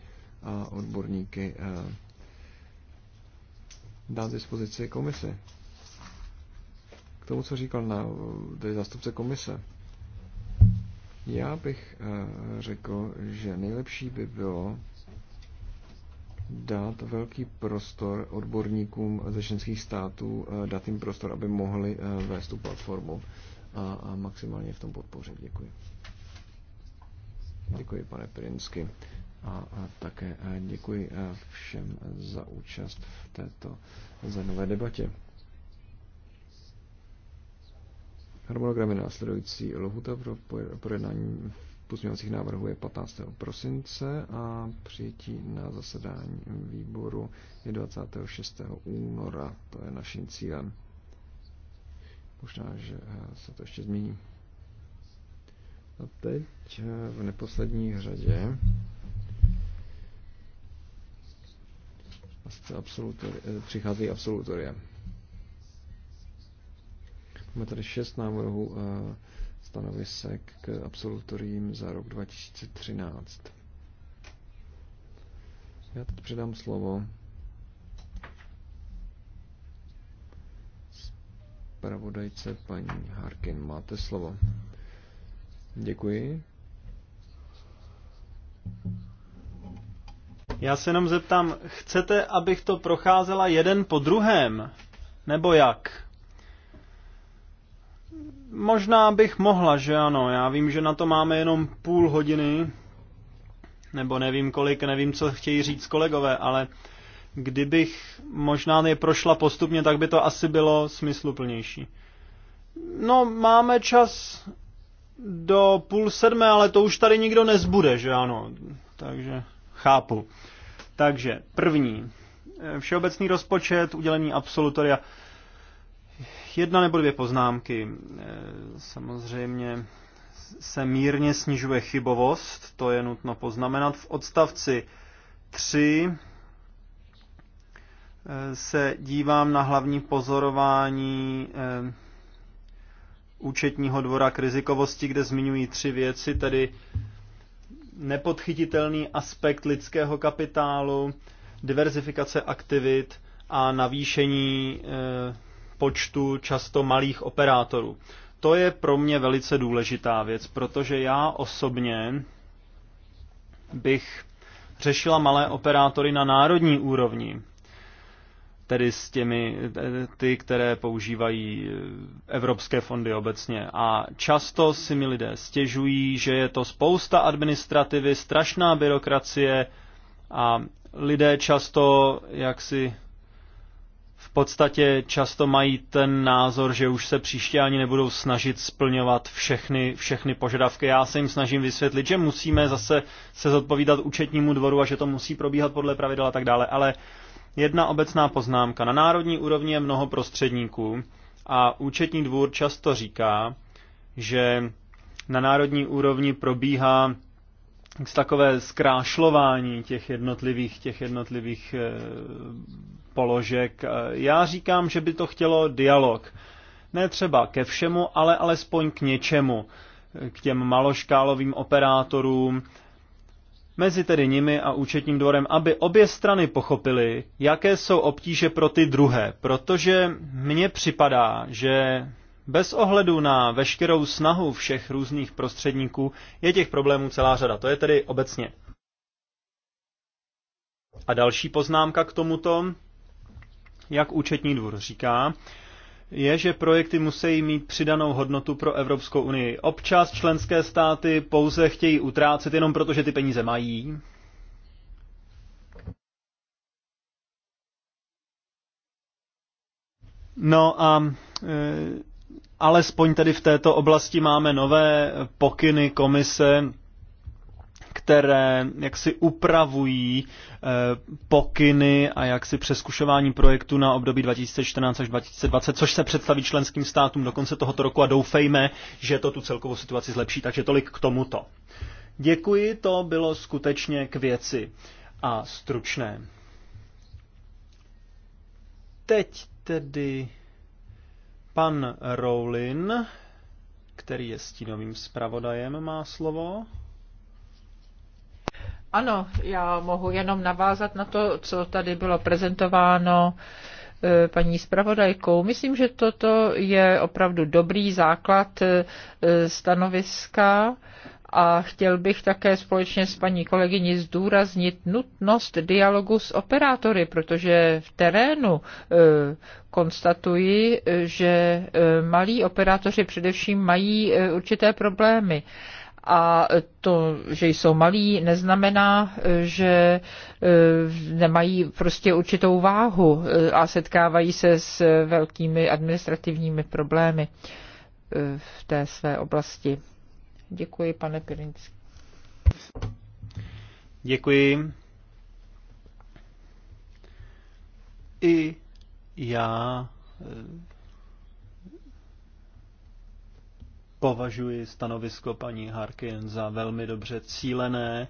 a odborníky eh, dát dispozici komise. K tomu, co říkal na, tedy zástupce komise. Já bych eh, řekl, že nejlepší by bylo dát velký prostor odborníkům ze členských států, eh, dát jim prostor, aby mohli vést tu platformu a, a maximálně v tom podpořit. Děkuji. Děkuji, pane Prinsky. A, a také děkuji všem za účast v této zajímavé debatě. Harmonogram je následující. lohuta pro projednání pozměňovacích návrhů je 15. prosince a přijetí na zasedání výboru je 26. února. To je naším cílem. Možná, že eh, se to ještě změní. A teď eh, v neposlední řadě absolutori, eh, přicházejí absolutoria. Máme tady šest návrhů stanovisek k absolutoriím za rok 2013. Já teď předám slovo zpravodajce paní Harkin. Máte slovo. Děkuji. Já se jenom zeptám, chcete, abych to procházela jeden po druhém? Nebo jak? Možná bych mohla, že ano. Já vím, že na to máme jenom půl hodiny, nebo nevím kolik, nevím, co chtějí říct kolegové, ale uh, Kdybych možná je prošla postupně, tak by to asi bylo smysluplnější. No, máme čas do půl sedmé, ale to už tady nikdo nezbude, že ano? Takže chápu. Takže první. Všeobecný rozpočet, udělení absolutoria. Jedna nebo dvě poznámky. E, samozřejmě se mírně snižuje chybovost, to je nutno poznamenat. V odstavci 3 se dívám na hlavní pozorování eh, účetního dvora k rizikovosti, kde zmiňují tři věci, tedy nepodchytitelný aspekt lidského kapitálu, diverzifikace aktivit a navýšení eh, počtu často malých operátorů. To je pro mě velice důležitá věc, protože já osobně bych řešila malé operátory na národní úrovni, tedy s těmi, ty, které používají eh, evropské fondy obecně. A často si mi lidé stěžují, že je to spousta administrativy, strašná byrokracie a lidé často, jak si v podstatě často mají ten názor, že už se příště ani nebudou snažit splňovat všechny, všechny požadavky. Já se jim snažím vysvětlit, že musíme zase se zodpovídat účetnímu dvoru a že to musí probíhat podle pravidel a tak dále, ale uh, Jedna obecná poznámka. Na národní úrovni je mnoho prostředníků a účetní dvůr často říká, že na národní úrovni probíhá takové zkrášlování těch jednotlivých, těch jednotlivých eh, položek. Já říkám, že by to chtělo dialog. Ne třeba ke všemu, ale alespoň k něčemu. K těm maloškálovým operátorům, mezi tedy nimi a účetním dvorem, aby obě strany pochopily, jaké jsou obtíže pro ty druhé, protože mně připadá, že bez ohledu na veškerou snahu všech různých prostředníků je těch problémů celá řada. To je tedy obecně. A další poznámka k tomuto, jak účetní dvůr říká, je, že projekty musí mít přidanou hodnotu pro Evropskou unii. Občas členské státy pouze chtějí utrácet jenom proto, že ty peníze mají. No a e, alespoň tady v této oblasti máme nové pokyny komise které jak si upravují eh, pokyny a jak si přeskušování projektu na období 2014 až 2020, což se představí členským státům do konce tohoto roku a doufejme, že to tu celkovou situaci zlepší. Takže tolik k tomuto. Děkuji, to bylo skutečně k věci a stručné. Teď tedy pan Rowlin, který je stínovým zpravodajem, má slovo. Ano, já mohu jenom navázat na to, co tady bylo prezentováno eh, paní zpravodajkou. Myslím, že toto je opravdu dobrý základ eh, stanoviska a chtěl bych také společně s paní kolegyní zdůraznit nutnost dialogu s operátory, protože v terénu eh, konstatuji, že malí operátoři především mají určité problémy a to, že jsou malí, neznamená, že e, nemají prostě určitou váhu e, a setkávají se s velkými administrativními problémy e, v té své oblasti. Děkuji, pane Pirinský. Děkuji. I já považuji stanovisko paní Harkin za velmi dobře cílené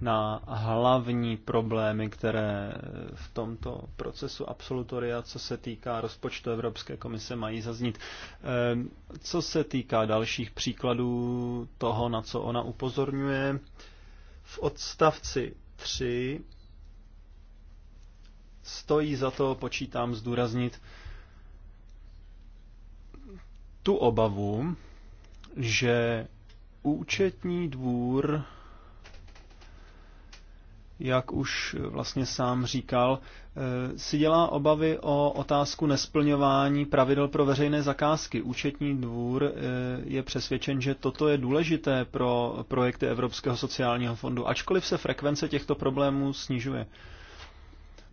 na hlavní problémy, které v tomto procesu absolutoria, co se týká rozpočtu Evropské komise, mají zaznít. Ehm, co se týká dalších příkladů toho, na co ona upozorňuje, v odstavci 3 stojí za to, počítám zdůraznit, tu obavu, že účetní dvůr, jak už vlastně sám říkal, eh, si dělá obavy o otázku nesplňování pravidel pro veřejné zakázky. Účetní dvůr eh, je přesvědčen, že toto je důležité pro projekty Evropského sociálního fondu, ačkoliv se frekvence těchto problémů snižuje.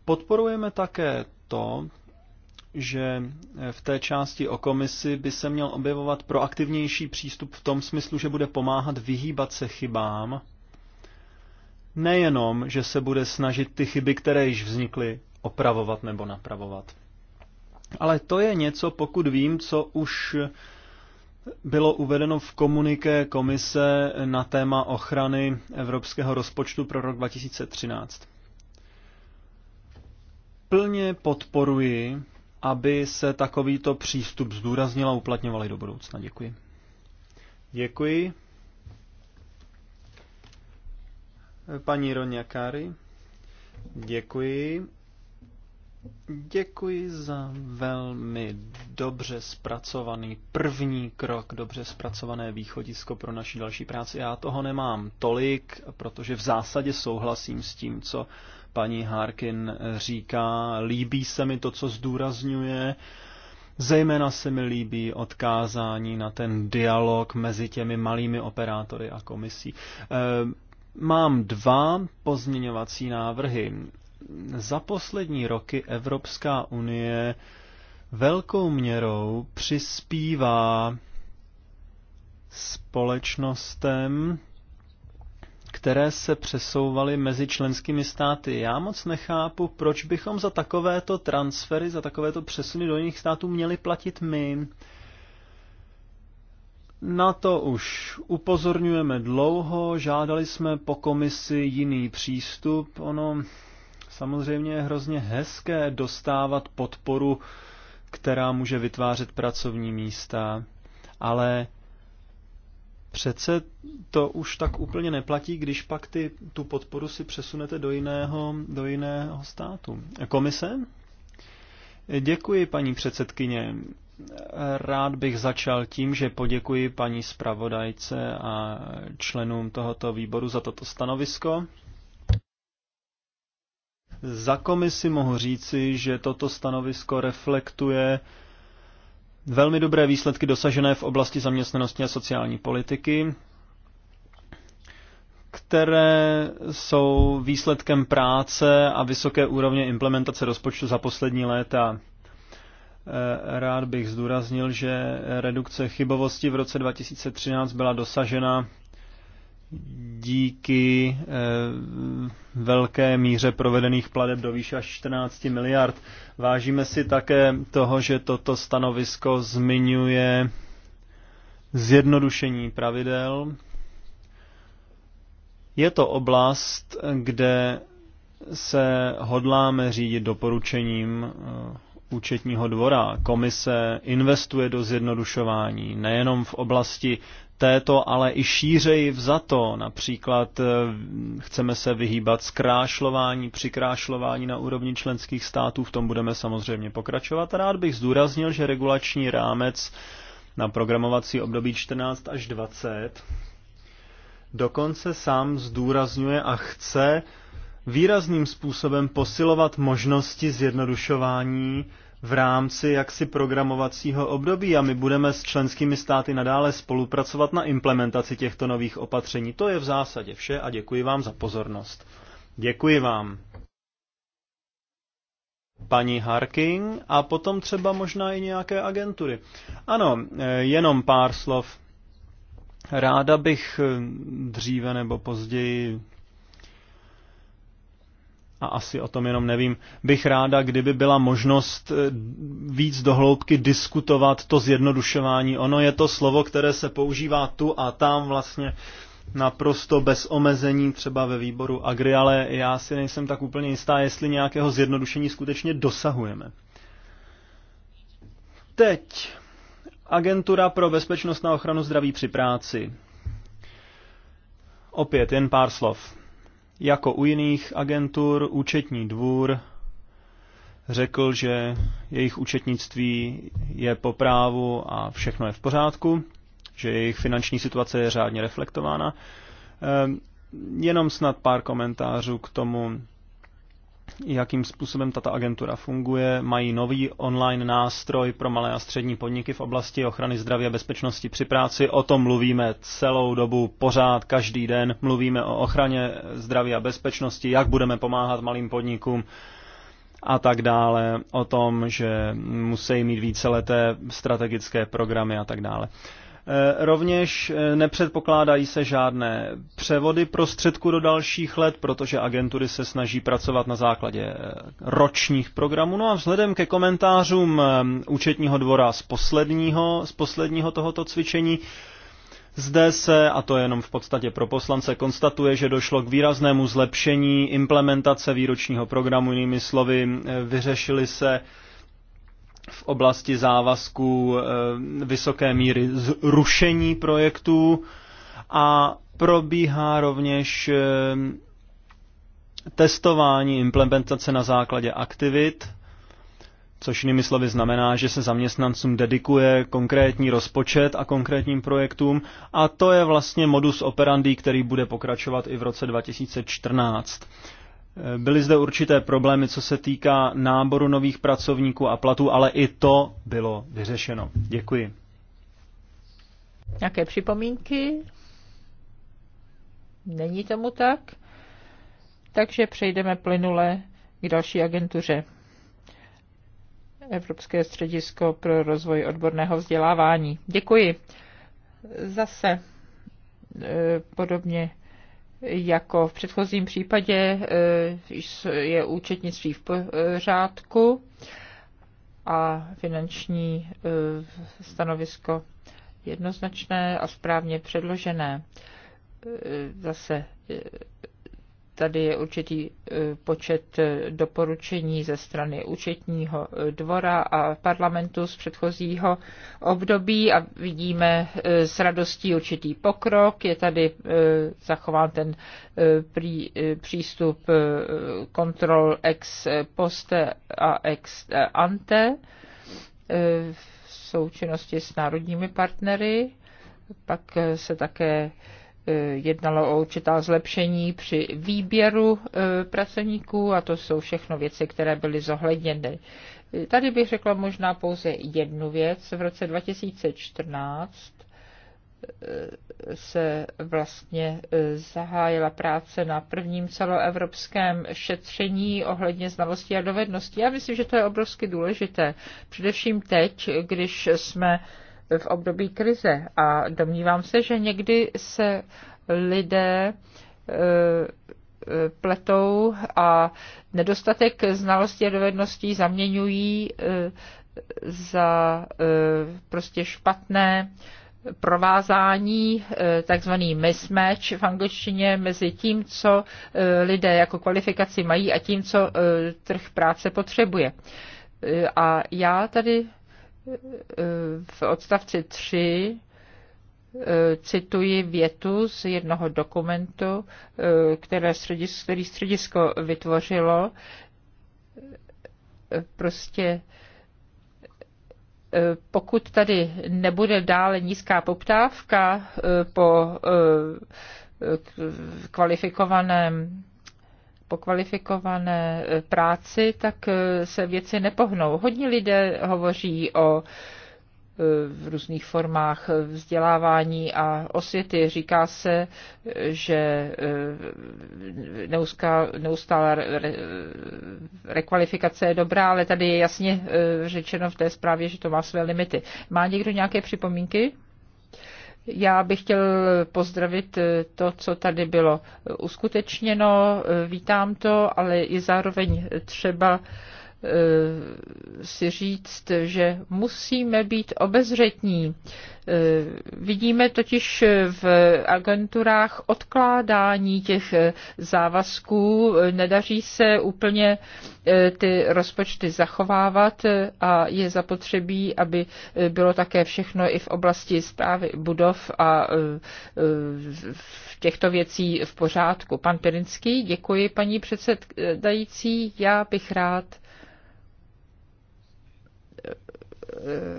Podporujeme také to, že eh, v té části o komisi by se měl objevovat proaktivnější přístup v tom smyslu, že bude pomáhat vyhýbat se chybám, nejenom, že se bude snažit ty chyby, které již vznikly, opravovat nebo napravovat. Ale to je něco, pokud vím, co už bylo uvedeno v komuniké komise na téma ochrany evropského rozpočtu pro rok 2013. Plně podporuji aby se takovýto přístup zdůraznil a uplatňoval i do budoucna. Děkuji. Děkuji. Paní Roňakáry, děkuji. Děkuji za velmi dobře zpracovaný první krok, dobře zpracované východisko pro naši další práci. Já toho nemám tolik, protože v zásadě souhlasím s tím, co Paní Harkin říká, líbí se mi to, co zdůrazňuje, Zejména se mi líbí odkázání na ten dialog mezi těmi malými operátory a komisí. E, mám dva pozměňovací návrhy. Za poslední roky Evropská unie velkou měrou přispívá společnostem které se přesouvaly mezi členskými státy. Já moc nechápu, proč bychom za takovéto transfery, za takovéto přesuny do jiných států měli platit my. Na to už upozorňujeme dlouho, žádali jsme po komisi jiný přístup. Ono samozřejmě je hrozně hezké dostávat podporu, která může vytvářet pracovní místa, ale Přece to už tak úplně neplatí, když pak ty, tu podporu si přesunete do jiného, do jiného státu. Komise? Děkuji, paní předsedkyně. Rád bych začal tím, že poděkuji paní zpravodajce a členům tohoto výboru za toto stanovisko. Za komisi mohu říci, že toto stanovisko reflektuje velmi dobré výsledky dosažené v oblasti zaměstnanosti a sociální politiky, které jsou výsledkem práce a vysoké úrovně implementace rozpočtu za poslední léta. E, rád bych zdůraznil, že redukce chybovosti v roce 2013 byla dosažena díky eh, velké míře provedených pladeb do výše až 14 miliard. Vážíme si také toho, že toto stanovisko zmiňuje zjednodušení pravidel. Je to oblast, kde se hodláme řídit doporučením eh, účetního dvora. Komise investuje do zjednodušování nejenom v oblasti této, ale i šířeji vzato. Například eh, chceme se vyhýbat zkrášlování, přikrášlování na úrovni členských států, v tom budeme samozřejmě pokračovat. A rád bych zdůraznil, že regulační rámec na programovací období 14 až 20 dokonce sám zdůrazňuje a chce výrazným způsobem posilovat možnosti zjednodušování v rámci jaksi programovacího období a my budeme s členskými státy nadále spolupracovat na implementaci těchto nových opatření. To je v zásadě vše a děkuji vám za pozornost. Děkuji vám. Paní Harking a potom třeba možná i nějaké agentury. Ano, eh, jenom pár slov. Ráda bych eh, dříve nebo později a asi o tom jenom nevím, bych ráda, kdyby byla možnost eh, víc dohloubky diskutovat to zjednodušování. Ono je to slovo, které se používá tu a tam vlastně naprosto bez omezení třeba ve výboru Agri, ale já si nejsem tak úplně jistá, jestli nějakého zjednodušení skutečně dosahujeme. Teď Agentura pro bezpečnost na ochranu zdraví při práci. Opět jen pár slov. Jako u jiných agentur účetní dvůr řekl, že jejich účetnictví je po právu a všechno je v pořádku, že jejich finanční situace je řádně reflektována. Ehm, jenom snad pár komentářů k tomu, jakým způsobem tato agentura funguje. Mají nový online nástroj pro malé a střední podniky v oblasti ochrany zdraví a bezpečnosti při práci. O tom mluvíme celou dobu, pořád, každý den. Mluvíme o ochraně zdraví a bezpečnosti, jak budeme pomáhat malým podnikům a tak dále, o tom, že musí mít víceleté strategické programy a tak dále. Eh, rovněž eh, nepředpokládají se žádné převody prostředků do dalších let, protože agentury se snaží pracovat na základě eh, ročních programů. No a vzhledem ke komentářům účetního dvora z posledního, z posledního tohoto cvičení, zde se, a to jenom v podstatě pro poslance, konstatuje, že došlo k výraznému zlepšení implementace výročního programu, jinými slovy, vyřešili se v oblasti závazků eh, vysoké míry zrušení projektů a probíhá rovněž eh, testování implementace na základě aktivit, což jinými slovy znamená, že se zaměstnancům dedikuje konkrétní rozpočet a konkrétním projektům a to je vlastně modus operandi, který bude pokračovat i v roce 2014. Byly zde určité problémy, co se týká náboru nových pracovníků a platů, ale i to bylo vyřešeno. Děkuji. Nějaké připomínky? Není tomu tak? Takže přejdeme plynule k další agentuře. Evropské středisko pro rozvoj odborného vzdělávání. Děkuji. Zase eh, podobně jako v předchozím případě eh, je účetnictví v pořádku a finanční eh, stanovisko jednoznačné a správně předložené. Eh, zase Tady je určitý e, počet e, doporučení ze strany účetního e, dvora a parlamentu z předchozího období a vidíme s radostí určitý pokrok. Je tady zachován ten přístup kontrol ex poste a ex ante v součinnosti s národními partnery. Pak se také E, jednalo o určitá zlepšení při výběru e, pracovníků a to jsou všechno věci, které byly zohledněny. E, tady bych řekla možná pouze jednu věc. V roce 2014 se vlastně zahájila práce na prvním celoevropském šetření ohledně znalostí a dovedností. Já myslím, že to je obrovsky důležité. Především teď, když jsme v období krize. A domnívám se, že někdy se lidé eh, eh, pletou a nedostatek znalostí a dovedností zaměňují eh, za prostě špatné provázání, takzvaný mismatch v angličtině, mezi tím, co lidé jako kvalifikaci mají a tím, co trh práce potřebuje. A já tady v odstavci 3 eh, cituji větu z jednoho dokumentu, eh, které středisko, který středisko vytvořilo. Prostě eh, pokud tady nebude dále nízká poptávka po kvalifikovaném po kvalifikované eh, práci, tak eh, se věci nepohnou. Hodně lidé hovoří o eh, v různých formách vzdělávání a osvěty. Říká se, že neustálá rekvalifikace je dobrá, ale tady je jasně řečeno v té zprávě, že to má své limity. Má někdo nějaké připomínky? Já bych chtěl pozdravit eh, to, co tady bylo eh, uskutečněno. Eh, vítám to, ale i zároveň třeba Eh, si říct, že musíme být obezřetní. Eh, vidíme totiž v agenturách odkládání těch závazků, nedaří se úplně eh, ty rozpočty zachovávat a je zapotřebí, aby bylo také všechno i v oblasti zprávy budov a v těchto věcí v pořádku. Pan Pirinský, děkuji paní předsedající, já bych rád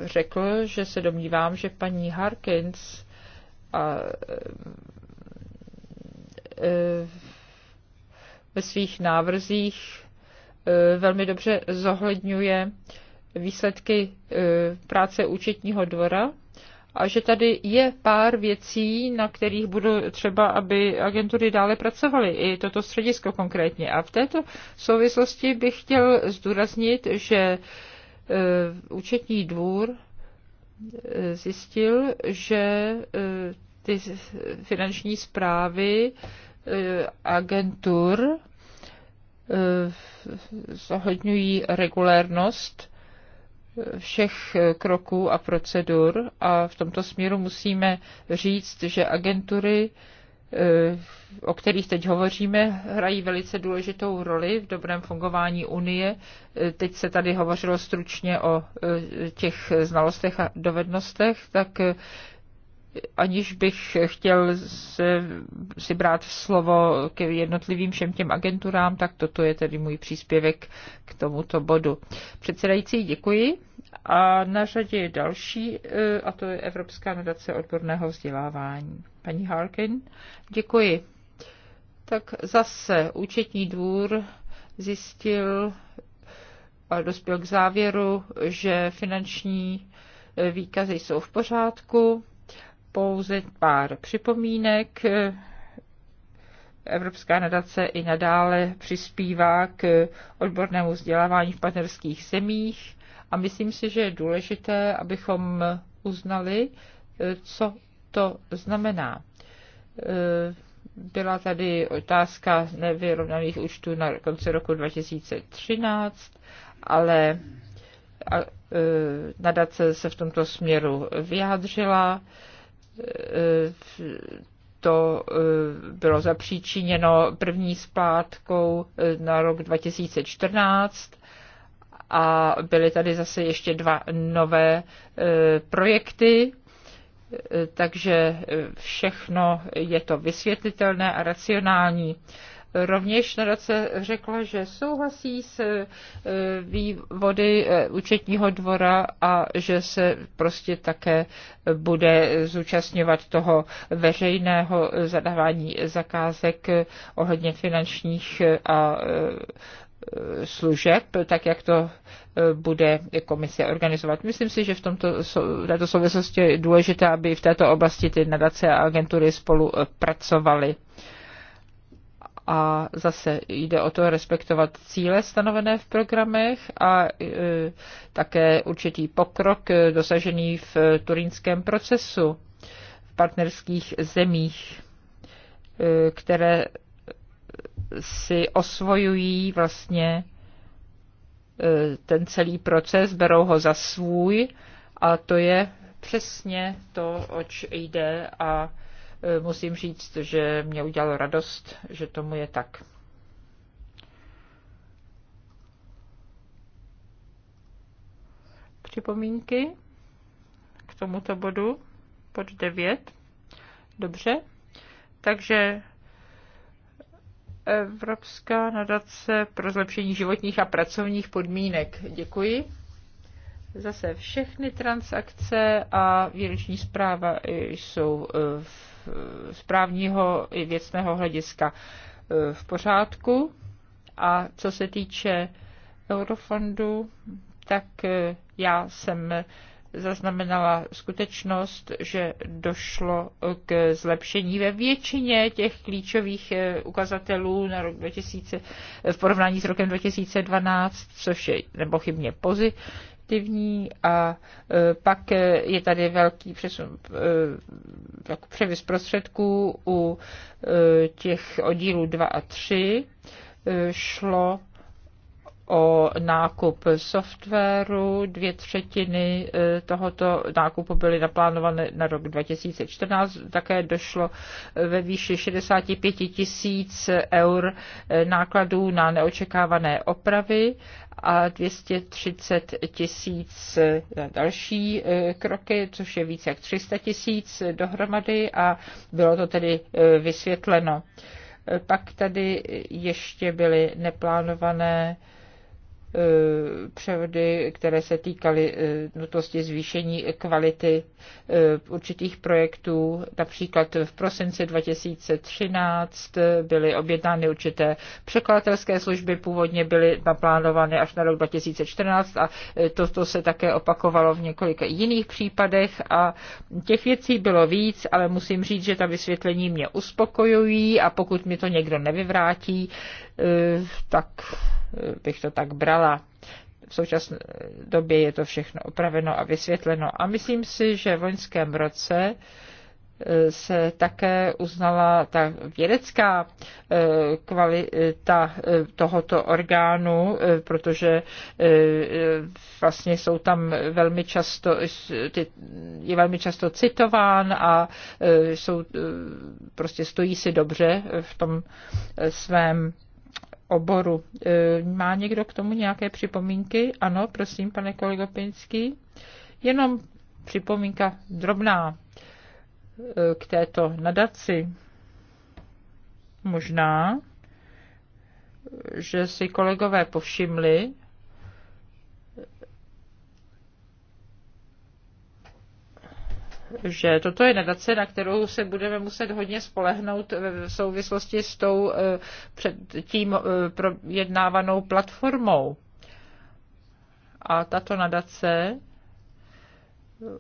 řekl, že se domnívám, že paní Harkins a e, ve svých návrzích e, velmi dobře zohledňuje výsledky e, práce účetního dvora a že tady je pár věcí, na kterých budu třeba, aby agentury dále pracovaly, i toto středisko konkrétně. A v této souvislosti bych chtěl zdůraznit, že Eh, účetní dvůr eh, zjistil, že eh, ty finanční zprávy agentur zohledňují regulérnost všech kroků a procedur a v tomto směru musíme říct, že agentury Eh, o kterých teď hovoříme, hrají velice důležitou roli v dobrém fungování Unie. Eh, teď se tady hovořilo stručně o eh, těch znalostech a dovednostech, tak aniž bych chtěl se, si brát slovo k jednotlivým všem těm agenturám, tak toto je tedy můj příspěvek k tomuto bodu. Předsedající, děkuji. A na řadě je další, eh, a to je Evropská nadace odborného vzdělávání. Paní Harkin, děkuji. Tak zase účetní dvůr zjistil a dospěl k závěru, že finanční eh, výkazy jsou v pořádku. Pouze pár připomínek. Evropská nadace i nadále přispívá k odbornému vzdělávání v partnerských zemích a myslím si, že je důležité, abychom uznali, eh, co to znamená. Eh, byla tady otázka nevyrovnaných účtů na konci roku 2013, ale eh, nadace se v tomto směru vyjádřila to bylo zapříčiněno první splátkou na rok 2014 a byly tady zase ještě dva nové e, projekty, e, takže všechno je to vysvětlitelné a racionální. Rovněž nadace řekla, že souhlasí s e, vývody účetního dvora a že se prostě také bude zúčastňovat toho veřejného zadávání zakázek ohledně finančních a služeb, tak jak to e, bude komise organizovat. Myslím si, že v, tomto, v této souvislosti je důležité, aby v této oblasti ty nadace a agentury spolu e, pracovaly. A zase jde o to respektovat cíle stanovené v programech a e, také určitý pokrok dosažený v turínském procesu v partnerských zemích, které si osvojují vlastně e, ten celý proces, berou ho za svůj a to je přesně to, oč jde a e, musím říct, že mě udělalo radost, že tomu je tak. Připomínky k tomuto bodu pod 9. Dobře. Takže Evropská nadace pro zlepšení životních a pracovních podmínek. Děkuji. Zase všechny transakce a výroční zpráva jsou z e, e, právního i věcného hlediska e, v pořádku. A co se týče eurofondu, tak já jsem zaznamenala skutečnost, že došlo k zlepšení ve většině těch klíčových eh, ukazatelů na rok 2000, v porovnání s rokem 2012, což je nepochybně pozitivní. A eh, pak eh, je tady velký přesun, jako převis prostředků u těch oddílů 2 a 3 šlo o nákup softwaru. Dvě třetiny e, tohoto nákupu byly naplánované na rok 2014. Také došlo e, ve výši 65 tisíc eur e, nákladů na neočekávané opravy a 230 tisíc na další kroky, což je více jak 300 tisíc dohromady a bylo to tedy vysvětleno. Pak tady ještě byly neplánované Eh, převody, které se týkaly eh, nutnosti zvýšení kvality eh, určitých projektů. Například v prosinci 2013 byly objednány určité překladatelské služby, původně byly naplánovány až na rok 2014 a toto se také opakovalo v několika jiných případech a těch věcí bylo víc, ale musím říct, že ta vysvětlení mě uspokojují a pokud mi to někdo nevyvrátí, Eh, tak eh, bych to tak brala. V současné době je to všechno opraveno a vysvětleno. A myslím si, že v loňském roce eh, se také uznala ta vědecká kvalita tohoto orgánu, protože vlastně jsou tam velmi často, je velmi často citován a jsou, prostě stojí si dobře v tom svém oboru. E, má někdo k tomu nějaké připomínky? Ano, prosím, pane kolego Pinský. Jenom připomínka drobná e, k této nadaci. Možná, že si kolegové povšimli, že toto je nadace, na kterou se budeme muset hodně spolehnout v souvislosti s tou eh, tím eh, projednávanou platformou. A tato nadace eh,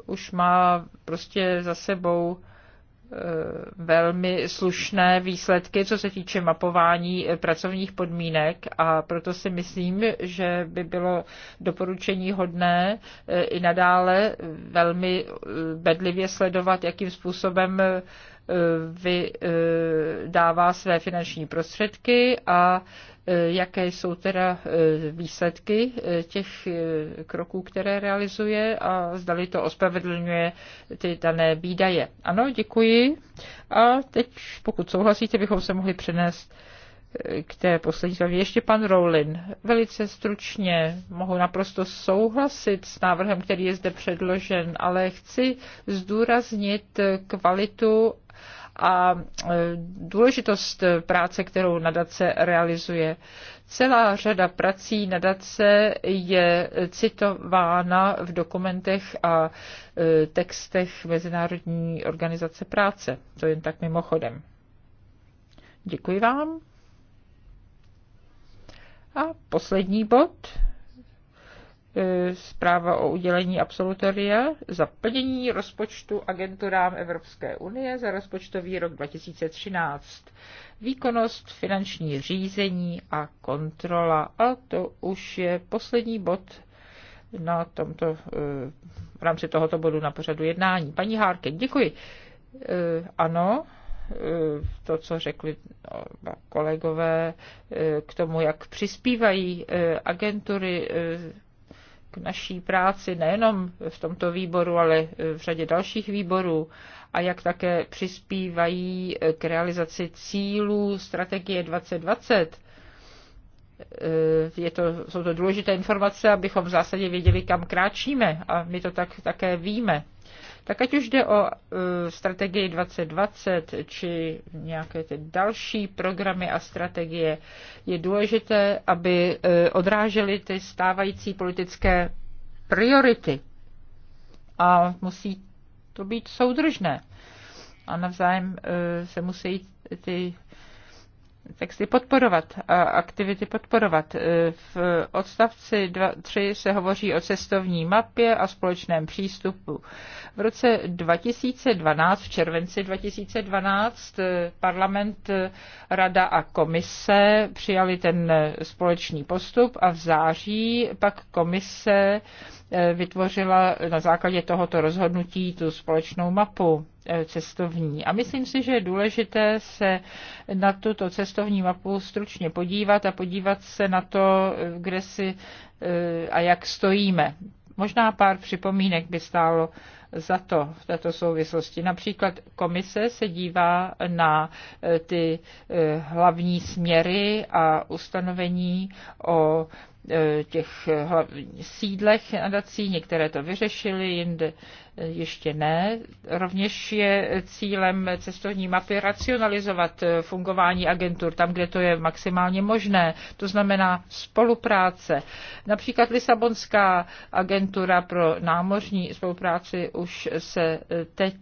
už má prostě za sebou Eh, velmi slušné výsledky, co se týče mapování eh, pracovních podmínek a proto si myslím, že by bylo doporučení hodné eh, i nadále velmi bedlivě sledovat, jakým způsobem vydává své finanční prostředky a Eh, jaké jsou teda eh, výsledky eh, těch kroků, které realizuje a zdali to ospravedlňuje ty dané výdaje. Ano, děkuji. A teď, pokud souhlasíte, bychom se mohli přenést k té poslední zprávě. Ještě pan Rowlin. Velice stručně mohu naprosto souhlasit s návrhem, který je zde předložen, ale chci zdůraznit kvalitu a e, důležitost práce, kterou nadace realizuje. Celá řada prací nadace je citována v dokumentech a e, textech Mezinárodní organizace práce. To jen tak mimochodem. Děkuji vám. A poslední bod. Eh, zpráva o udělení absolutoria za plnění rozpočtu agenturám Evropské unie za rozpočtový rok 2013. Výkonnost, finanční řízení a kontrola. A to už je poslední bod na tomto, eh, v rámci tohoto bodu na pořadu jednání. Paní Hárke, děkuji. Eh, ano, to, co řekli no, kolegové k tomu, jak přispívají agentury k naší práci nejenom v tomto výboru, ale v řadě dalších výborů a jak také přispívají k realizaci cílů strategie 2020 Eh, je to, jsou to důležité informace, abychom v zásadě věděli, kam kráčíme a my to tak také víme. Tak ať už jde o eh, strategii 2020 či nějaké ty další programy a strategie, je důležité, aby eh, odrážely ty stávající politické priority. A musí to být soudržné. A navzájem se musí ty texty podporovat a aktivity podporovat. E, v odstavci 2, 3 se hovoří o cestovní mapě a společném přístupu. V roce 2012, v červenci 2012, e, parlament, e, rada a komise přijali ten společný postup a v září pak komise vytvořila na základě tohoto rozhodnutí tu společnou mapu Eh, cestovní. A myslím si, že je důležité se na tuto cestovní mapu stručně podívat a podívat se na to, eh, kde si eh, a jak stojíme. Možná pár připomínek by stálo za to v této souvislosti. Například komise se dívá na ty hlavní směry a ustanovení o E, těch e, sídlech nadací, některé to vyřešili, jinde e, ještě ne. Rovněž je cílem cestovní mapy racionalizovat fungování agentur tam, kde to je maximálně možné, to znamená spolupráce. Například Lisabonská agentura pro námořní spolupráci už se teď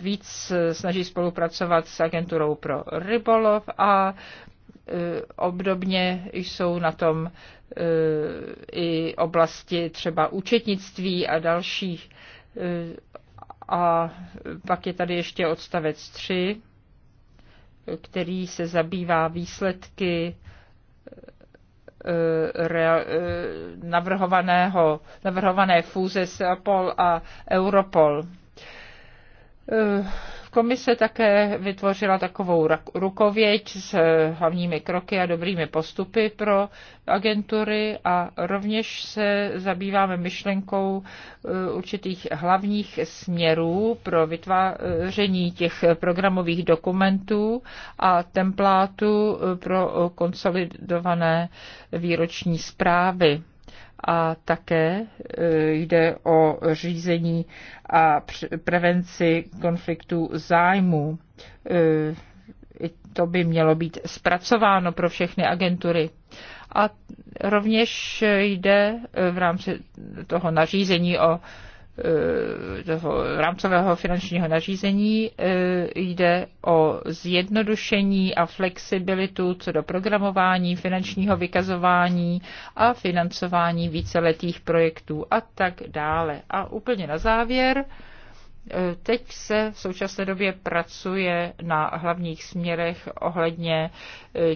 víc snaží spolupracovat s agenturou pro rybolov a Eh, obdobně jsou na tom eh, i oblasti třeba účetnictví a dalších. Eh, a pak je tady ještě odstavec 3, který se zabývá výsledky navrhovaného, navrhované fúze Seapol a Europol Komise také vytvořila takovou rukověď s eh, hlavními kroky a dobrými postupy pro agentury a rovněž se zabýváme myšlenkou eh, určitých hlavních směrů pro vytváření těch programových dokumentů a templátů eh, pro konsolidované výroční zprávy a také e, jde o řízení a prevenci konfliktu zájmu. E, to by mělo být zpracováno pro všechny agentury. A rovněž jde e, v rámci toho nařízení o Eh, toho rámcového finančního nařízení eh, jde o zjednodušení a flexibilitu co do programování, finančního vykazování a financování víceletých projektů a tak dále. A úplně na závěr, eh, Teď se v současné době pracuje na hlavních směrech ohledně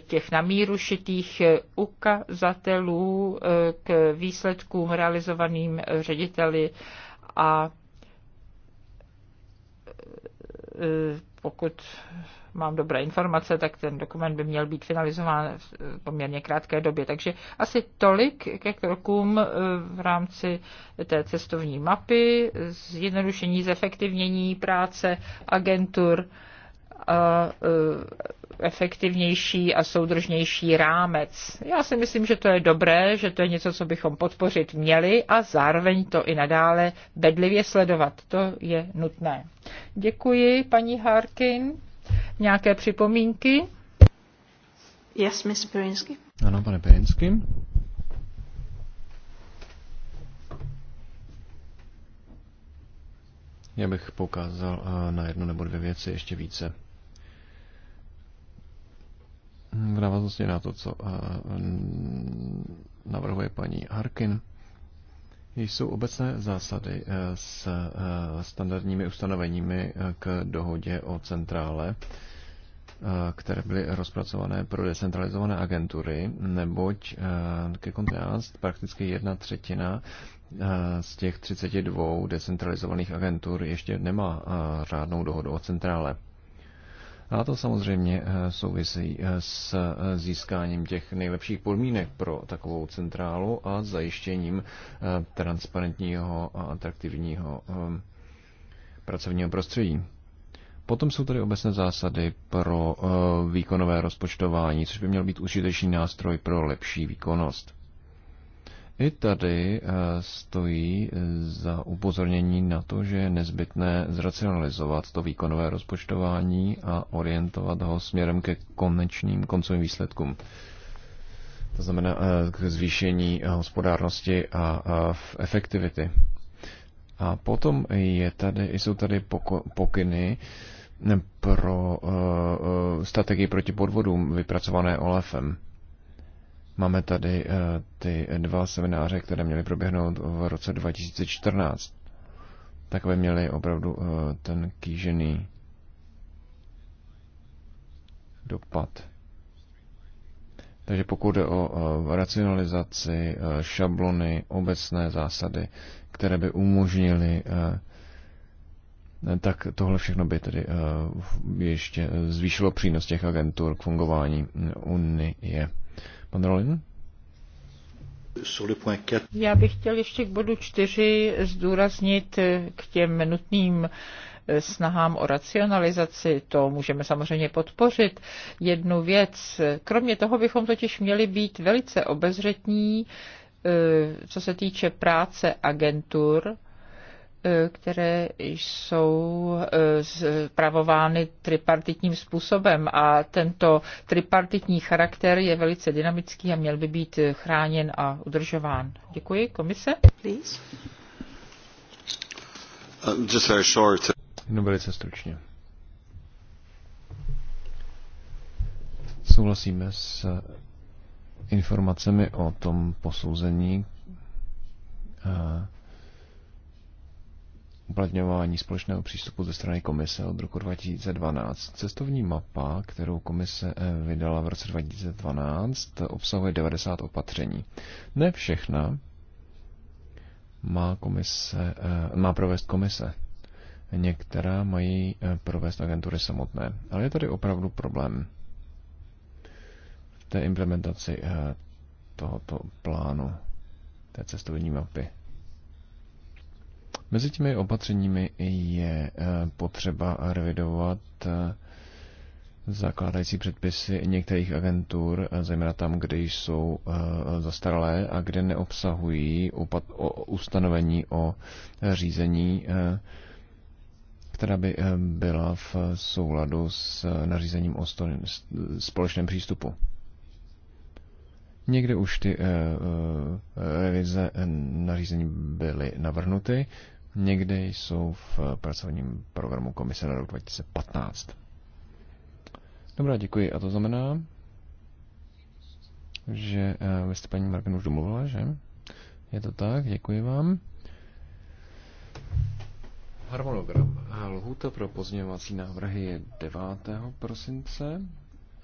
těch namírušitých ukazatelů k výsledkům realizovaným řediteli a e, pokud mám dobré informace, tak ten dokument by měl být finalizován v poměrně krátké době. Takže asi tolik ke krokům e, v rámci té cestovní mapy, zjednodušení, zefektivnění práce agentur, a e, efektivnější a soudržnější rámec. Já si myslím, že to je dobré, že to je něco, co bychom podpořit měli a zároveň to i nadále bedlivě sledovat. To je nutné. Děkuji, paní Harkin. Nějaké připomínky? Yes, Miss Perinsky. Ano, pane Perinsky. Já bych poukázal e, na jednu nebo dvě věci ještě více v návaznosti na to, co eh, navrhuje paní Harkin. Jsou obecné zásady eh, s eh, standardními ustanoveními k dohodě o centrále, které byly rozpracované pro decentralizované agentury, neboť ke konci prakticky jedna třetina z těch 32 decentralizovaných agentur ještě nemá řádnou dohodu o centrále. A to samozřejmě eh, souvisí eh, s eh, získáním těch nejlepších podmínek pro takovou centrálu a zajištěním transparentního a atraktivního pracovního prostředí. Potom jsou tady obecné zásady pro výkonové rozpočtování, což by měl být užitečný nástroj pro lepší výkonnost. I tady eh, stojí eh, za upozornění na to, že je nezbytné zracionalizovat to výkonové rozpočtování a orientovat ho směrem ke konečným koncovým výsledkům. To znamená eh, k zvýšení hospodárnosti a efektivity. A potom je tady, jsou tady pokyny pro strategii proti podvodům vypracované olefem. Máme tady eh, ty dva semináře, které měly proběhnout v roce 2014. Takové měly opravdu eh, ten kýžený dopad. Takže pokud jde o eh, racionalizaci, šablony, obecné zásady, které by umožnily tak tohle všechno by tedy eh, ještě eh, zvýšilo přínos těch agentur k fungování Unie. Pan Rolin? Já bych chtěl ještě k bodu čtyři zdůraznit eh, k těm nutným snahám o racionalizaci, to můžeme samozřejmě podpořit. Jednu věc, kromě toho bychom totiž měli být velice obezřetní, co se týče práce agentur, E, které jsou e, zpravovány tripartitním způsobem a tento tripartitní charakter je velice dynamický a měl by být chráněn a udržován. Děkuji. Komise? Please. Uh, just short. Jenom velice stručně. Souhlasíme s informacemi o tom posouzení uplatňování společného přístupu ze strany komise od roku 2012. Cestovní mapa, kterou komise eh, vydala v roce 2012, obsahuje 90 opatření. Ne všechna má, komise, eh, má provést komise. Některá mají eh, provést agentury samotné. Ale je tady opravdu problém v té implementaci tohoto plánu, té cestovní mapy. Mezi těmi opatřeními je eh, potřeba revidovat eh, zakládající předpisy některých agentur, eh, zejména tam, kde jsou zastaralé a kde neobsahují ustanovení o řízení, která by byla v souladu s nařízením o společném přístupu. Někde už ty revize nařízení byly navrhnuty, někde jsou v eh, pracovním programu komise na rok 2015. Dobrá, děkuji. A to znamená, že eh, vy jste paní Marken už domluvila, že? Je to tak, děkuji vám. Harmonogram. Eh, lhůta pro pozměňovací návrhy je 9. prosince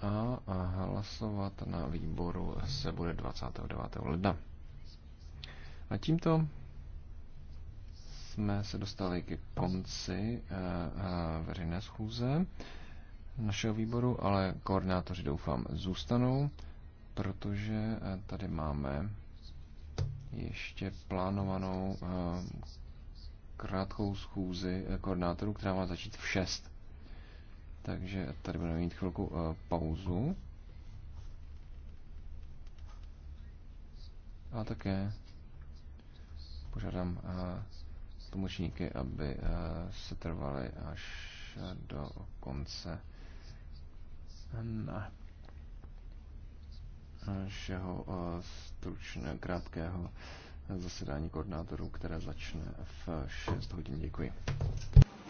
a, hlasovat na výboru se bude 29. ledna. A tímto jsme se dostali ke konci eh, eh, veřejné schůze našeho výboru, ale koordinátoři doufám zůstanou, protože eh, tady máme ještě plánovanou krátkou schůzi koordinátorů, která má začít v 6. Takže tady budeme mít chvilku pauzu. A také požádám tlumočníky, aby eh, se trvali až do konce na našeho eh, stručně krátkého zasedání koordinátorů, které začne v 6 hodin. Děkuji.